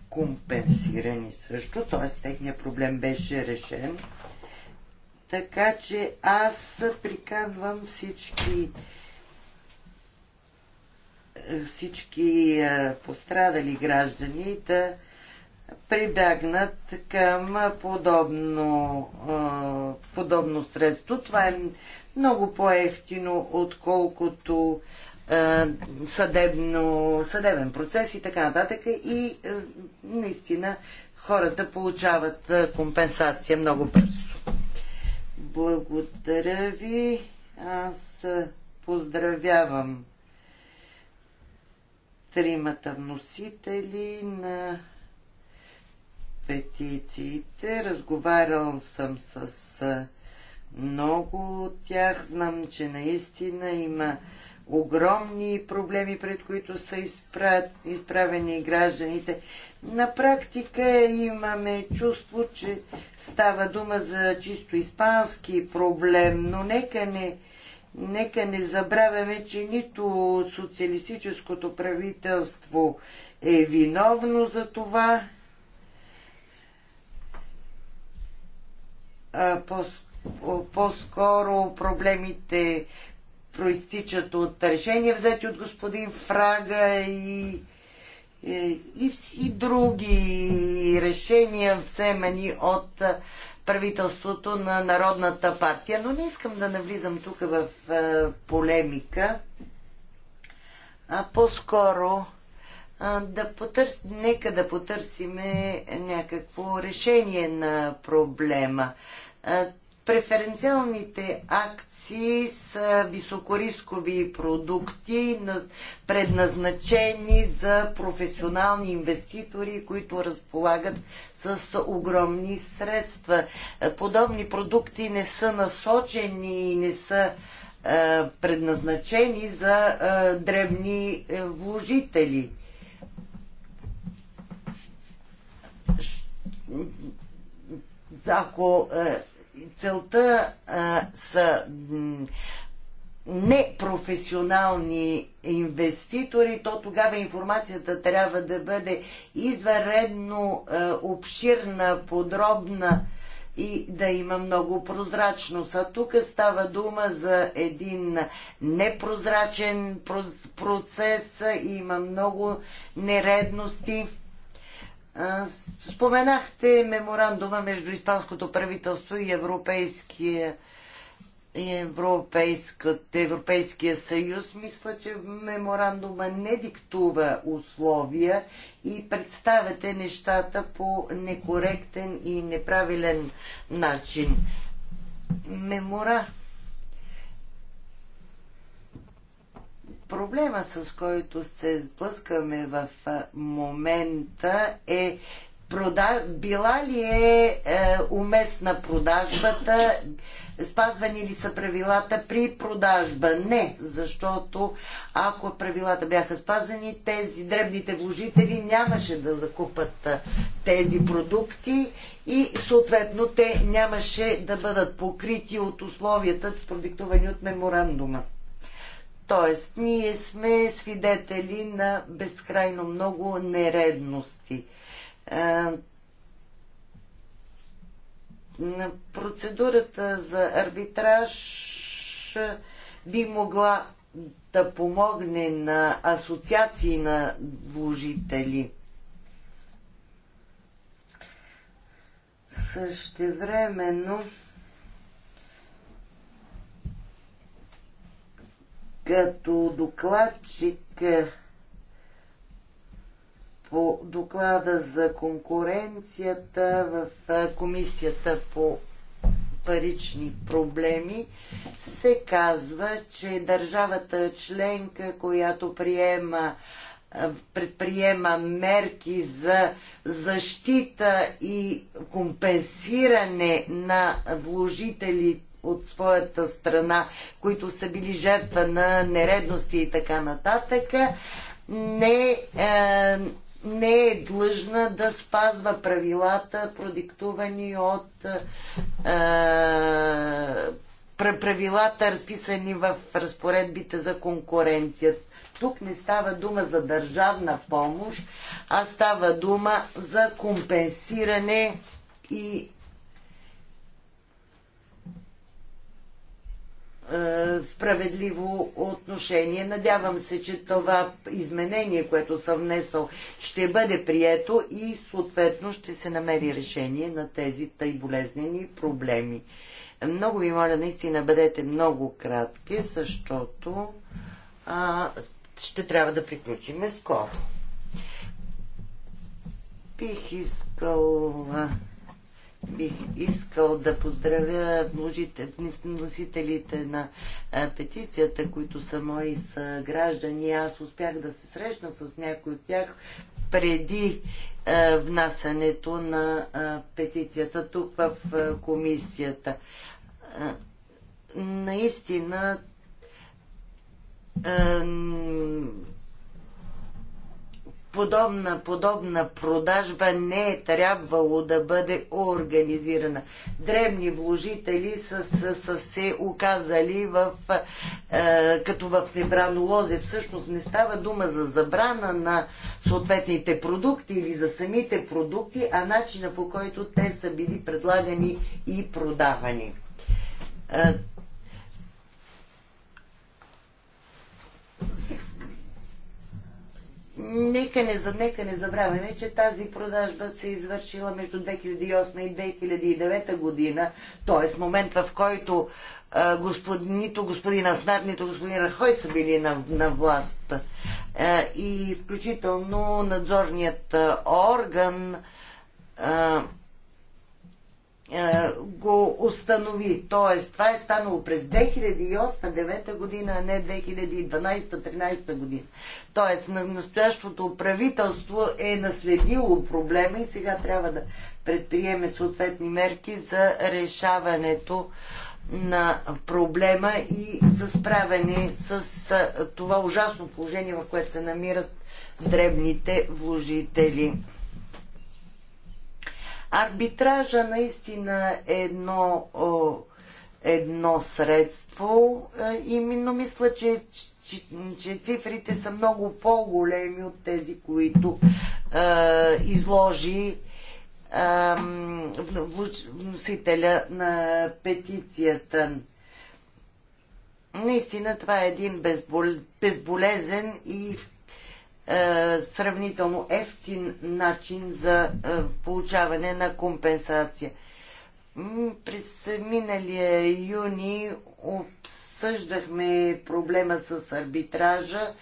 компенсирани също, т.е. техният проблем беше решен. Така че аз приканвам всички всички пострадали граждани да прибягнат към подобно, подобно средство. Това е много по-ефтино, отколкото съдебно, съдебен процес и така нататък. И наистина хората получават компенсация много бързо. Благодаря ви. Аз поздравявам тримата вносители на петициите. Разговарял съм с много от тях. Знам, че наистина има огромни проблеми, пред които са изпрат, изправени гражданите. На практика имаме чувство, че става дума за чисто испански проблем, но нека не, нека не забравяме, че нито социалистическото правителство е виновно за това, по-скоро проблемите проистичат от решения взети от господин Фрага и, е, и, и други решения вземани от правителството на Народната партия. Но не искам да навлизам тук в полемика, а по-скоро да потърс... нека да потърсиме някакво решение на проблема. Преференциалните акции са високорискови продукти, предназначени за професионални инвеститори, които разполагат с огромни средства. Подобни продукти не са насочени и не са предназначени за дребни вложители ако е, целта е, са непрофесионални инвеститори, то тогава информацията трябва да бъде изваредно е, обширна, подробна и да има много прозрачност. А тук става дума за един непрозрачен процес, има много нередности. Споменахте меморандума между Испанското правителство и Европейския Европейския съюз. Мисля, че меморандума не диктува условия и представяте нещата по некоректен и неправилен начин. Мемора... Проблема, с който се сблъскаме в момента е прода... била ли е, е уместна продажбата, спазвани ли са правилата при продажба? Не, защото ако правилата бяха спазани, тези дребните вложители нямаше да закупат тези продукти и съответно те нямаше да бъдат покрити от условията, продиктовани от меморандума. Тоест, ние сме свидетели на безкрайно много нередности. Е, процедурата за арбитраж би могла да помогне на асоциации на вложители. Същевременно времено като докладчик е, по доклада за конкуренцията в е, комисията по парични проблеми се казва, че държавата членка, която приема е, предприема мерки за защита и компенсиране на вложителите от своята страна, които са били жертва на нередности и така нататък, не, е, не е длъжна да спазва правилата, продиктувани от е, правилата, разписани в разпоредбите за конкуренцията. Тук не става дума за държавна помощ, а става дума за компенсиране и Е, справедливо отношение. Надявам се, че това изменение, което съм внесъл, ще бъде прието и съответно ще се намери решение на тези тъй болезнени проблеми. Много ви моля, наистина бъдете много кратки, защото а, ще трябва да приключиме скоро. Бих искала Бих искал да поздравя вносителите на петицията, които са мои са граждани. Аз успях да се срещна с някой от тях преди внасянето на петицията тук в комисията. Наистина подобна, подобна продажба не е трябвало да бъде организирана. Древни вложители са, са, са се оказали в, е, като в небранолозе. Всъщност не става дума за забрана на съответните продукти или за самите продукти, а начина по който те са били предлагани и продавани. Е, Нека не, нека не забравяме, че тази продажба се извършила между 2008 и 2009 година, т.е. момент в който а, господ, нито господин Аснар, нито господин Рахой са били на, на власт. А, и включително надзорният орган а, е, го установи. Тоест, това е станало през 2008-2009 година, а не 2012-2013 година. Тоест, на настоящото правителство е наследило проблема и сега трябва да предприеме съответни мерки за решаването на проблема и за справяне с е, това ужасно положение, в което се намират дребните вложители. Арбитража наистина е едно, едно средство е, и но мисля, че, че, че цифрите са много по-големи от тези, които е, изложи вносителя на петицията. Наистина това е един безбол... безболезен и е, сравнително ефтин начин за е, получаване на компенсация. През миналия юни обсъждахме проблема с арбитража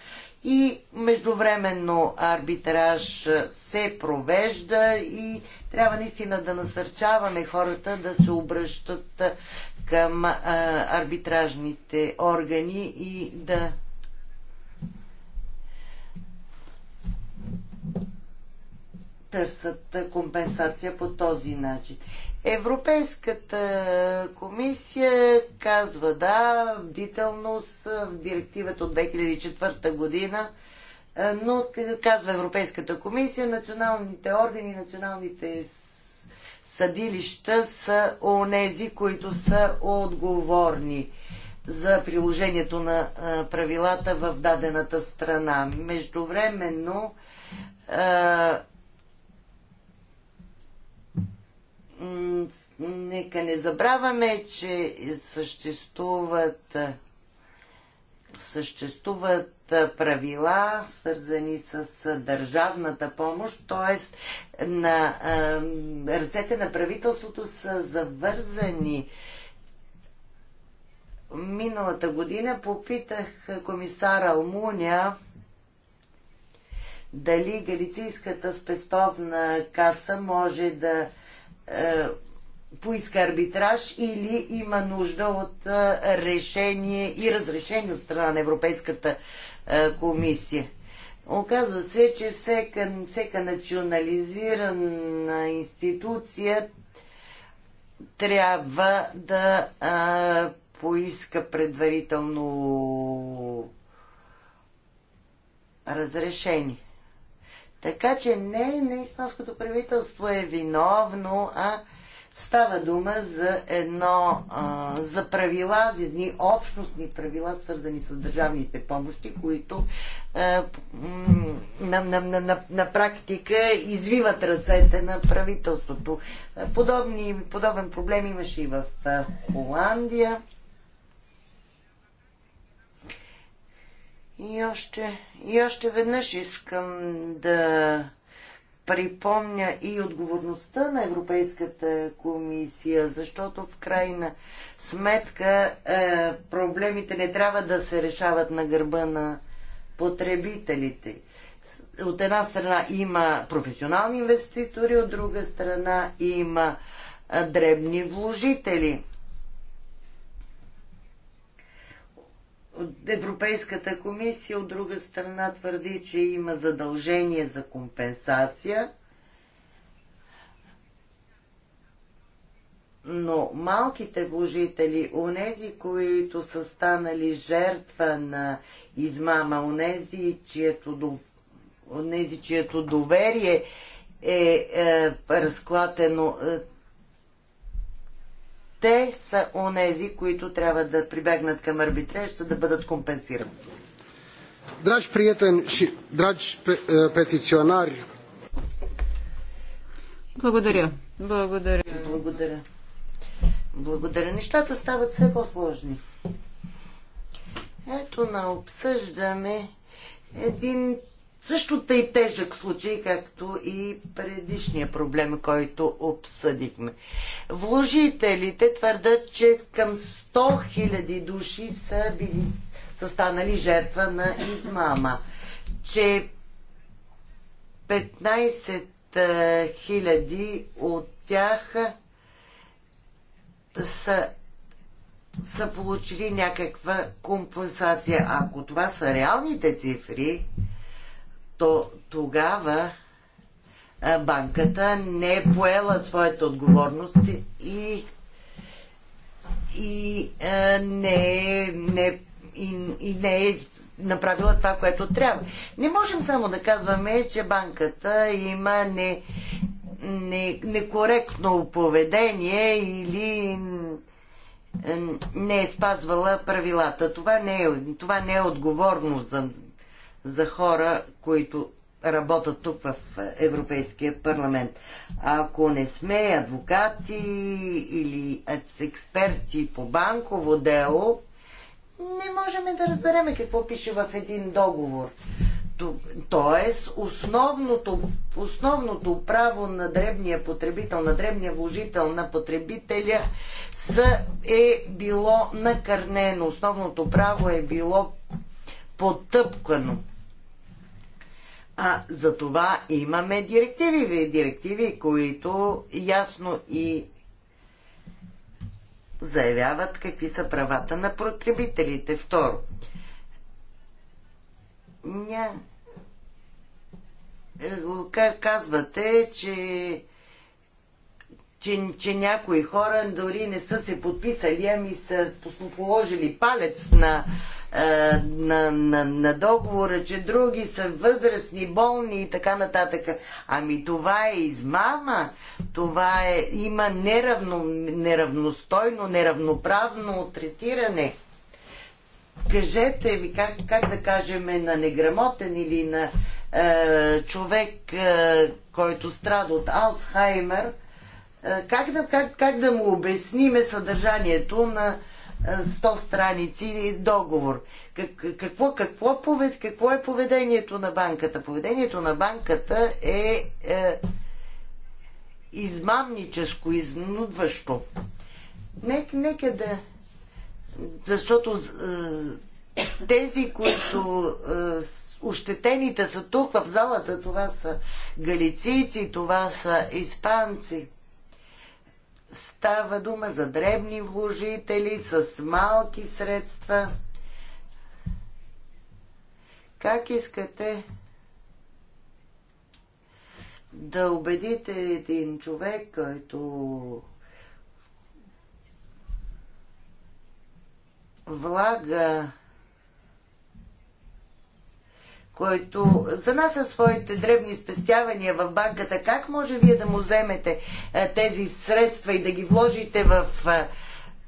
и междувременно арбитраж се провежда и трябва наистина да насърчаваме хората да се обръщат към е, арбитражните органи и да търсят компенсация по този начин. Европейската комисия казва да, бдителност в директивата от 2004 година, но казва Европейската комисия, националните органи, националните съдилища са онези, които са отговорни за приложението на правилата в дадената страна. Междувременно нека не забравяме, че съществуват съществуват правила, свързани с държавната помощ, т.е. на ръцете на правителството са завързани. Миналата година попитах комисар Алмуня дали Галицийската спестовна каса може да е, поиска арбитраж или има нужда от е, решение и разрешение от страна на Европейската е, комисия. Оказва се, че всека, всека национализирана институция трябва да а, поиска предварително разрешение. Така че не, не испанското правителство е виновно, а става дума за едно, а, за правила, за едни общностни правила, свързани с държавните помощи, които а, на, на, на, на, на практика извиват ръцете на правителството. Подобни, подобен проблем имаше и в Холандия. И още, и още веднъж искам да припомня и отговорността на Европейската комисия, защото в крайна сметка е, проблемите не трябва да се решават на гърба на потребителите. От една страна има професионални инвеститори, от друга страна има е, дребни вложители. От Европейската комисия от друга страна твърди, че има задължение за компенсация, но малките вложители, онези, които са станали жертва на измама, онези, чието, онези, чието доверие е, е разклатено, е, те са онези, които трябва да прибегнат към арбитраж, за да бъдат компенсирани. Драги приятели, драги е, петиционари. благодаря. Благодаря. Благодаря. Благодаря. Нещата стават все по-сложни. Ето на обсъждаме един също тъй тежък случай, както и предишния проблем, който обсъдихме. Вложителите твърдат, че към 100 000 души са, били, са станали жертва на измама, че 15 000 от тях са са получили някаква компенсация. Ако това са реалните цифри, то тогава банката не е поела своята отговорност и, и не, е, не, и, и не е направила това, което трябва. Не можем само да казваме, че банката има не, не, некоректно поведение или не е спазвала правилата. Това не е, това не е отговорно за за хора, които работят тук в Европейския парламент. Ако не сме адвокати или експерти по банково дело, не можем да разбереме какво пише в един договор. Тоест, основното, основното право на дребния потребител, на дребния вложител, на потребителя са, е било накърнено. Основното право е било потъпкано. А за това имаме директиви, директиви, които ясно и заявяват какви са правата на потребителите. Второ, ня... Е, казвате, че че, че някои хора дори не са се подписали, ами са положили палец на на, на, на договора, че други са възрастни, болни и така нататък. Ами това е измама, това е, има неравно, неравностойно, неравноправно третиране. Кажете ми как, как да кажем на неграмотен или на е, човек, е, който страда от Алцхаймер, е, как, да, как, как да му обясниме съдържанието на 100 страници договор. Какво, какво, повед, какво е поведението на банката? Поведението на банката е, е измамническо, изнудващо. Нека, нека да. Защото е, тези, които. Е, ощетените са тук в залата, това са галицийци, това са испанци. Става дума за дребни вложители с малки средства. Как искате да убедите един човек, който влага който за нас са своите дребни спестявания в банката, как може вие да му вземете е, тези средства и да ги вложите в, е,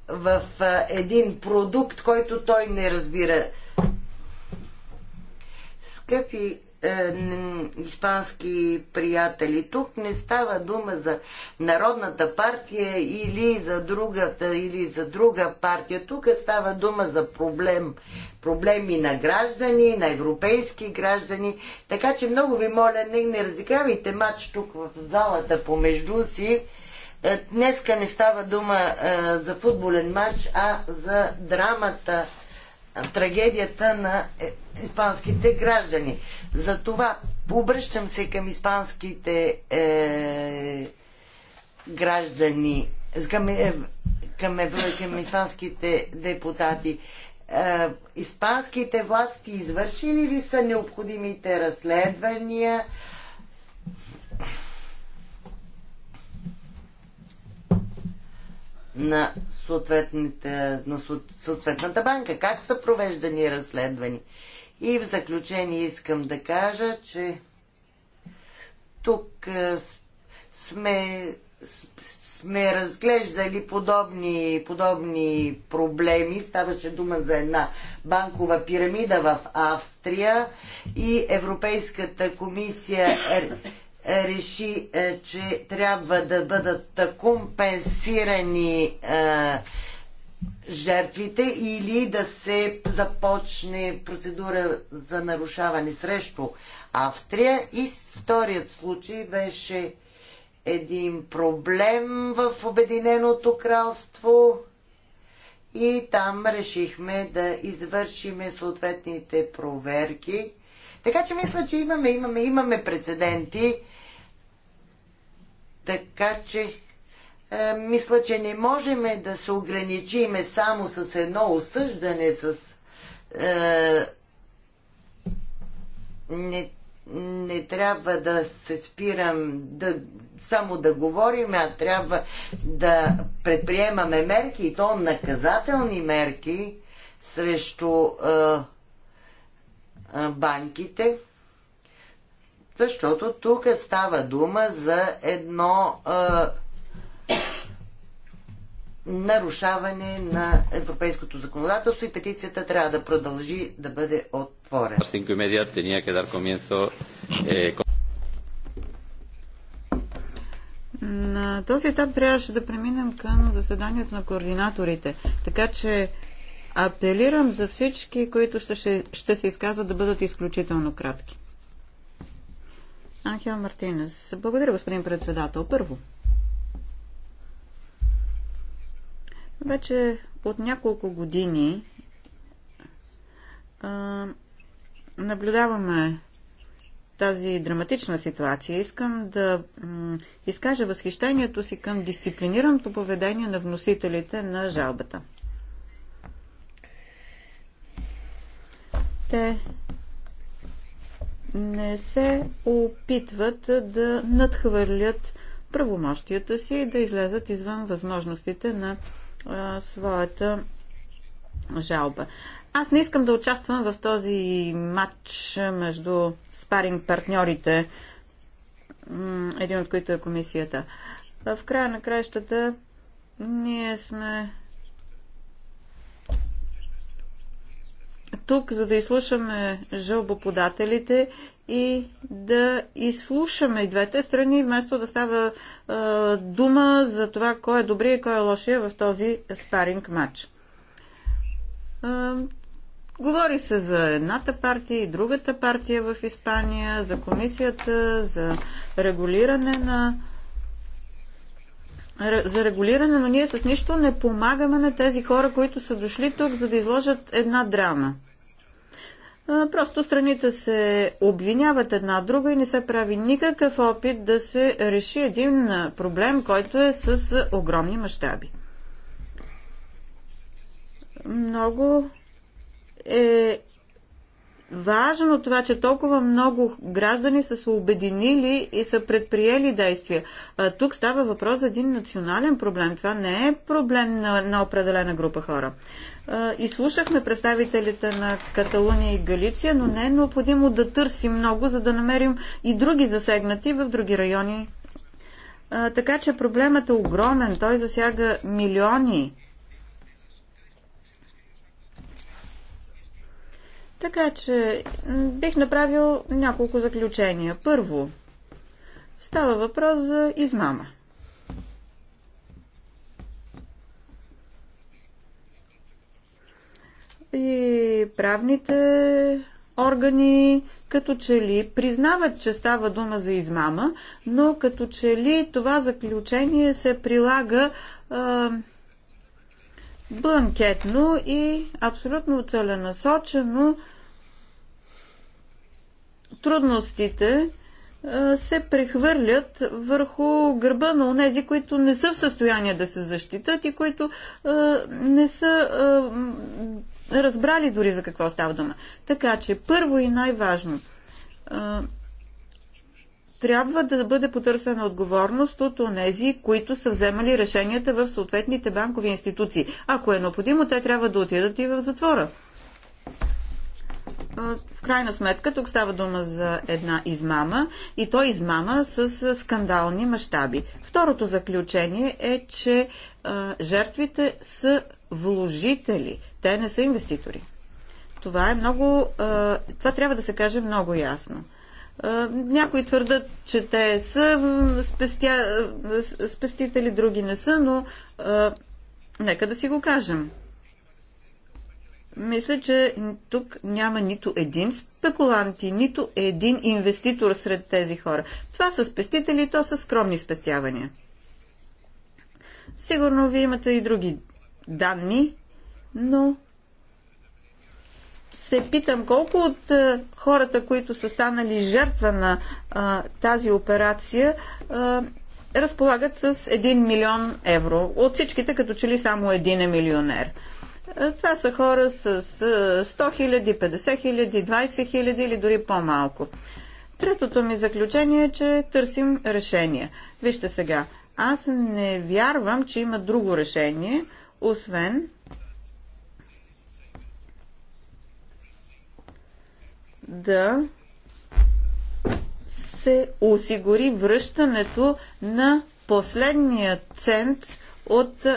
в е, един продукт, който той не разбира? Скъпи е, испански приятели. Тук не става дума за Народната партия или за другата, или за друга партия. Тук става дума за проблем. Проблеми на граждани, на европейски граждани. Така че много ви моля, не, не разигравайте матч тук в залата помежду си. Е, днеска не става дума е, за футболен матч, а за драмата трагедията на е, испанските граждани. Затова обръщам се към испанските е, граждани, към, е, към, е, към испанските депутати. Е, испанските власти извършили ли са необходимите разследвания? на, на съответната банка, как са провеждани разследвани. И в заключение искам да кажа, че тук е, сме, сме разглеждали подобни, подобни проблеми. Ставаше дума за една банкова пирамида в Австрия и Европейската комисия е, реши, е, че трябва да бъдат компенсирани е, жертвите или да се започне процедура за нарушаване срещу Австрия. И вторият случай беше един проблем в Обединеното кралство и там решихме да извършиме съответните проверки. Така че мисля, че имаме, имаме, имаме прецеденти така че е, мисля, че не можем да се ограничиме само с едно осъждане, с е, не, не трябва да се спирам да, само да говорим, а трябва да предприемаме мерки и то наказателни мерки срещу е, е, банките защото тук става дума за едно а, нарушаване на европейското законодателство и петицията трябва да продължи да бъде отворена. Е, на този етап трябваше да преминем към заседанието на координаторите. Така че апелирам за всички, които ще, ще се изказват да бъдат изключително кратки. Анхел Мартинес. Благодаря, господин председател. Първо. Вече от няколко години а, наблюдаваме тази драматична ситуация. Искам да изкажа възхищението си към дисциплинираното поведение на вносителите на жалбата. Те не се опитват да надхвърлят правомощията си и да излезат извън възможностите на а, своята жалба. Аз не искам да участвам в този матч между спаринг партньорите, един от които е комисията. В края на краищата ние сме тук, за да изслушаме жълбоподателите и да изслушаме и двете страни, вместо да става е, дума за това кой е добрия и кой е лошия в този спаринг матч. Е, говори се за едната партия и другата партия в Испания, за комисията, за регулиране на за регулиране, но ние с нищо не помагаме на тези хора, които са дошли тук, за да изложат една драма. Просто страните се обвиняват една друга и не се прави никакъв опит да се реши един проблем, който е с огромни мащаби. Много е важно това, че толкова много граждани са се обединили и са предприели действия. А, тук става въпрос за един национален проблем. Това не е проблем на, на определена група хора изслушахме представителите на Каталуния и Галиция, но не е необходимо да търсим много, за да намерим и други засегнати в други райони. Така че проблемът е огромен. Той засяга милиони. Така че бих направил няколко заключения. Първо, става въпрос за измама. и правните органи като че ли признават, че става дума за измама, но като че ли това заключение се прилага а, бланкетно и абсолютно целенасочено трудностите а, се прехвърлят върху гърба на онези, които не са в състояние да се защитат и които а, не са а, разбрали дори за какво става дума. Така че първо и най-важно трябва да бъде потърсена отговорност от онези, които са вземали решенията в съответните банкови институции. Ако е необходимо, те трябва да отидат и в затвора. В крайна сметка, тук става дума за една измама и то измама с скандални мащаби. Второто заключение е, че жертвите са вложители – те не са инвеститори. Това е много. Това трябва да се каже много ясно. Някои твърдат, че те са спестя... спестители, други не са, но нека да си го кажем. Мисля, че тук няма нито един спекулант и нито един инвеститор сред тези хора. Това са спестители и то са скромни спестявания. Сигурно вие имате и други данни, но се питам колко от е, хората, които са станали жертва на а, тази операция, а, е, разполагат с 1 милион евро. От всичките, като че ли само един е милионер. Е, това са хора с 100 хиляди, 50 хиляди, 20 хиляди или дори по-малко. Третото ми заключение е, че търсим решение. Вижте сега, аз не вярвам, че има друго решение, освен да се осигури връщането на последния цент от е,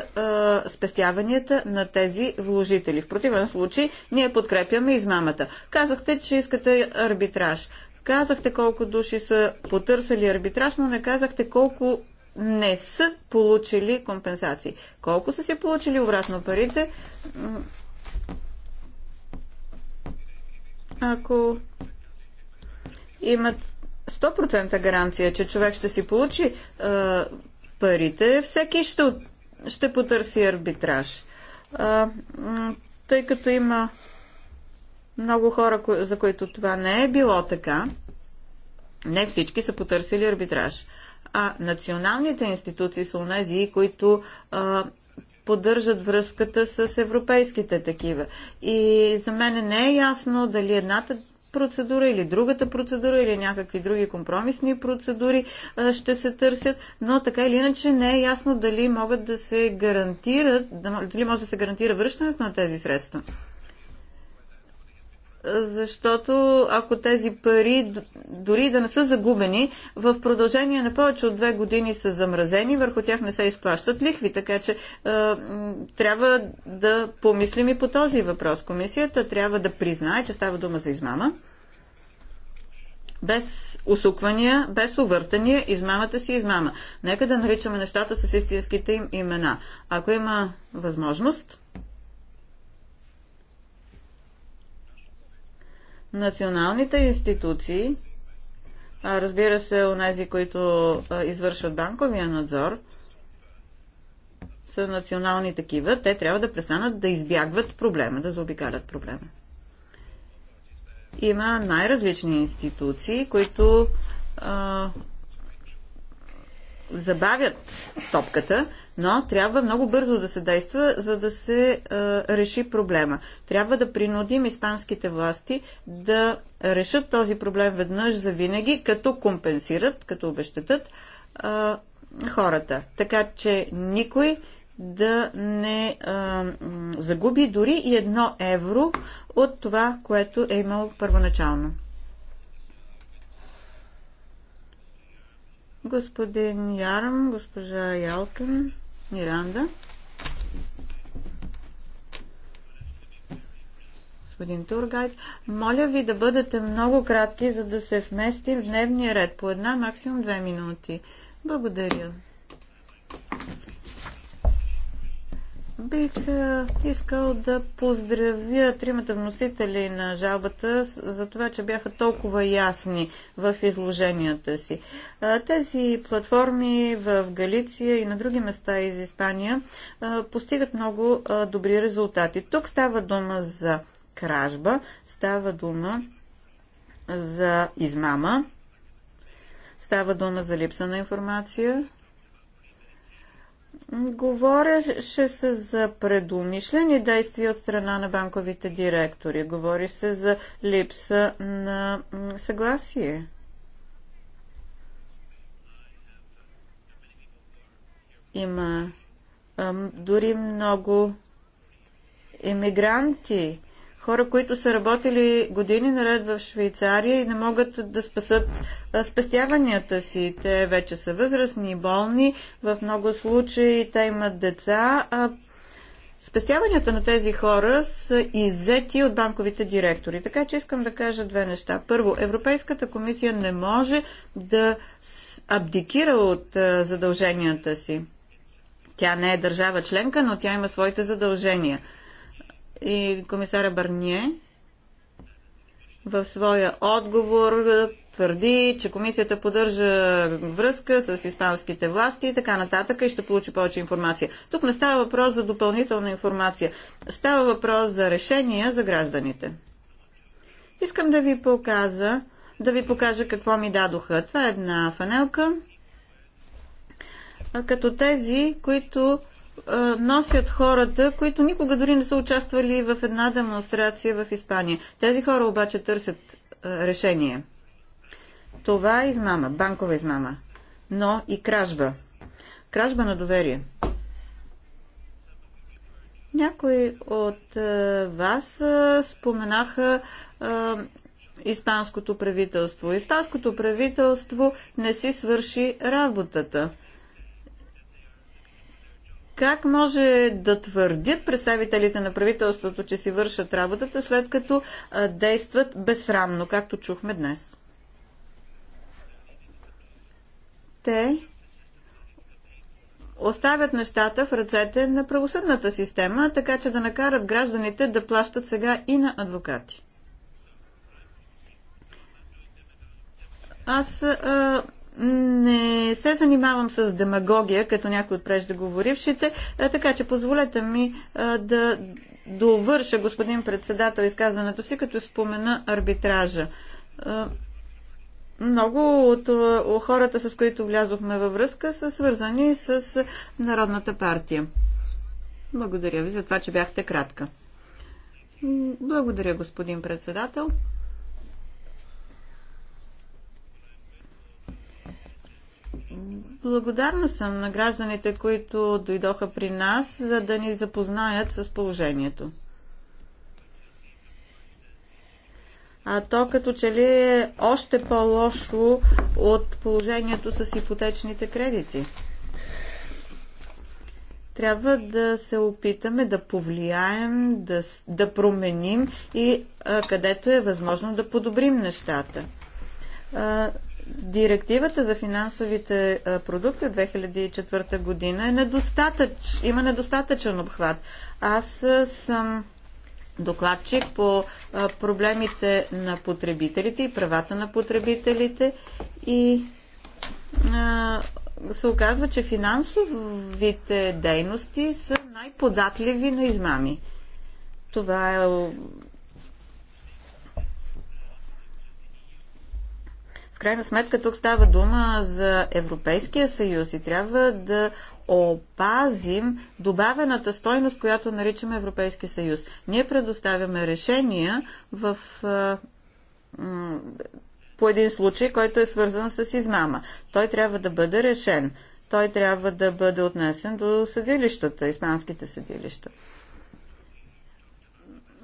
спестяванията на тези вложители. В противен случай ние подкрепяме измамата. Казахте, че искате арбитраж. Казахте колко души са потърсили арбитраж, но не казахте колко не са получили компенсации. Колко са си получили обратно парите, ако имат 100% гаранция, че човек ще си получи а, е, парите, всеки ще, ще потърси арбитраж. А, е, тъй като има много хора, за които това не е било така, не всички са потърсили арбитраж. А националните институции са унези, които а, е, поддържат връзката с европейските такива. И за мен не е ясно дали едната процедура или другата процедура или някакви други компромисни процедури ще се търсят, но така или иначе не е ясно дали могат да се гарантират, дали може да се гарантира връщането на тези средства защото ако тези пари, дори да не са загубени, в продължение на повече от две години са замразени, върху тях не се изплащат лихви, така че е, трябва да помислим и по този въпрос. Комисията трябва да признае, че става дума за измама. Без усуквания, без увъртания, измамата си е измама. Нека да наричаме нещата с истинските им имена. Ако има възможност, националните институции, а разбира се, онези, които извършват банковия надзор, са национални такива, те трябва да престанат да избягват проблема, да заобикалят проблема. Има най-различни институции, които а, забавят топката но трябва много бързо да се действа, за да се а, е, реши проблема. Трябва да принудим испанските власти да решат този проблем веднъж за винаги, като компенсират, като обещатат а, е, хората. Така че никой да не а, е, загуби дори и едно евро от това, което е имало първоначално. Господин Ярм, госпожа Ялкин. Миранда. господин Тургайт. Моля ви да бъдете много кратки, за да се вместим в дневния ред. По една, максимум две минути. Благодаря. Бих е, искал да поздравя тримата вносители на жалбата за това, че бяха толкова ясни в изложенията си. Е, тези платформи в Галиция и на други места из Испания е, постигат много добри резултати. Тук става дума за кражба, става дума за измама, става дума за липса на информация, Говореше се за предумишлени действия от страна на банковите директори. Говори се за липса на съгласие. Има дори много емигранти, Хора, които са работили години наред в Швейцария и не могат да спасат спестяванията си. Те вече са възрастни, и болни, в много случаи те имат деца, а Спестяванията на тези хора са иззети от банковите директори. Така че искам да кажа две неща. Първо, Европейската комисия не може да абдикира от задълженията си. Тя не е държава членка, но тя има своите задължения и комисара Барние в своя отговор твърди, че комисията поддържа връзка с испанските власти и така нататък и ще получи повече информация. Тук не става въпрос за допълнителна информация. Става въпрос за решения за гражданите. Искам да ви показа, да ви покажа какво ми дадоха. Това е една фанелка, като тези, които е, носят хората, които никога дори не са участвали в една демонстрация в Испания. Тези хора обаче търсят е, решение. Това е измама, банкова измама, но и кражба. Кражба на доверие. Някои от е, вас споменаха испанското правителство. Испанското правителство не си свърши работата. Как може да твърдят представителите на правителството, че си вършат работата, след като действат безсрамно, както чухме днес? Те оставят нещата в ръцете на правосъдната система, така че да накарат гражданите да плащат сега и на адвокати. Аз а, не се занимавам с демагогия, като някой от преждеговорившите, така че позволете ми да довърша, господин председател, изказването си, като спомена арбитража. Много от хората, с които влязохме във връзка, са свързани с Народната партия. Благодаря ви за това, че бяхте кратка. Благодаря, господин председател. Благодарна съм на гражданите, които дойдоха при нас, за да ни запознаят с положението. А то като че ли е още по-лошо от положението с ипотечните кредити. Трябва да се опитаме да повлияем, да, да променим и а, където е възможно да подобрим нещата. А, Директивата за финансовите продукти от 2004 година е недостатъч, има недостатъчен обхват. Аз съм докладчик по проблемите на потребителите и правата на потребителите и се оказва, че финансовите дейности са най-податливи на измами. Това е крайна сметка тук става дума за Европейския съюз и трябва да опазим добавената стойност, която наричаме Европейски съюз. Ние предоставяме решения в по един случай, който е свързан с измама. Той трябва да бъде решен. Той трябва да бъде отнесен до съдилищата, испанските съдилища.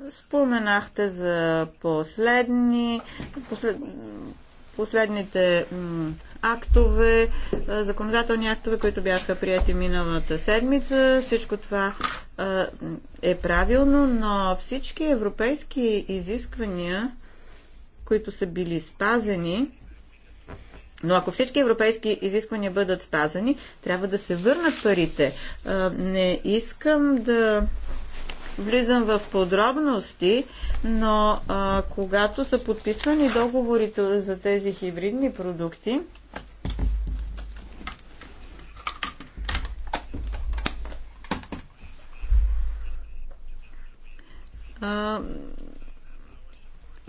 Споменахте за последни, послед, последните актове, законодателни актове, които бяха прияти миналата седмица. Всичко това е правилно, но всички европейски изисквания, които са били спазени, но ако всички европейски изисквания бъдат спазани, трябва да се върнат парите. Не искам да влизам в подробности, но а, когато са подписвани договорите за тези хибридни продукти, а,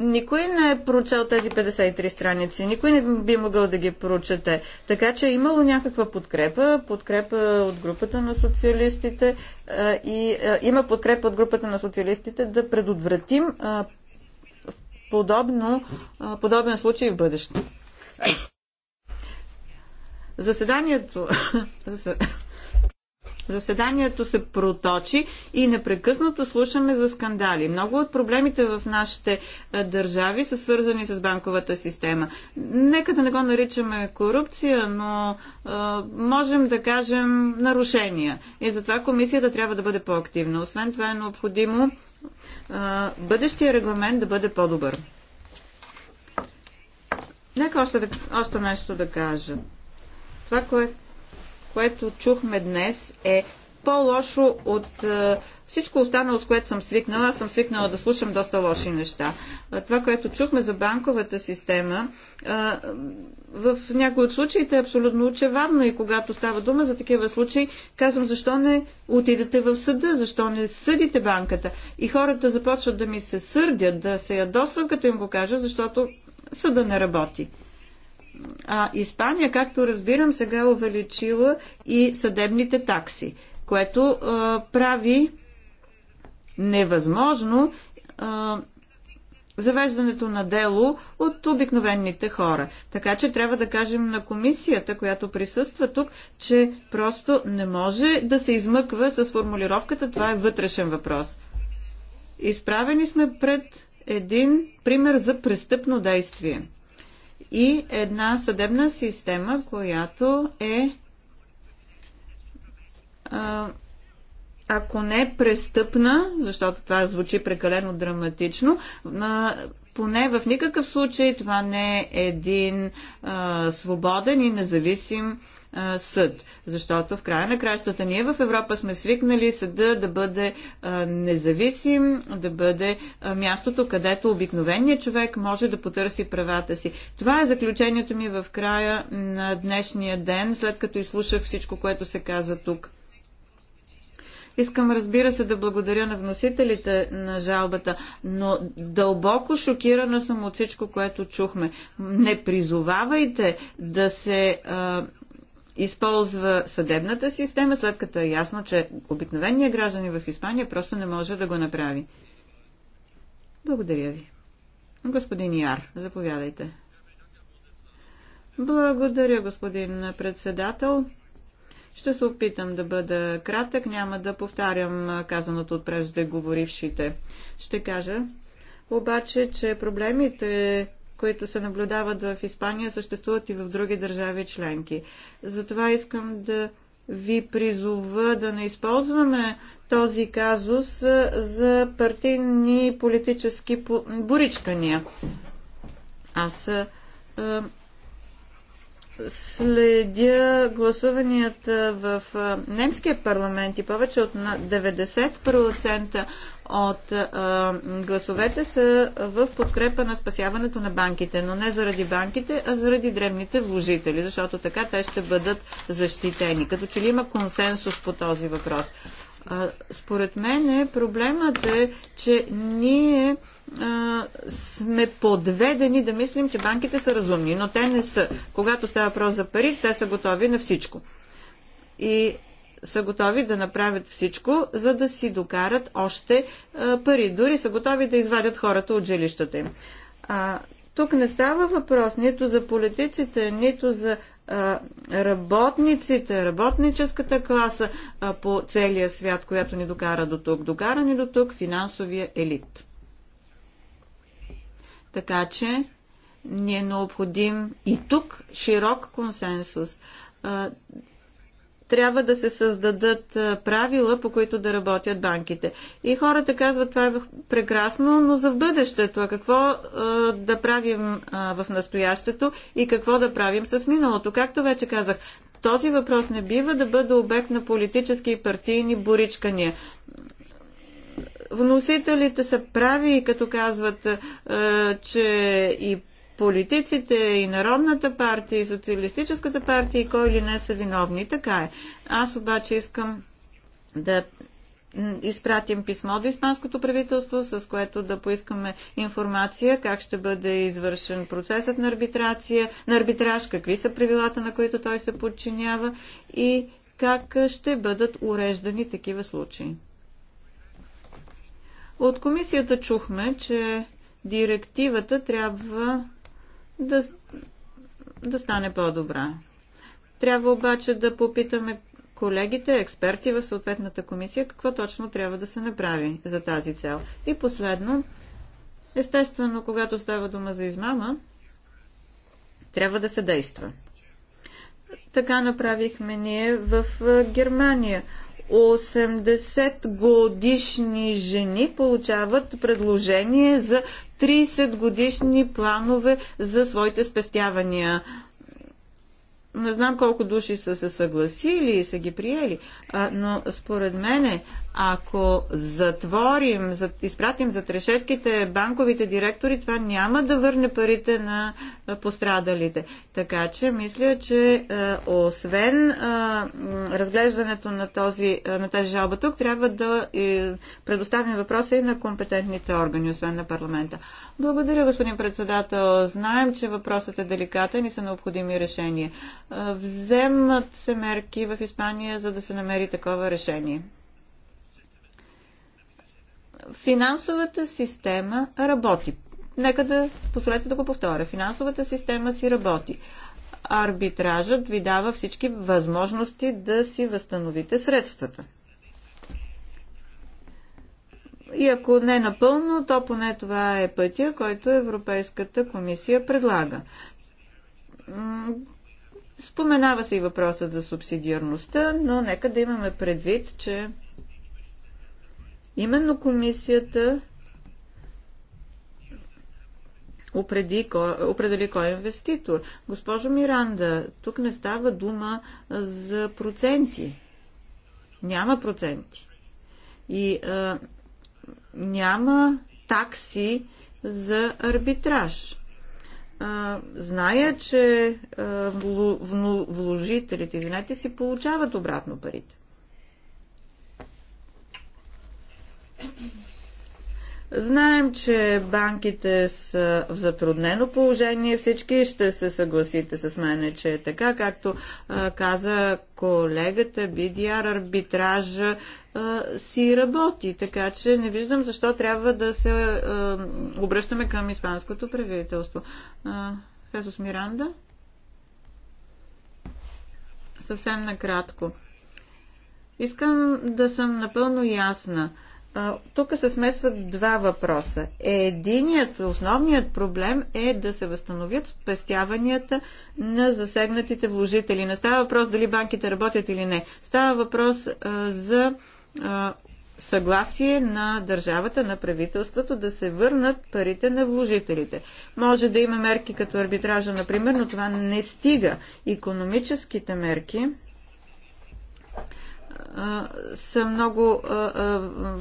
никой не е прочел тези 53 страници, никой не би могъл да ги прочете. Така че е имало някаква подкрепа, подкрепа от групата на социалистите и има подкрепа от групата на социалистите да предотвратим подобно, подобен случай в бъдеще. Заседанието, Заседанието се проточи и непрекъснато слушаме за скандали. Много от проблемите в нашите държави са свързани с банковата система. Нека да не го наричаме корупция, но а, можем да кажем нарушения. И затова комисията трябва да бъде по-активна. Освен това е необходимо а, бъдещия регламент да бъде по-добър. Нека още, още нещо да кажа. Това, което което чухме днес, е по-лошо от е, всичко останало, с което съм свикнала. Аз съм свикнала да слушам доста лоши неща. Това, което чухме за банковата система, е, в някои от случаите е абсолютно очевадно и когато става дума за такива случаи, казвам, защо не отидете в съда, защо не съдите банката. И хората започват да ми се сърдят, да се ядосват, като им го кажа, защото съда не работи а Испания, както разбирам, сега е увеличила и съдебните такси, което а, прави невъзможно а, завеждането на дело от обикновените хора. Така че трябва да кажем на комисията, която присъства тук, че просто не може да се измъква с формулировката това е вътрешен въпрос. Изправени сме пред един пример за престъпно действие и една съдебна система, която е ако не престъпна, защото това звучи прекалено драматично, поне в никакъв случай това не е един свободен и независим съд. Защото в края на кращата ние в Европа сме свикнали съда да бъде независим, да бъде мястото, където обикновеният човек може да потърси правата си. Това е заключението ми в края на днешния ден, след като изслушах всичко, което се каза тук. Искам, разбира се, да благодаря на вносителите на жалбата, но дълбоко шокирана съм от всичко, което чухме. Не призовавайте да се а, използва съдебната система, след като е ясно, че обикновения граждани в Испания просто не може да го направи. Благодаря ви. Господин Яр, заповядайте. Благодаря, господин председател. Ще се опитам да бъда кратък, няма да повтарям казаното от преждеговорившите. Ще кажа обаче, че проблемите, които се наблюдават в Испания, съществуват и в други държави членки. Затова искам да ви призова да не използваме този казус за партийни политически боричкания. Аз следя гласуванията в немския парламент и повече от 90% от а, гласовете са в подкрепа на спасяването на банките, но не заради банките, а заради древните вложители, защото така те ще бъдат защитени. Като че ли има консенсус по този въпрос? А, според мен е, проблемът е, че ние сме подведени да мислим, че банките са разумни, но те не са. Когато става въпрос за пари, те са готови на всичко. И са готови да направят всичко, за да си докарат още е, пари. Дори са готови да извадят хората от жилищата им. А, тук не става въпрос нито за политиците, нито за работниците, работническата класа по целия свят, която ни докара до тук. Докара ни до тук финансовия елит. Така че ни е необходим и тук широк консенсус трябва да се създадат правила, по които да работят банките. И хората казват, това е прекрасно, но за в бъдещето, а какво да правим в настоящето и какво да правим с миналото? Както вече казах, този въпрос не бива да бъде обект на политически и партийни боричкания вносителите са прави, като казват, че и политиците и Народната партия, и Социалистическата партия, и кой ли не са виновни. Така е. Аз обаче искам да изпратим писмо до Испанското правителство, с което да поискаме информация как ще бъде извършен процесът на, арбитрация, на арбитраж, какви са правилата, на които той се подчинява и как ще бъдат уреждани такива случаи. От комисията чухме, че директивата трябва да, да стане по-добра. Трябва обаче да попитаме колегите, експерти в съответната комисия, какво точно трябва да се направи за тази цел. И последно, естествено, когато става дума за измама, трябва да се действа. Така направихме ние в Германия. 80 годишни жени получават предложение за 30 годишни планове за своите спестявания. Не знам колко души са се съгласили и са ги приели, но според мене, ако затворим, изпратим за трешетките банковите директори, това няма да върне парите на пострадалите. Така че мисля, че освен разглеждането на, този, на тази жалба тук, трябва да предоставим въпроса и на компетентните органи, освен на парламента. Благодаря, господин председател. Знаем, че въпросът е деликатен и са необходими решения. Вземат се мерки в Испания, за да се намери такова решение финансовата система работи. Нека да позволете да го повторя. Финансовата система си работи. Арбитражът ви дава всички възможности да си възстановите средствата. И ако не напълно, то поне това е пътя, който Европейската комисия предлага. Споменава се и въпросът за субсидиарността, но нека да имаме предвид, че Именно комисията определи кой, определи кой е инвеститор. Госпожо Миранда, тук не става дума за проценти. Няма проценти. И а, няма такси за арбитраж. А, зная, че а, вложителите, извинете, си получават обратно парите. Знаем, че банките са в затруднено положение. Всички ще се съгласите с мен, че е така. Както а, каза колегата Бидиар, арбитража а, си работи, така че не виждам защо трябва да се а, обръщаме към испанското правителство. Хесус Миранда? Съвсем накратко. Искам да съм напълно ясна. А, тук се смесват два въпроса. Единият, основният проблем е да се възстановят спестяванията на засегнатите вложители. Не става въпрос дали банките работят или не. Става въпрос а, за а, съгласие на държавата, на правителството да се върнат парите на вложителите. Може да има мерки като арбитража, например, но това не стига. Економическите мерки са много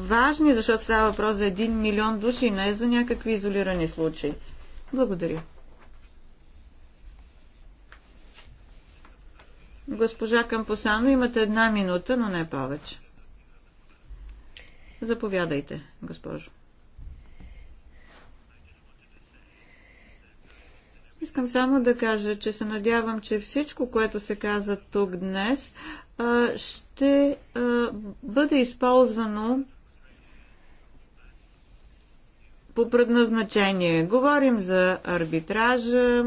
важни, защото става въпрос за един милион души, не за някакви изолирани случаи. Благодаря. Госпожа Кампосано, имате една минута, но не повече. Заповядайте, госпожо. Искам само да кажа, че се надявам, че всичко, което се каза тук днес, ще бъде използвано по предназначение. Говорим за арбитража,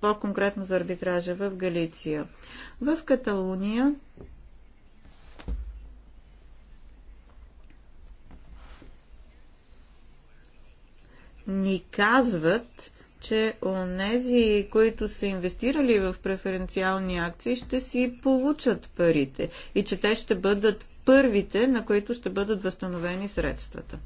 по-конкретно за арбитража в Галиция. В Каталуния ни казват, че онези, които са инвестирали в преференциални акции, ще си получат парите и че те ще бъдат първите, на които ще бъдат възстановени средствата.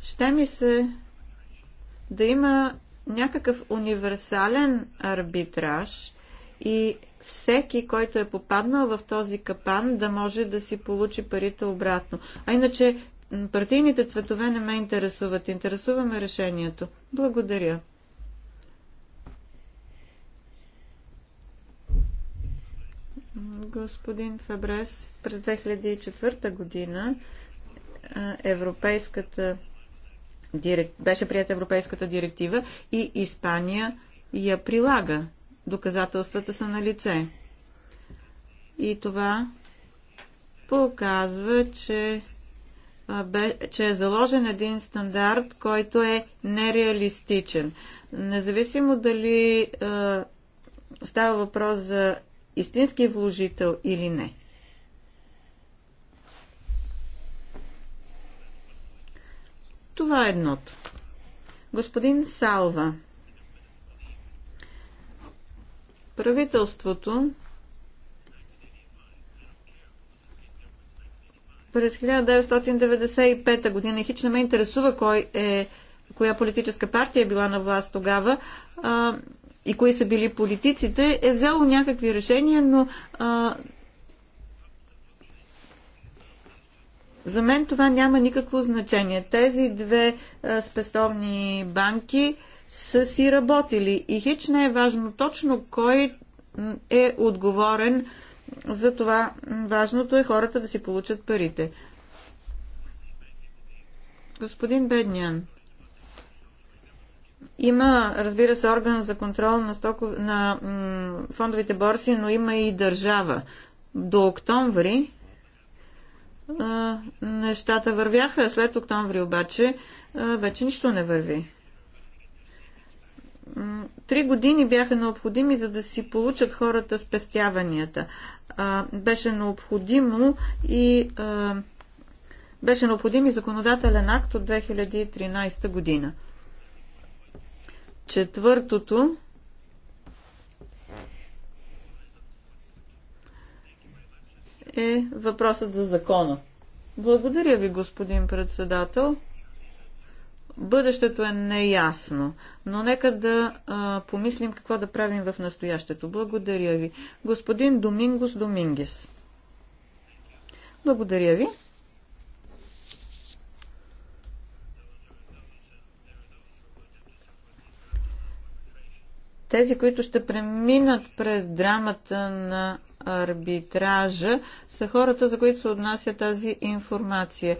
Ще ми се да има някакъв универсален арбитраж и всеки, който е попаднал в този капан, да може да си получи парите обратно. А иначе партийните цветове не ме интересуват. Интересуваме решението. Благодаря. Господин Фабрес, през 2004 година европейската директ... беше прията европейската директива и Испания я прилага доказателствата са на лице. И това показва, че, бе, че е заложен един стандарт, който е нереалистичен. Независимо дали а, става въпрос за истински вложител или не. Това е едното. Господин Салва Правителството през 1995 година, и хич не ме интересува кой е, коя политическа партия е била на власт тогава, а, и кои са били политиците, е взело някакви решения, но а, за мен това няма никакво значение. Тези две а, спестовни банки а, са си работили. И хич не е важно точно кой е отговорен за това. Важното е хората да си получат парите. Господин Беднян, има, разбира се, орган за контрол на, стоков... на фондовите борси, но има и държава. До октомври а, нещата вървяха, след октомври обаче а, вече нищо не върви. Три години бяха необходими, за да си получат хората спестяванията. беше необходимо и беше необходим и законодателен акт от 2013 година. Четвъртото е въпросът за закона. Благодаря ви, господин председател бъдещето е неясно, но нека да а, помислим какво да правим в настоящето. Благодаря ви. Господин Домингос Домингис. Благодаря ви. Тези, които ще преминат през драмата на арбитража, са хората, за които се отнася тази информация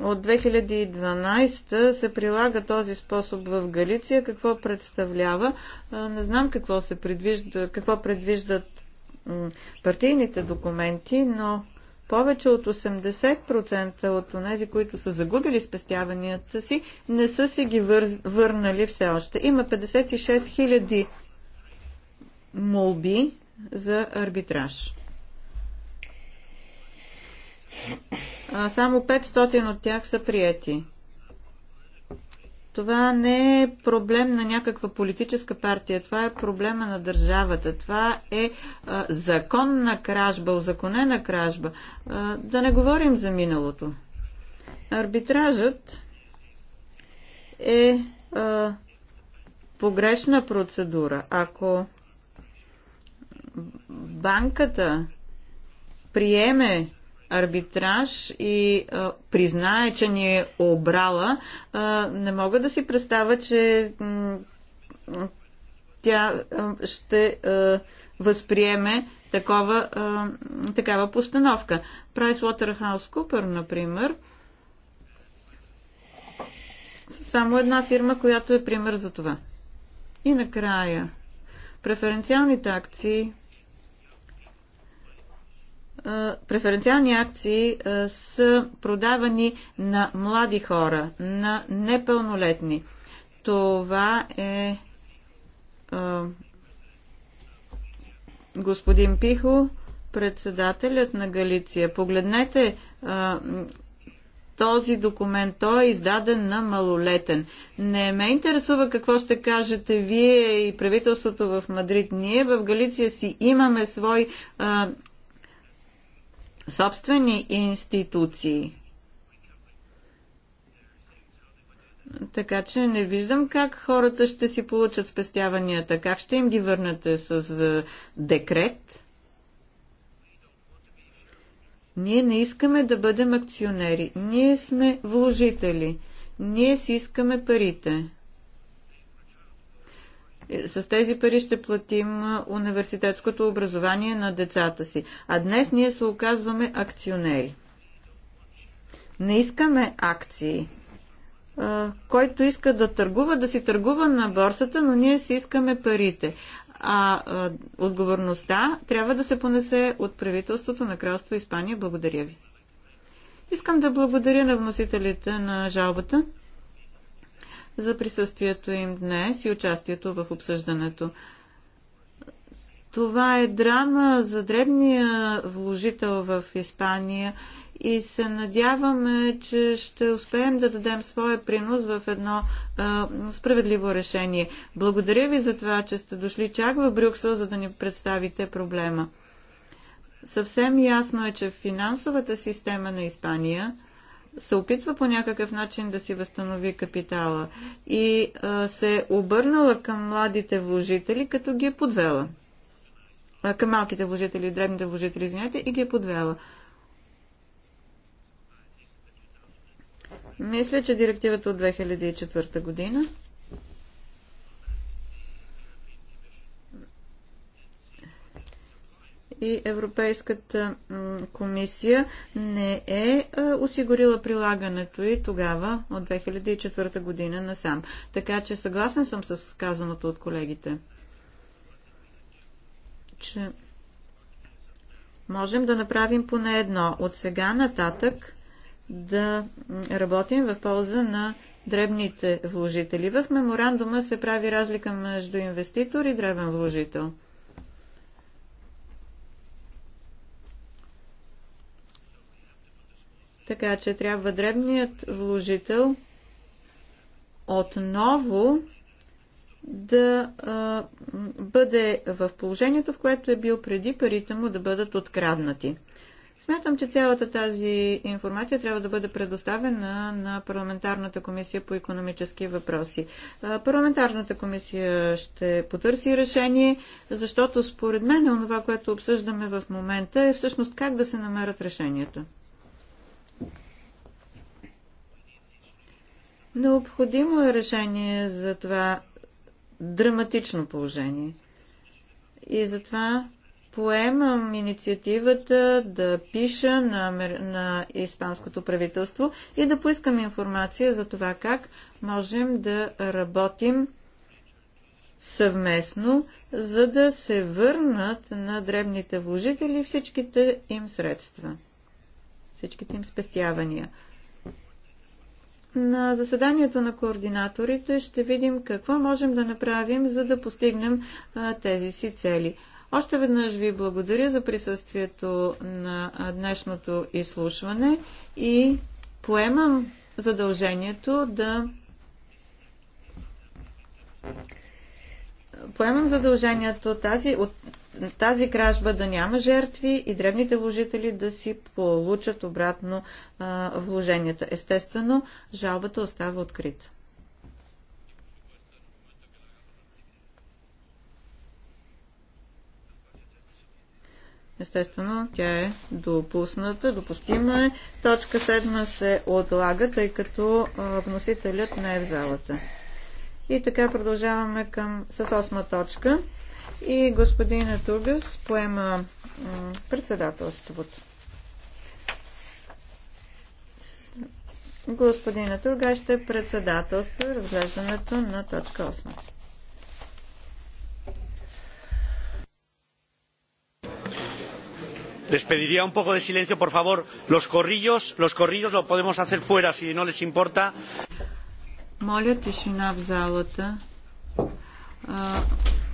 от 2012 се прилага този способ в Галиция. Какво представлява? Не знам какво се предвижда, какво предвиждат партийните документи, но повече от 80% от тези, които са загубили спестяванията си, не са си ги върнали все още. Има 56 000 молби за арбитраж. Само 500 от тях са прияти. Това не е проблем на някаква политическа партия, това е проблема на държавата, това е а, законна кражба, узаконена кражба. А, да не говорим за миналото. Арбитражът е а, погрешна процедура. Ако банката приеме арбитраж и а, признае, че ни е обрала, а, не мога да си представя, че тя а, ще а, възприеме такова, а, такава постановка. Купер, например, само една фирма, която е пример за това. И накрая, преференциалните акции преференциални акции са продавани на млади хора, на непълнолетни. Това е господин Пихо, председателят на Галиция. Погледнете този документ. Той е издаден на малолетен. Не ме интересува какво ще кажете вие и правителството в Мадрид. Ние в Галиция си имаме свой а, собствени институции. Така че не виждам как хората ще си получат спестяванията. Как ще им ги върнете с декрет? Ние не искаме да бъдем акционери. Ние сме вложители. Ние си искаме парите. С тези пари ще платим университетското образование на децата си. А днес ние се оказваме акционери. Не искаме акции. Който иска да търгува, да си търгува на борсата, но ние си искаме парите. А, отговорността трябва да се понесе от правителството на Кралство Испания. Благодаря ви. Искам да благодаря на вносителите на жалбата за присъствието им днес и участието в обсъждането. Това е драма за дребния вложител в Испания и се надяваме, че ще успеем да дадем своя принос в едно а, справедливо решение. Благодаря ви за това, че сте дошли чак в Брюксел, за да ни представите проблема. Съвсем ясно е, че финансовата система на Испания – се опитва по някакъв начин да си възстанови капитала и а, се е обърнала към младите вложители, като ги е подвела. А, към малките вложители, дребните вложители, извинете, и ги е подвела. Мисля, че директивата от 2004 година и Европейската комисия не е осигурила прилагането и тогава от 2004 година насам. Така че съгласен съм с казаното от колегите, че можем да направим поне едно. От сега нататък да работим в полза на дребните вложители. В меморандума се прави разлика между инвеститор и дребен вложител – Така че трябва дребният вложител отново да а, бъде в положението, в което е бил преди парите му да бъдат откраднати. Смятам, че цялата тази информация трябва да бъде предоставена на парламентарната комисия по економически въпроси. Парламентарната комисия ще потърси решение, защото според мен е онова, което обсъждаме в момента е всъщност как да се намерят решенията. Необходимо е решение за това драматично положение. И затова поемам инициативата да пиша на, на испанското правителство и да поискам информация за това как можем да работим съвместно, за да се върнат на дребните вложители всичките им средства, всичките им спестявания на заседанието на координаторите ще видим какво можем да направим, за да постигнем а, тези си цели. Още веднъж ви благодаря за присъствието на днешното изслушване и поемам задължението да поемам задължението тази, от тази кражба да няма жертви и древните вложители да си получат обратно а, вложенията. Естествено, жалбата остава открита. Естествено, тя е допусната, допустима е. Точка 7 се отлага, тъй като вносителят не е в залата. И така продължаваме към, с 8 точка и господин Тургас поема председателството. Господин Тургас ще председателства разглеждането на точка 8. les pediría un poco de silencio por favor los corrillos los corrillos lo podemos hacer fuera si no les importa Моля тишина в залата.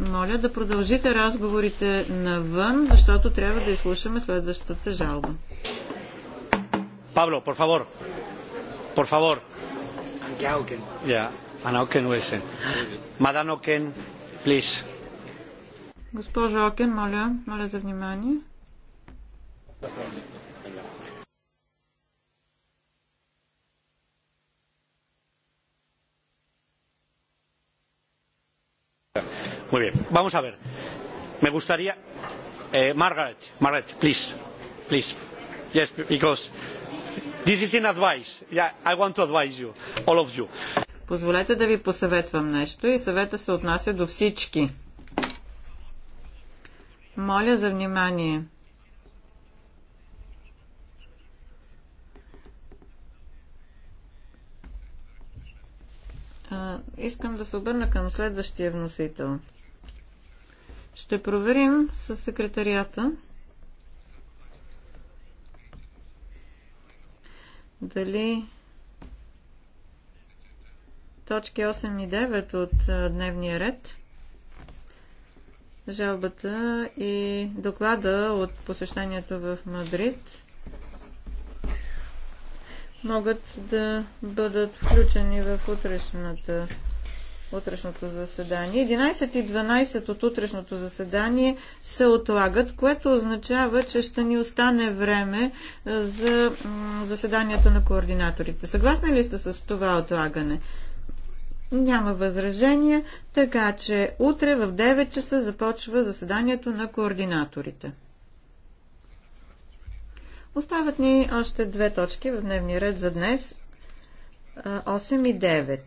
Моля да продължите разговорите навън, защото трябва да изслушаме следващата жалба. Пабло, por favor. Por favor. Anke Auken. Yeah. Ana Auken Wesen. Madame please. Госпожо Окен, моля, моля за внимание. Muy bien, vamos a ver. Me gustaría. Eh, Margaret, Margaret, please. Please. Yes, because this is an advice. Yeah, I want to advise you, all of you. Позволете да ви посъветвам нещо и съвета се отнася до всички. Моля за внимание. искам да се обърна към следващия вносител. Ще проверим с секретарията дали точки 8 и 9 от дневния ред жалбата и доклада от посещението в Мадрид могат да бъдат включени в утрешната, утрешното заседание. 11 и 12 от утрешното заседание се отлагат, което означава, че ще ни остане време е, за заседанията на координаторите. Съгласни ли сте с това отлагане? Няма възражение, така че утре в 9 часа започва заседанието на координаторите. Остават ни още две точки в дневния ред за днес. 8 и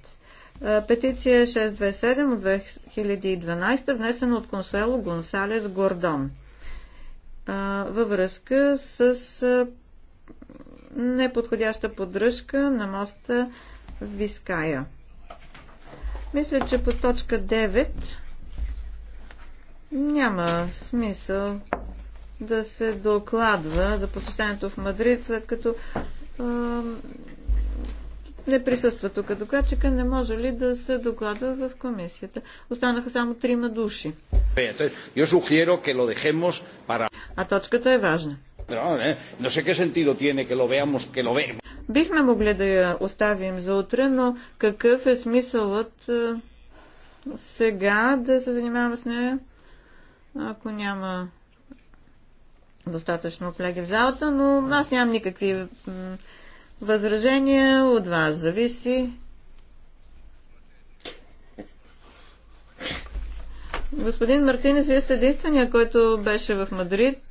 9. Петиция 627 от 2012, внесена от Консуело Гонсалес Гордон. Във връзка с неподходяща поддръжка на моста Виская. Мисля, че по точка 9 няма смисъл да се докладва за посещението в Мадрид, след като а, не присъства тук докладчика, не може ли да се докладва в комисията? Останаха само трима души. А точката е важна. Бихме могли да я оставим за утре, но какъв е смисълът сега да се занимаваме с нея, ако няма достатъчно колеги в залата, но аз нямам никакви възражения. От вас зависи. Господин Мартинес, вие сте единствения, който беше в Мадрид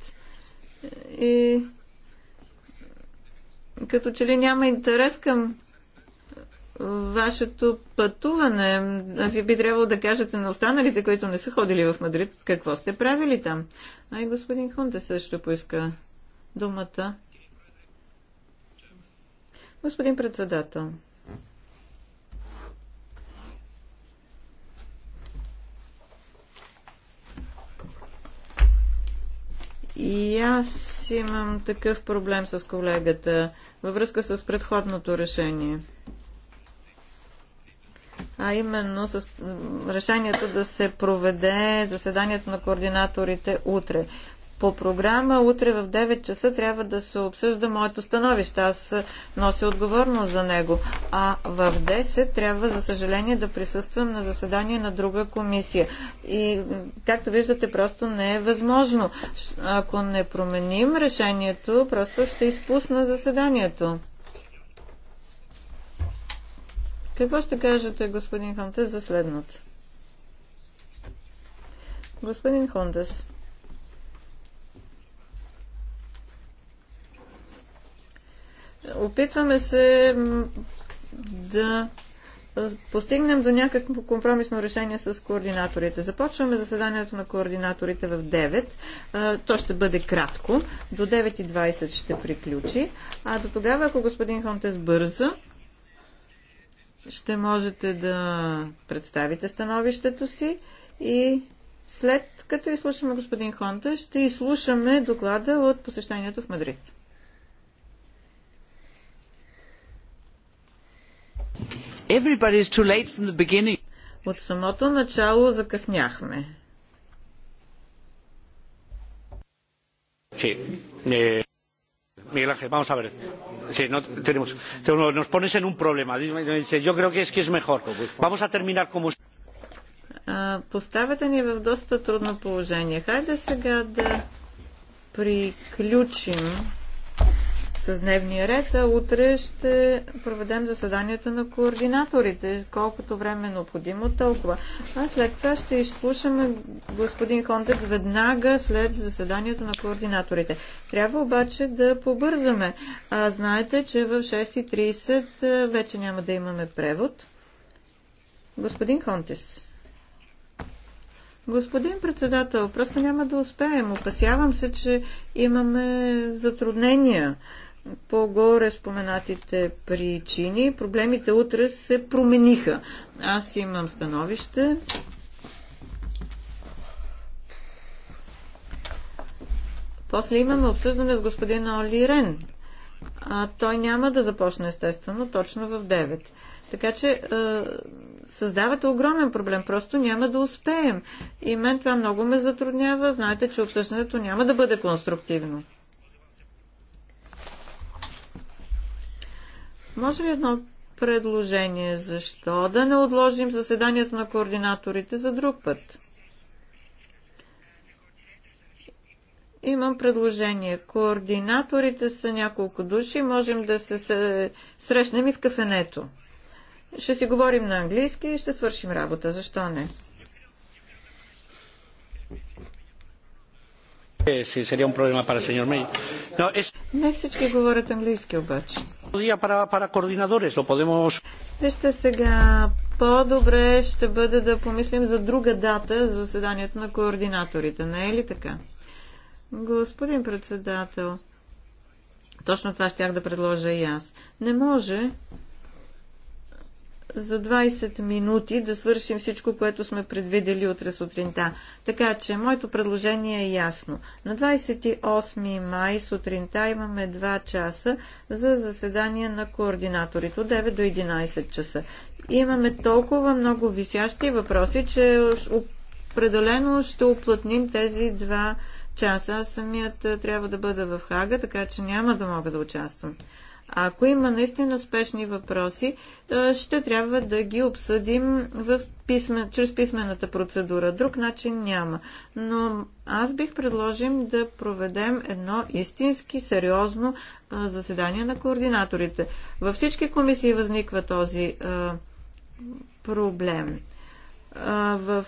и като че ли няма интерес към вашето пътуване. Вие би трябвало да кажете на останалите, които не са ходили в Мадрид, какво сте правили там. А и господин Хунте също поиска думата. Господин председател. И аз имам такъв проблем с колегата във връзка с предходното решение а именно с решението да се проведе заседанието на координаторите утре. По програма утре в 9 часа трябва да се обсъжда моето становище. Аз нося отговорност за него. А в 10 трябва, за съжаление, да присъствам на заседание на друга комисия. И, както виждате, просто не е възможно. Ако не променим решението, просто ще изпусна заседанието. Какво ще кажете, господин Хонтес, за следното? Господин Хонтес, опитваме се да постигнем до някакво компромисно решение с координаторите. Започваме заседанието на координаторите в 9. То ще бъде кратко. До 9.20 ще приключи. А до тогава, ако господин Хонтес бърза, ще можете да представите становището си и след като изслушаме господин Хонта, ще изслушаме доклада от посещението в Мадрид. is too late from the beginning. От самото начало закъсняхме. Sí. Eh, Miguel Ángel, vamos a ver. Sí, no, tenemos, tenemos, nos pones en un problema. Dice, Yo creo que es que es mejor. Vamos a terminar como. Поставяте ни в доста трудно положение. Хайде сега да приключим с дневния ред, а утре ще проведем заседанието на координаторите, колкото време е необходимо, толкова. А след това ще изслушаме господин Хонтец веднага след заседанието на координаторите. Трябва обаче да побързаме. А, знаете, че в 6.30 вече няма да имаме превод. Господин Хонтес. Господин председател, просто няма да успеем. Опасявам се, че имаме затруднения по горе споменатите причини, проблемите утре се промениха. Аз имам становище. После имаме обсъждане с господин Оли Рен. А, той няма да започне, естествено, точно в 9. Така че е, създавате огромен проблем. Просто няма да успеем. И мен това много ме затруднява. Знаете, че обсъждането няма да бъде конструктивно. Може ли едно предложение? Защо да не отложим заседанието на координаторите за друг път? Имам предложение. Координаторите са няколко души. Можем да се срещнем и в кафенето. Ще си говорим на английски и ще свършим работа. Защо не? Eh, не всички говорят английски обаче. Вижте сега, по-добре ще бъде да помислим за друга дата за заседанието на координаторите, не е ли така? Господин председател, точно това щях да предложа и аз. Не може за 20 минути да свършим всичко, което сме предвидели утре сутринта. Така че, моето предложение е ясно. На 28 май сутринта имаме 2 часа за заседание на координаторите от 9 до 11 часа. Имаме толкова много висящи въпроси, че определено ще уплътним тези 2 часа. Аз самият е, трябва да бъда в Хага, така че няма да мога да участвам. Ако има наистина спешни въпроси, е, ще трябва да ги обсъдим в писмен, чрез писмената процедура. Друг начин няма. Но аз бих предложим да проведем едно истински, сериозно е, заседание на координаторите. Във всички комисии възниква този е, проблем. В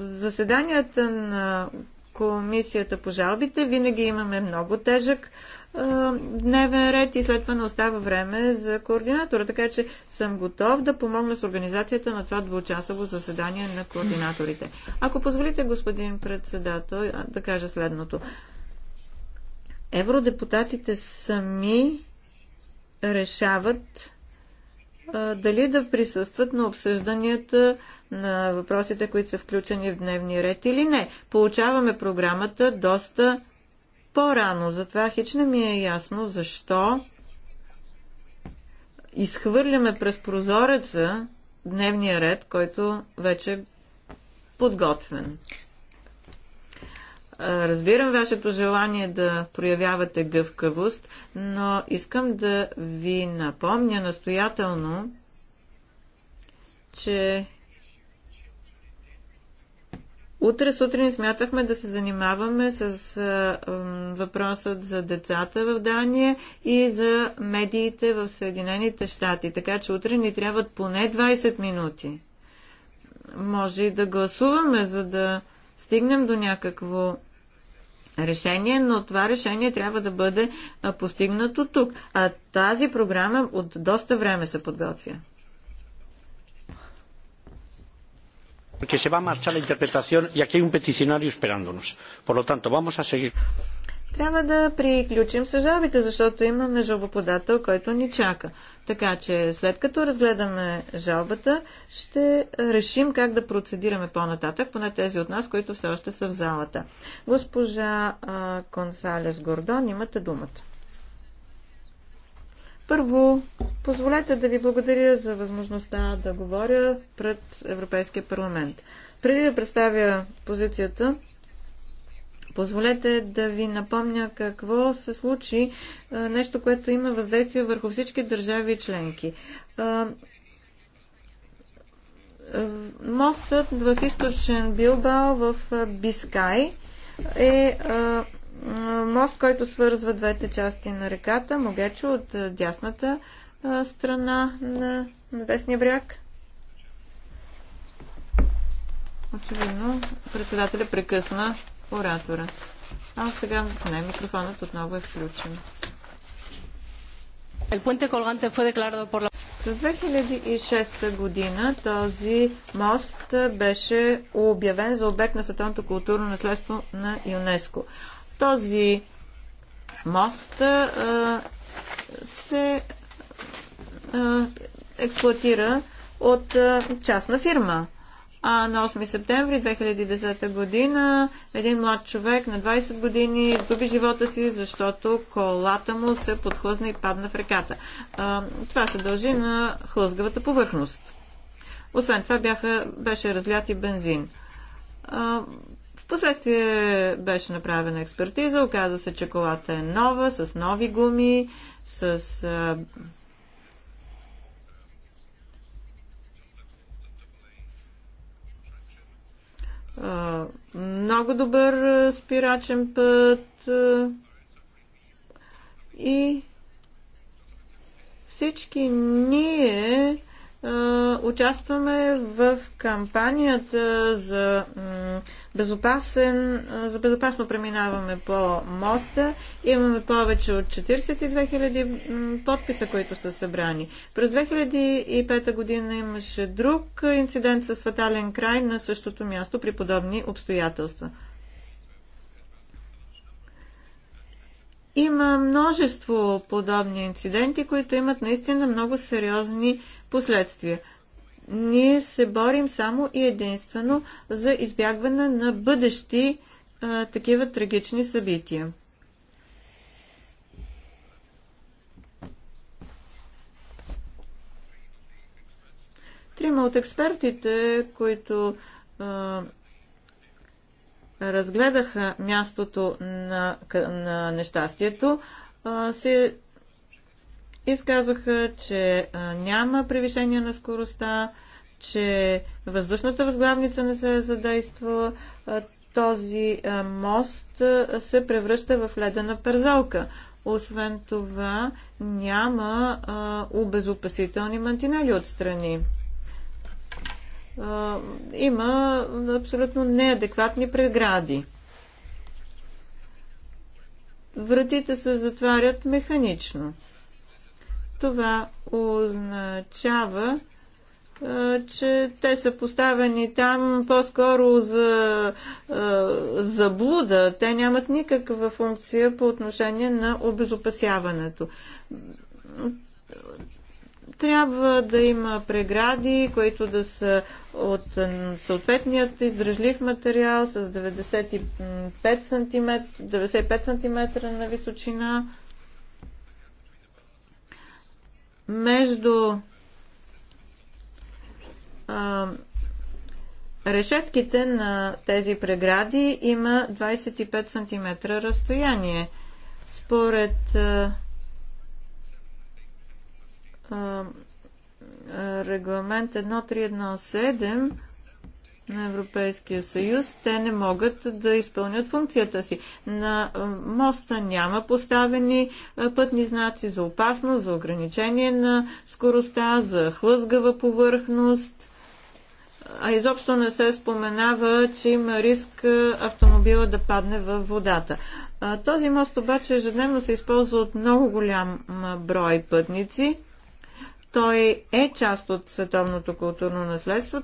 заседанията на комисията по жалбите винаги имаме много тежък е, дневен ред и след това не остава време за координатора. Така че съм готов да помогна с организацията на това двучасово заседание на координаторите. Ако позволите, господин председател, да кажа следното. Евродепутатите сами решават дали да присъстват на обсъжданията на въпросите, които са включени в дневния ред или не. Получаваме програмата доста по-рано. Затова хич не ми е ясно защо изхвърляме през прозореца дневния ред, който вече е подготвен. Разбирам вашето желание да проявявате гъвкавост, но искам да ви напомня настоятелно, че Утре сутрин смятахме да се занимаваме с а, м, въпросът за децата в Дания и за медиите в Съединените щати. Така че утре ни трябват поне 20 минути. Може и да гласуваме, за да стигнем до някакво решение, но това решение трябва да бъде постигнато тук. А тази програма от доста време се подготвя. porque se va a marchar la interpretación y aquí hay un peticionario esperándonos. Por lo tanto, vamos a seguir. Трябва да приключим с жалбите, защото имаме жалбоподател, който ни чака. Така че след като разгледаме жалбата, ще решим как да процедираме по-нататък, поне тези от нас, които все още са в залата. Госпожа а, Консалес Гордон, имате думата. Първо, позволете да ви благодаря за възможността да говоря пред Европейския парламент. Преди да представя позицията, позволете да ви напомня какво се случи, е, нещо, което има въздействие върху всички държави и членки. Е, е, мостът в източен Билбао в Бискай е мост, който свързва двете части на реката Могечо от дясната страна на, на десния бряг. Очевидно, председателя прекъсна оратора. А сега не, микрофонът отново е включен. El puente colgante fue declarado por la... През 2006 година този мост беше обявен за обект на световното културно наследство на ЮНЕСКО. Този мост а, се а, експлуатира от а, частна фирма. А на 8 септември 2010 година един млад човек на 20 години изгуби живота си, защото колата му се подхлъзна и падна в реката. А, това се дължи на хлъзгавата повърхност. Освен това бяха, беше разлят и бензин. А, Впоследствие беше направена експертиза, оказа се, че колата е нова, с нови гуми, с а, много добър спирачен път и всички ние участваме в кампанията за, безопасен, за безопасно преминаваме по моста. Имаме повече от 42 000 подписа, които са събрани. През 2005 година имаше друг инцидент с фатален край на същото място при подобни обстоятелства. Има множество подобни инциденти, които имат наистина много сериозни последствия. Ние се борим само и единствено за избягване на бъдещи а, такива трагични събития. Трима от експертите, които а, разгледаха мястото на, на нещастието, се изказаха, че няма превишение на скоростта, че въздушната възглавница не се е задействала. Този мост се превръща в ледена перзалка. Освен това, няма обезопасителни мантинели отстрани. има абсолютно неадекватни прегради. Вратите се затварят механично. Това означава, че те са поставени там по-скоро за заблуда. Те нямат никаква функция по отношение на обезопасяването. Трябва да има прегради, които да са от съответният издръжлив материал с 95 см, 95 см на височина между а, решетките на тези прегради има 25 см разстояние. Според а, а, регламент 1317 на Европейския съюз, те не могат да изпълнят функцията си. На моста няма поставени пътни знаци за опасност, за ограничение на скоростта, за хлъзгава повърхност. А изобщо не се споменава, че има риск автомобила да падне във водата. Този мост обаче ежедневно се използва от много голям брой пътници. Той е част от световното културно наследство.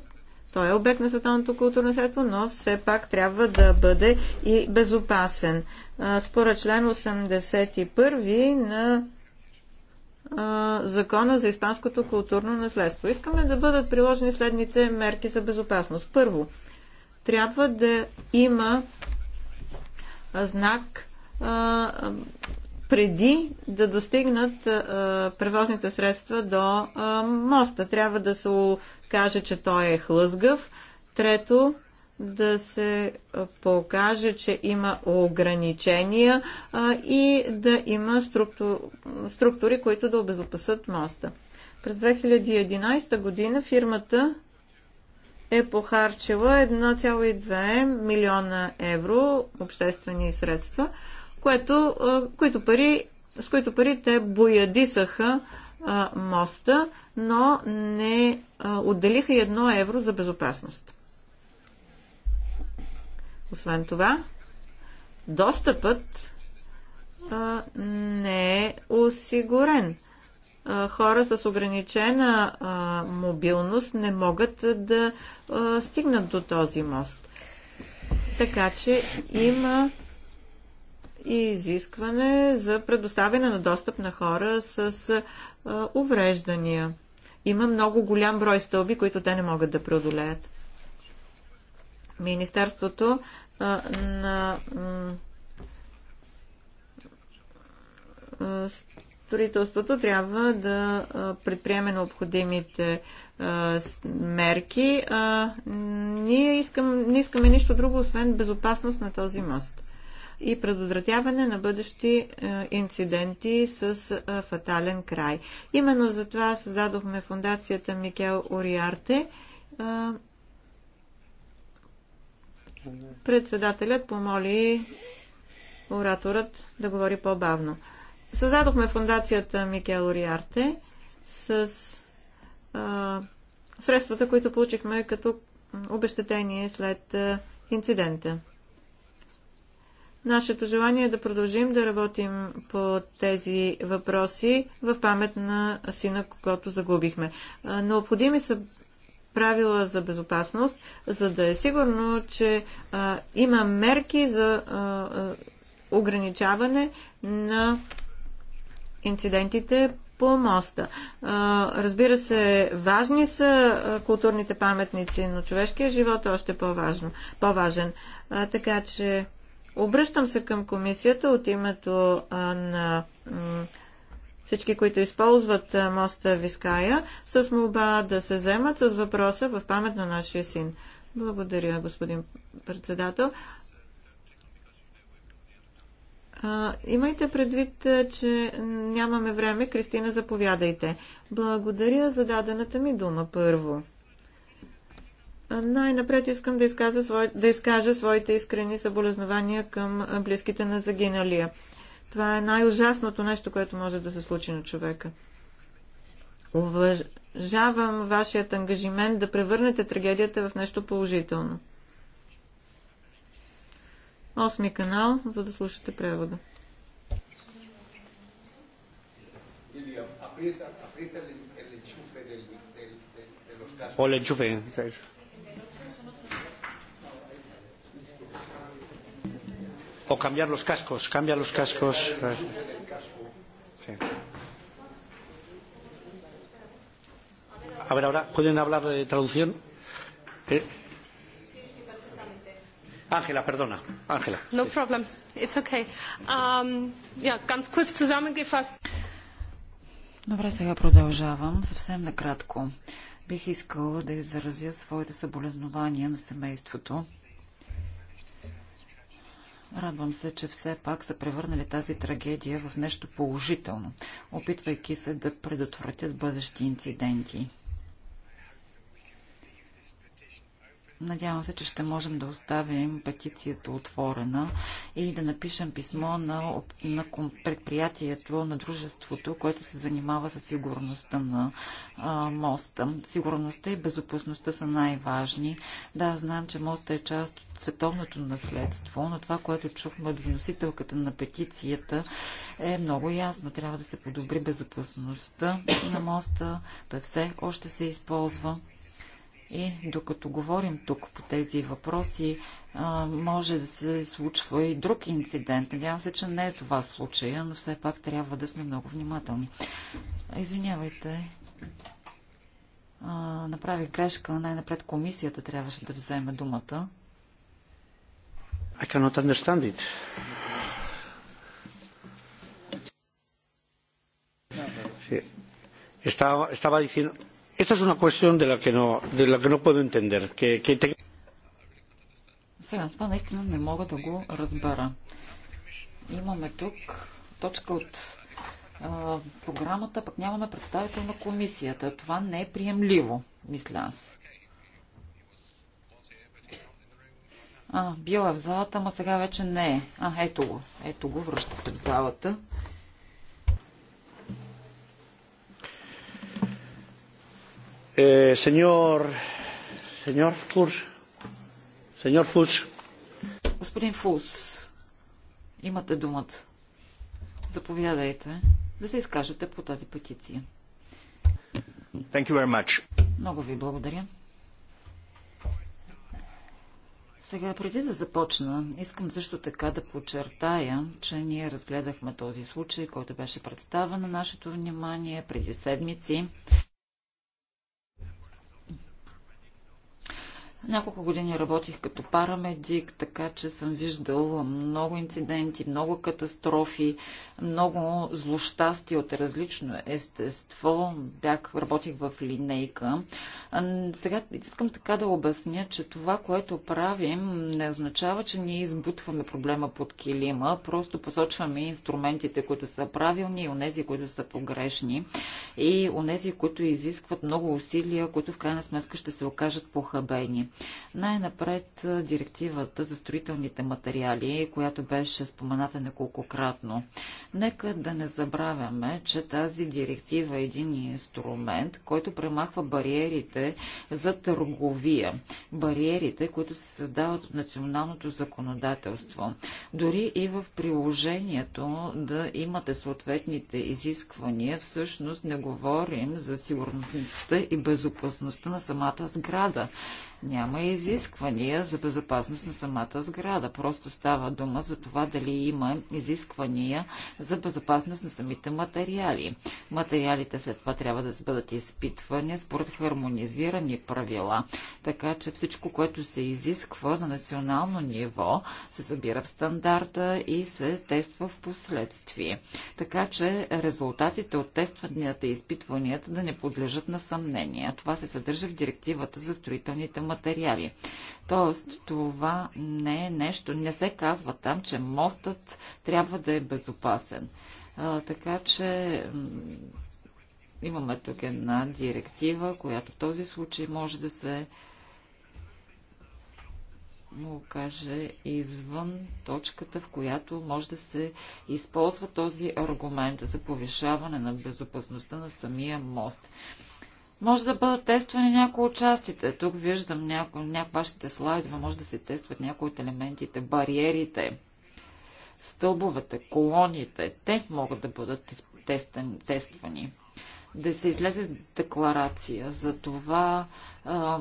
Той е обект на световното културно наследство, но все пак трябва да бъде и безопасен. Според член 81 на закона за испанското културно наследство. Искаме да бъдат приложени следните мерки за безопасност. Първо, трябва да има знак преди да достигнат а, превозните средства до а, моста. Трябва да се каже, че той е хлъзгав. Трето, да се покаже, че има ограничения а, и да има структу... структури, които да обезопасат моста. През 2011 година фирмата е похарчила 1,2 милиона евро обществени средства – което, които пари, с които пари те боядисаха моста, но не отделиха едно евро за безопасност. Освен това, достъпът не е осигурен. хора с ограничена мобилност не могат да стигнат до този мост. Така че има и изискване за предоставяне на достъп на хора с увреждания. Има много голям брой стълби, които те не могат да преодолеят. Министерството на строителството трябва да предприеме необходимите мерки. Ние искам, не искаме нищо друго, освен безопасност на този мост и предотвратяване на бъдещи е, инциденти с е, фатален край. Именно за това създадохме фундацията Микел Ориарте. Е, председателят помоли ораторът да говори по-бавно. Създадохме фундацията Микел Ориарте с а, средствата, които получихме като обещетение след а, инцидента. Нашето желание е да продължим да работим по тези въпроси в памет на сина, когато загубихме. Необходими са правила за безопасност, за да е сигурно, че а, има мерки за а, а, ограничаване на инцидентите по моста. А, разбира се, важни са културните паметници, но човешкият живот е още по-важен. По така че Обръщам се към комисията от името на всички, които използват моста Виская, с молба да се вземат с въпроса в памет на нашия син. Благодаря, господин председател. А, имайте предвид, че нямаме време. Кристина, заповядайте. Благодаря за дадената ми дума първо. Най-напред искам да изкажа, свой, да изкажа своите искрени съболезнования към близките на загиналия. Това е най-ужасното нещо, което може да се случи на човека. Уважавам вашият ангажимент да превърнете трагедията в нещо положително. Осми канал, за да слушате превода. O el enchufe, ¿sabes? O cambiar los cascos, cambia los cascos. A ver, ahora, ¿pueden hablar de traducción? Eh, Angela, perdona. Ángela. No problem. It's okay. Um, yeah, ganz kurz zusammengefasst. Добре, сега продължавам. Съвсем накратко. Бих искала да изразя своите съболезнования на семейството Радвам се, че все пак са превърнали тази трагедия в нещо положително, опитвайки се да предотвратят бъдещи инциденти. Надявам се, че ще можем да оставим петицията отворена и да напишем писмо на, на предприятието, на дружеството, което се занимава с сигурността на а, моста. Сигурността и безопасността са най-важни. Да, знам, че моста е част от световното наследство, но това, което чухме от вносителката на петицията е много ясно. Трябва да се подобри безопасността на моста. Той все още се използва и докато говорим тук по тези въпроси, може да се случва и друг инцидент. Надявам се, че не е това случая, но все пак трябва да сме много внимателни. Извинявайте. Направих грешка. Най-напред комисията трябваше да вземе думата. I cannot understand it. Estaba, estaba diciendo Esta es una cuestión de la que no, de la que no puedo entender. Que, que... Сега, това наистина не мога да го разбера. Имаме тук точка от а, програмата, пък нямаме представител на комисията. Това не е приемливо, мисля аз. А, бил е в залата, ама сега вече не е. А, ето го. Ето го, връща се в залата. Eh, Господин Фулс, имате думата. Заповядайте да се изкажете по тази петиция. Thank you very much. Много ви благодаря. Сега, преди да започна, искам също така да подчертая, че ние разгледахме този случай, който беше представен на нашето внимание преди седмици. Няколко години работих като парамедик, така че съм виждал много инциденти, много катастрофи, много злощасти от различно естество. Бях, работих в линейка. Сега искам така да обясня, че това, което правим, не означава, че ние избутваме проблема под килима, просто посочваме инструментите, които са правилни и онези, които са погрешни и онези, които изискват много усилия, които в крайна сметка ще се окажат похабени. Най-напред директивата за строителните материали, която беше спомената неколкократно. Нека да не забравяме, че тази директива е един инструмент, който премахва бариерите за търговия. Бариерите, които се създават от националното законодателство. Дори и в приложението да имате съответните изисквания, всъщност не говорим за сигурността и безопасността на самата сграда. Няма изисквания за безопасност на самата сграда. Просто става дума за това дали има изисквания за безопасност на самите материали. Материалите след това трябва да бъдат изпитвани според хармонизирани правила. Така че всичко, което се изисква на национално ниво, се събира в стандарта и се тества в последствие. Така че резултатите от тестванията и изпитванията да не подлежат на съмнение. Това се съдържа в директивата за строителните материали. Тоест, това не е нещо, не се казва там, че мостът трябва да е безопасен. А, така че имаме тук една директива, която в този случай може да се му каже извън точката, в която може да се използва този аргумент за повишаване на безопасността на самия мост. Може да бъдат тествани някои от частите. Тук виждам някои, няко вашите слайдове. Може да се тестват някои от елементите, бариерите, стълбовете, колоните. Те могат да бъдат тестани, тествани. Да се излезе с декларация за това а,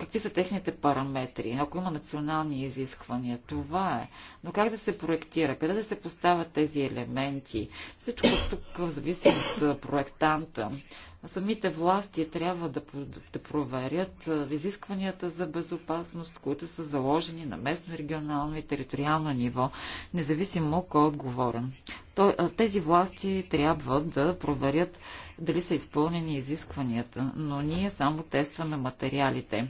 какви са техните параметри, ако има национални изисквания. Това е. Но как да се проектира, къде да се поставят тези елементи? Всичко тук зависи от проектанта. Самите власти трябва да, да проверят изискванията за безопасност, които са заложени на местно, регионално и териториално ниво, независимо кой е отговорен. Тези власти трябва да проверят дали са изпълнени изискванията, но ние само тестваме материалите.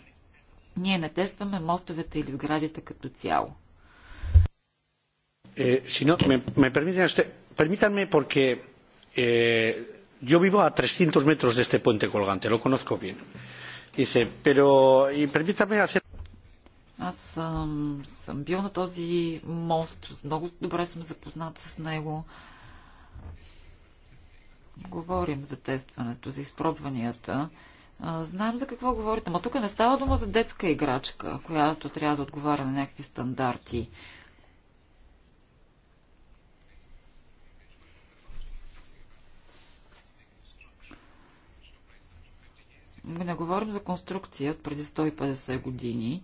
Ние не тестваме мостовете или сградите като цяло. Eh, si no, ме, ме permítanme porque eh, yo vivo a trescientos metros de este puente colgante, lo conozco bien. Dice, pero y permítame hacer. Аз съм, съм бил на този мост, много добре съм запознат с него. Говорим за тестването, за изпробванията. Знаем за какво говорите, но тук не става дума за детска играчка, която трябва да отговаря на някакви стандарти. Не говорим за конструкция от преди 150 години.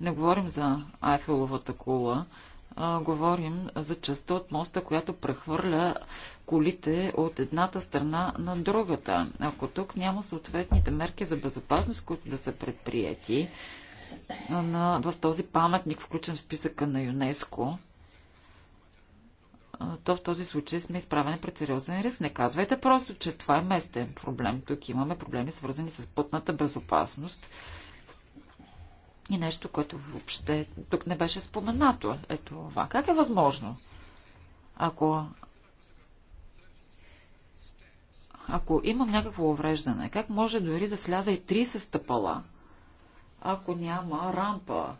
Не говорим за Айфеловата кула. А, говорим за частта от моста, която прехвърля колите от едната страна на другата. Ако тук няма съответните мерки за безопасност, които да са предприяти на, в този паметник, включен в списъка на ЮНЕСКО, то в този случай сме изправени пред сериозен риск. Не казвайте просто, че това е местен проблем. Тук имаме проблеми свързани с пътната безопасност и нещо, което въобще тук не беше споменато. Ето това. Как е възможно? Ако ако имам някакво увреждане, как може дори да сляза и 30 стъпала, ако няма рампа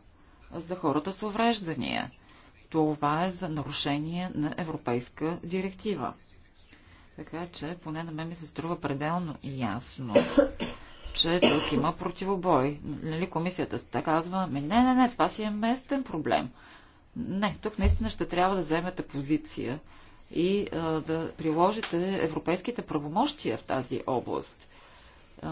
за хората с увреждания? Това е за нарушение на европейска директива. Така че поне на мен ми се струва пределно ясно, че тук има противобой. Нали комисията се казва, ми не, не, не, това си е местен проблем. Не, тук наистина ще трябва да вземете позиция и а, да приложите европейските правомощия в тази област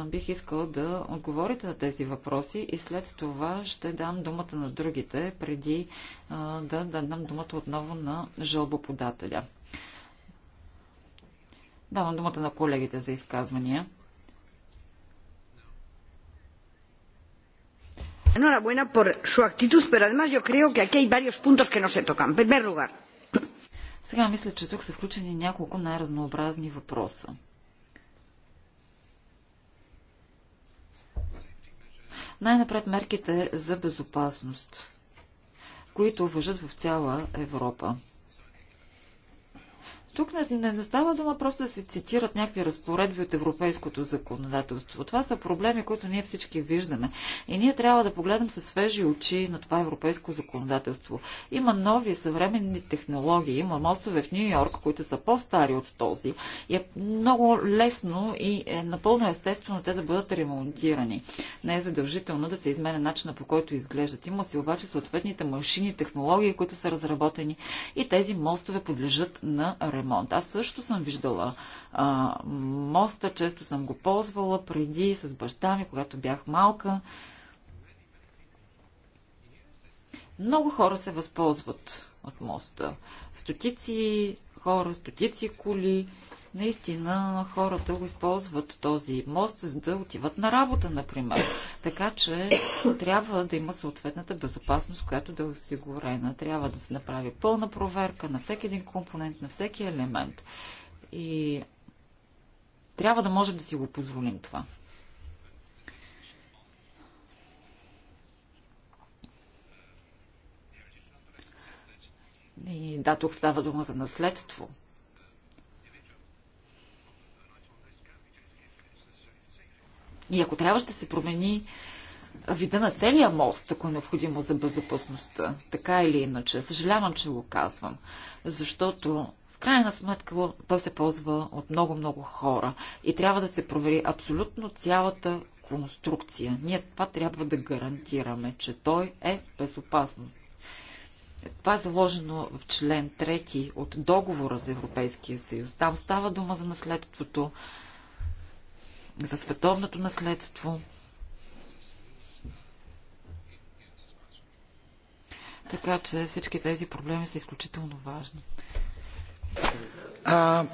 бих искала да отговорите на тези въпроси и след това ще дам думата на другите, преди да, да дам думата отново на жалбоподателя. Давам думата на колегите за изказвания. Enhorabuena por su actitud, pero además yo creo que aquí hay varios puntos que no se tocan. En primer lugar. Сега мисля, че тук са включени няколко най-разнообразни въпроса. Най-напред мерките за безопасност, които въжат в цяла Европа. Тук не, не, не става дума просто да се цитират някакви разпоредби от европейското законодателство. Това са проблеми, които ние всички виждаме. И ние трябва да погледнем със свежи очи на това европейско законодателство. Има нови съвременни технологии, има мостове в Нью Йорк, които са по-стари от този. И е много лесно и е напълно естествено те да бъдат ремонтирани. Не е задължително да се изменя начина по който изглеждат. Има си обаче съответните машини, технологии, които са разработени и тези мостове подлежат на ремонт ремонт. Аз също съм виждала а, моста, често съм го ползвала преди с баща ми, когато бях малка. Много хора се възползват от моста. Стотици хора, стотици коли Наистина хората го използват този мост, за да отиват на работа, например. Така че трябва да има съответната безопасност, която да е осигурена. Трябва да се направи пълна проверка на всеки един компонент, на всеки елемент. И трябва да можем да си го позволим това. И да, тук става дума за наследство. И ако трябва, ще се промени вида на целия мост, ако е необходимо за безопасността. Така или иначе. Съжалявам, че го казвам. Защото в крайна сметка то се ползва от много-много хора. И трябва да се провери абсолютно цялата конструкция. Ние това трябва да гарантираме, че той е безопасно. Това е заложено в член 3 от договора за Европейския съюз. Там става дума за наследството, за световното наследство. Така че всички тези проблеми са изключително важни. А...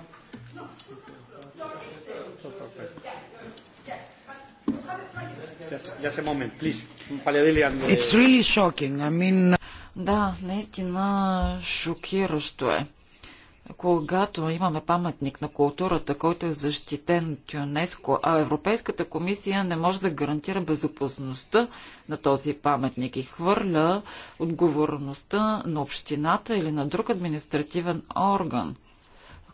Да, наистина шокиращо е когато имаме паметник на културата, който е защитен от ЮНЕСКО, а Европейската комисия не може да гарантира безопасността на този паметник и хвърля отговорността на общината или на друг административен орган –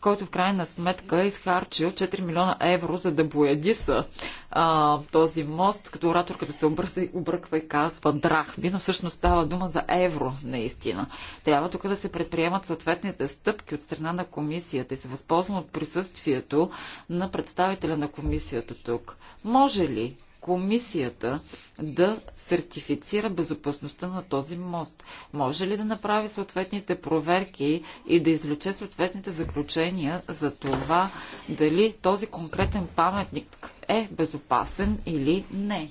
който в крайна сметка е изхарчил 4 милиона евро, за да боядиса а, този мост, като ораторката се обръзва, обръква и казва драхми, но всъщност става дума за евро, наистина. Трябва тук да се предприемат съответните стъпки от страна на комисията и се възползвам от присъствието на представителя на комисията тук. Може ли комисията да сертифицира безопасността на този мост? Може ли да направи съответните проверки и да извлече съответните заключения за това дали този конкретен паметник е безопасен или не?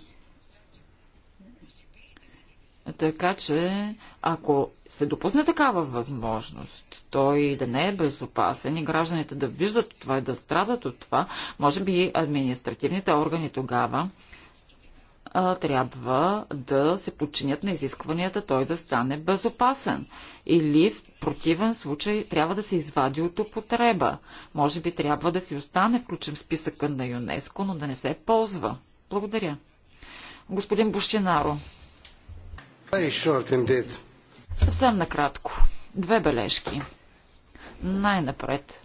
Така че, ако се допусне такава възможност, той да не е безопасен и гражданите да виждат това и да страдат от това, може би административните органи тогава а, трябва да се подчинят на изискванията той да стане безопасен. Или в противен случай трябва да се извади от употреба. Може би трябва да си остане включен в списъка на ЮНЕСКО, но да не се ползва. Благодаря. Господин Бущинаро. Съвсем накратко. Две бележки. Най-напред.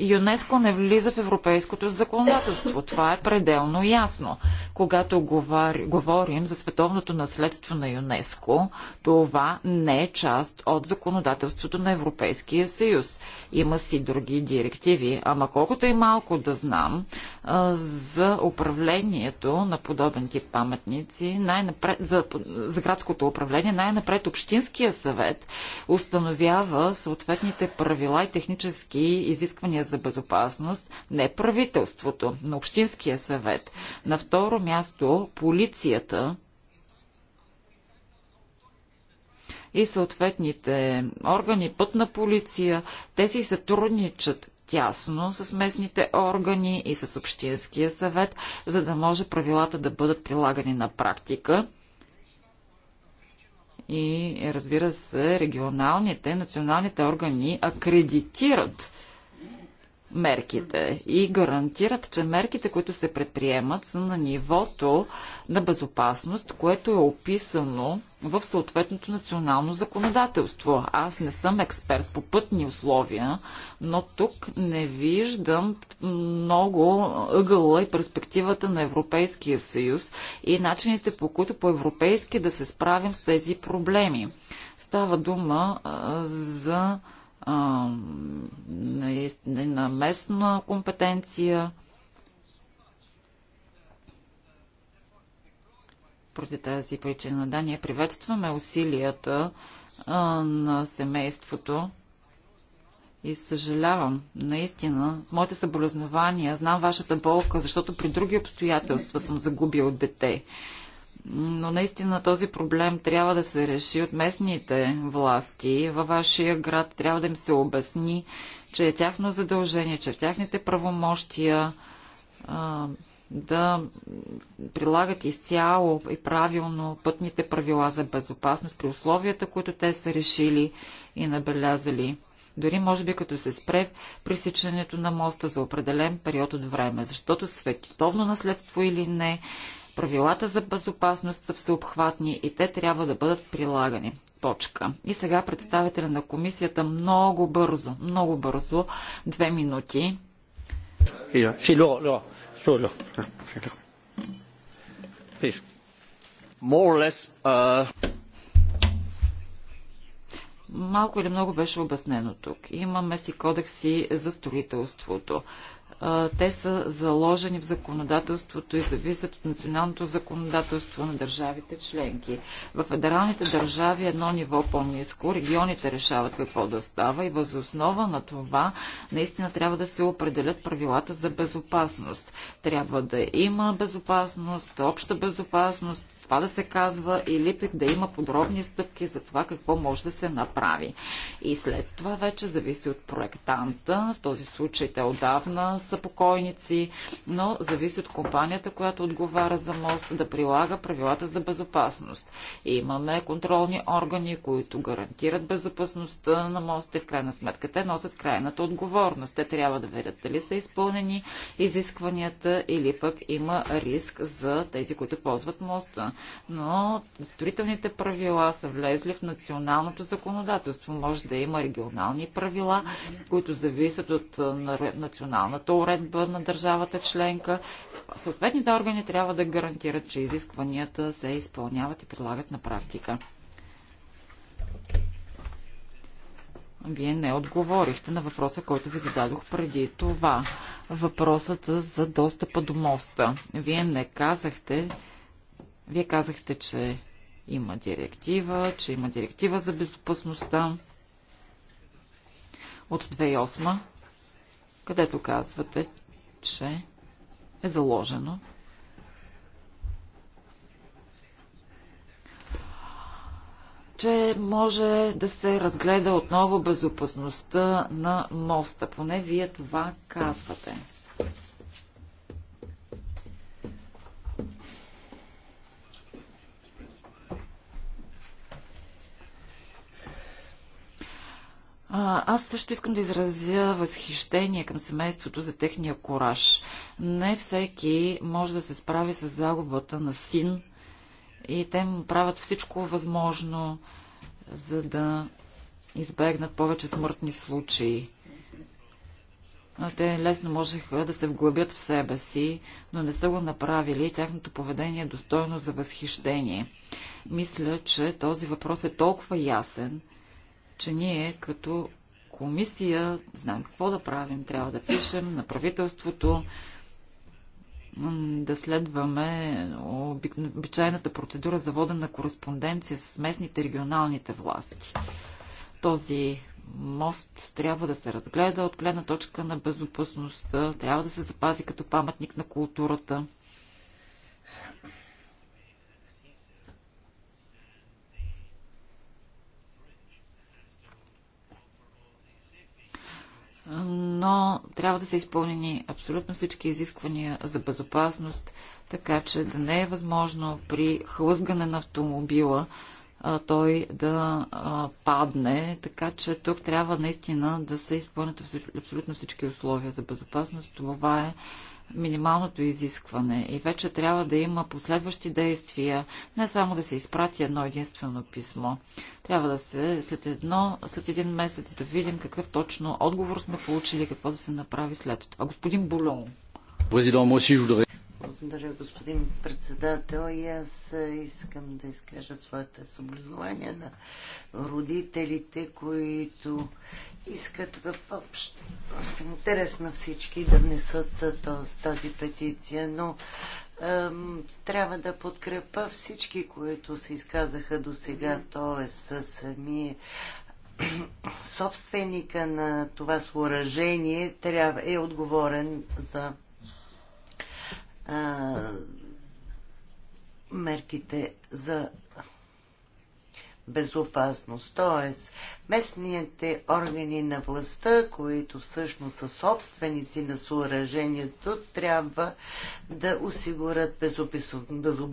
ЮНЕСКО не влиза в европейското законодателство. Това е пределно ясно. Когато говорим за световното наследство на ЮНЕСКО, това не е част от законодателството на Европейския съюз. Има си други директиви. Ама колкото и малко да знам а, за управлението на подобен тип паметници, за, за градското управление, най-напред Общинския съвет установява съответните правила и технически изисквания за безопасност, не правителството, на Общинския съвет. На второ място полицията и съответните органи, пътна полиция, те си сътрудничат тясно с местните органи и с Общинския съвет, за да може правилата да бъдат прилагани на практика и разбира се регионалните, националните органи акредитират мерките и гарантират, че мерките, които се предприемат, са на нивото на безопасност, което е описано в съответното национално законодателство. Аз не съм експерт по пътни условия, но тук не виждам много ъгъла и перспективата на Европейския съюз и начините по които по-европейски да се справим с тези проблеми. Става дума а, за на местна компетенция. Поради тази причина, да, ние приветстваме усилията а, на семейството и съжалявам, наистина, моите съболезнования, знам вашата болка, защото при други обстоятелства съм загубил дете. Но наистина този проблем трябва да се реши от местните власти. Във вашия град трябва да им се обясни, че е тяхно задължение, че в тяхните правомощия а, да прилагат изцяло и правилно пътните правила за безопасност при условията, които те са решили и набелязали. Дори може би като се спре пресичането на моста за определен период от време, защото световно наследство или не, Правилата за безопасност са всеобхватни и те трябва да бъдат прилагани. Точка. И сега представителя на комисията много бързо, много бързо, две минути. More or less, Малко или много беше обяснено тук. Имаме си кодекси за строителството. Те са заложени в законодателството и зависят от националното законодателство на държавите членки. В федералните държави едно ниво по-низко, регионите решават какво да става и възоснова на това наистина трябва да се определят правилата за безопасност. Трябва да има безопасност, обща безопасност, това да се казва или пък да има подробни стъпки за това какво може да се направи. И след това вече зависи от проектанта. В този случай те отдавна са покойници, но зависи от компанията, която отговаря за моста, да прилага правилата за безопасност. И имаме контролни органи, които гарантират безопасността на моста и в крайна сметка те носят крайната отговорност. Те трябва да видят дали са изпълнени изискванията или пък има риск за тези, които ползват моста. Но строителните правила са влезли в националното законодателство. Може да има регионални правила, които зависят от националната уредба на държавата членка. Съответните органи трябва да гарантират, че изискванията се изпълняват и прилагат на практика. Вие не отговорихте на въпроса, който ви зададох преди това. Въпросът за достъпа до моста. Вие не казахте, вие казахте, че има директива, че има директива за безопасността от където казвате, че е заложено че може да се разгледа отново безопасността на моста. Поне вие това казвате. А, аз също искам да изразя възхищение към семейството за техния кораж. Не всеки може да се справи с загубата на син и те му правят всичко възможно, за да избегнат повече смъртни случаи. Те лесно можеха да се вглъбят в себе си, но не са го направили и тяхното поведение е достойно за възхищение. Мисля, че този въпрос е толкова ясен – че ние като комисия знаем какво да правим. Трябва да пишем на правителството, да следваме обичайната процедура за водена на кореспонденция с местните регионалните власти. Този мост трябва да се разгледа от гледна точка на безопасността, трябва да се запази като паметник на културата. но трябва да са изпълнени абсолютно всички изисквания за безопасност, така че да не е възможно при хлъзгане на автомобила той да падне. Така че тук трябва наистина да се изпълнят абсолютно всички условия за безопасност. Това е минималното изискване и вече трябва да има последващи действия, не само да се изпрати едно единствено писмо. Трябва да се след, едно, след един месец да видим какъв точно отговор сме получили, какво да се направи след това. Господин Булон. Благодаря, господин председател. И аз искам да изкажа своите съблизнования на родителите, които искат в, общ, в интерес на всички да внесат този, тази петиция, но ем, трябва да подкрепа всички, които се изказаха до сега, т.е. сами собственика на това съоръжение трябва, е отговорен за а, мерките за безопасност. Тоест, местните органи на властта, които всъщност са собственици на съоръжението, трябва да осигурят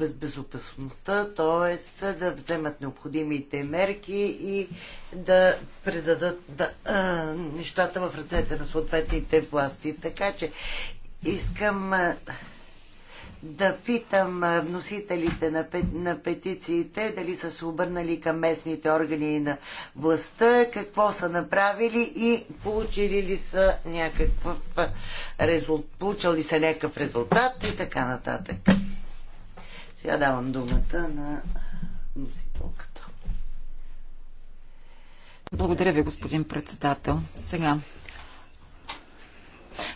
безопасността, т.е. да вземат необходимите мерки и да предадат да, а, нещата в ръцете на съответните власти. Така че искам да питам вносителите на, на петициите дали са се обърнали към местните органи на властта, какво са направили и получили ли са някакъв резултат, получил ли някакъв резултат и така нататък. Сега давам думата на вносителката. Благодаря ви, господин председател. Сега.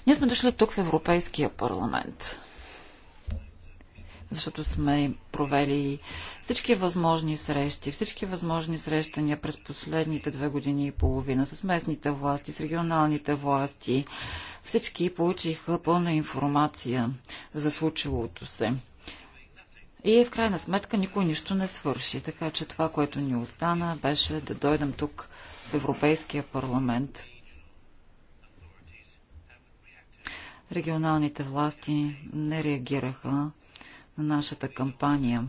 Ние сме дошли тук в Европейския парламент защото сме провели всички възможни срещи, всички възможни срещания през последните две години и половина с местните власти, с регионалните власти. Всички получиха пълна информация за случилото се. И в крайна сметка никой нищо не свърши. Така че това, което ни остана, беше да дойдем тук в Европейския парламент. Регионалните власти не реагираха на нашата кампания.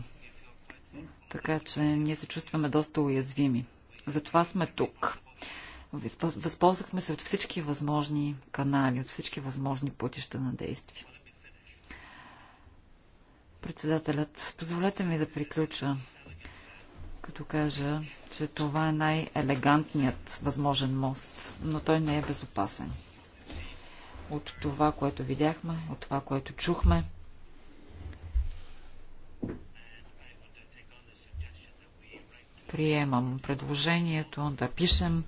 Така че ние се чувстваме доста уязвими. Затова сме тук. Възползвахме се от всички възможни канали, от всички възможни пътища на действие. Председателят, позволете ми да приключа, като кажа, че това е най-елегантният възможен мост, но той не е безопасен. От това, което видяхме, от това, което чухме, приемам предложението да пишем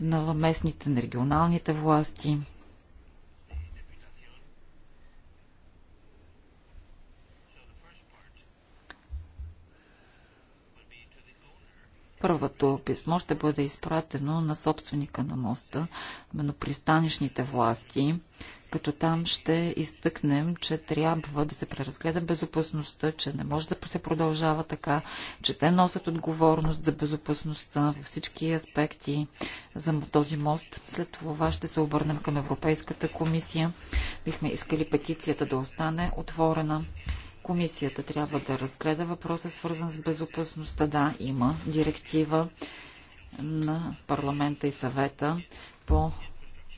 на местните, на регионалните власти. Първото писмо ще бъде изпратено на собственика на моста, на пристанищните власти, като там ще изтъкнем, че трябва да се преразгледа безопасността, че не може да се продължава така, че те носят отговорност за безопасността във всички аспекти за този мост. След това ще се обърнем към Европейската комисия. Бихме искали петицията да остане отворена. Комисията трябва да разгледа въпроса, свързан с безопасността. Да, има директива на парламента и съвета по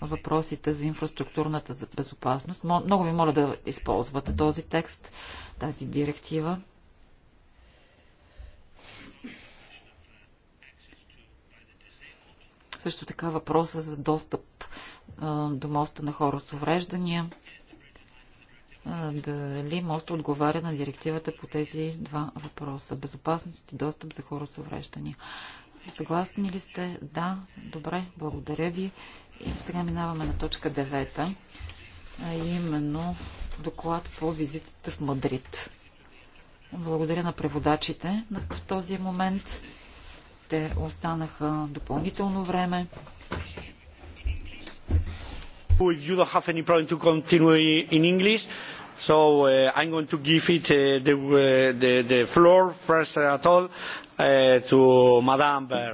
въпросите за инфраструктурната за безопасност. Много ви моля да използвате този текст, тази директива. Също така въпроса за достъп а, до моста на хора с увреждания. дали моста отговаря на директивата по тези два въпроса? Безопасност и достъп за хора с увреждания. Съгласни ли сте? Да, добре, благодаря ви. И сега минаваме на точка 9, а именно доклад по визитата в Мадрид. Благодаря на преводачите в този момент. Те останаха допълнително време. If you don't have any problem to continue in English, so uh, I'm going to give it uh, the, uh, the, the floor first at all uh, to Madame Ber.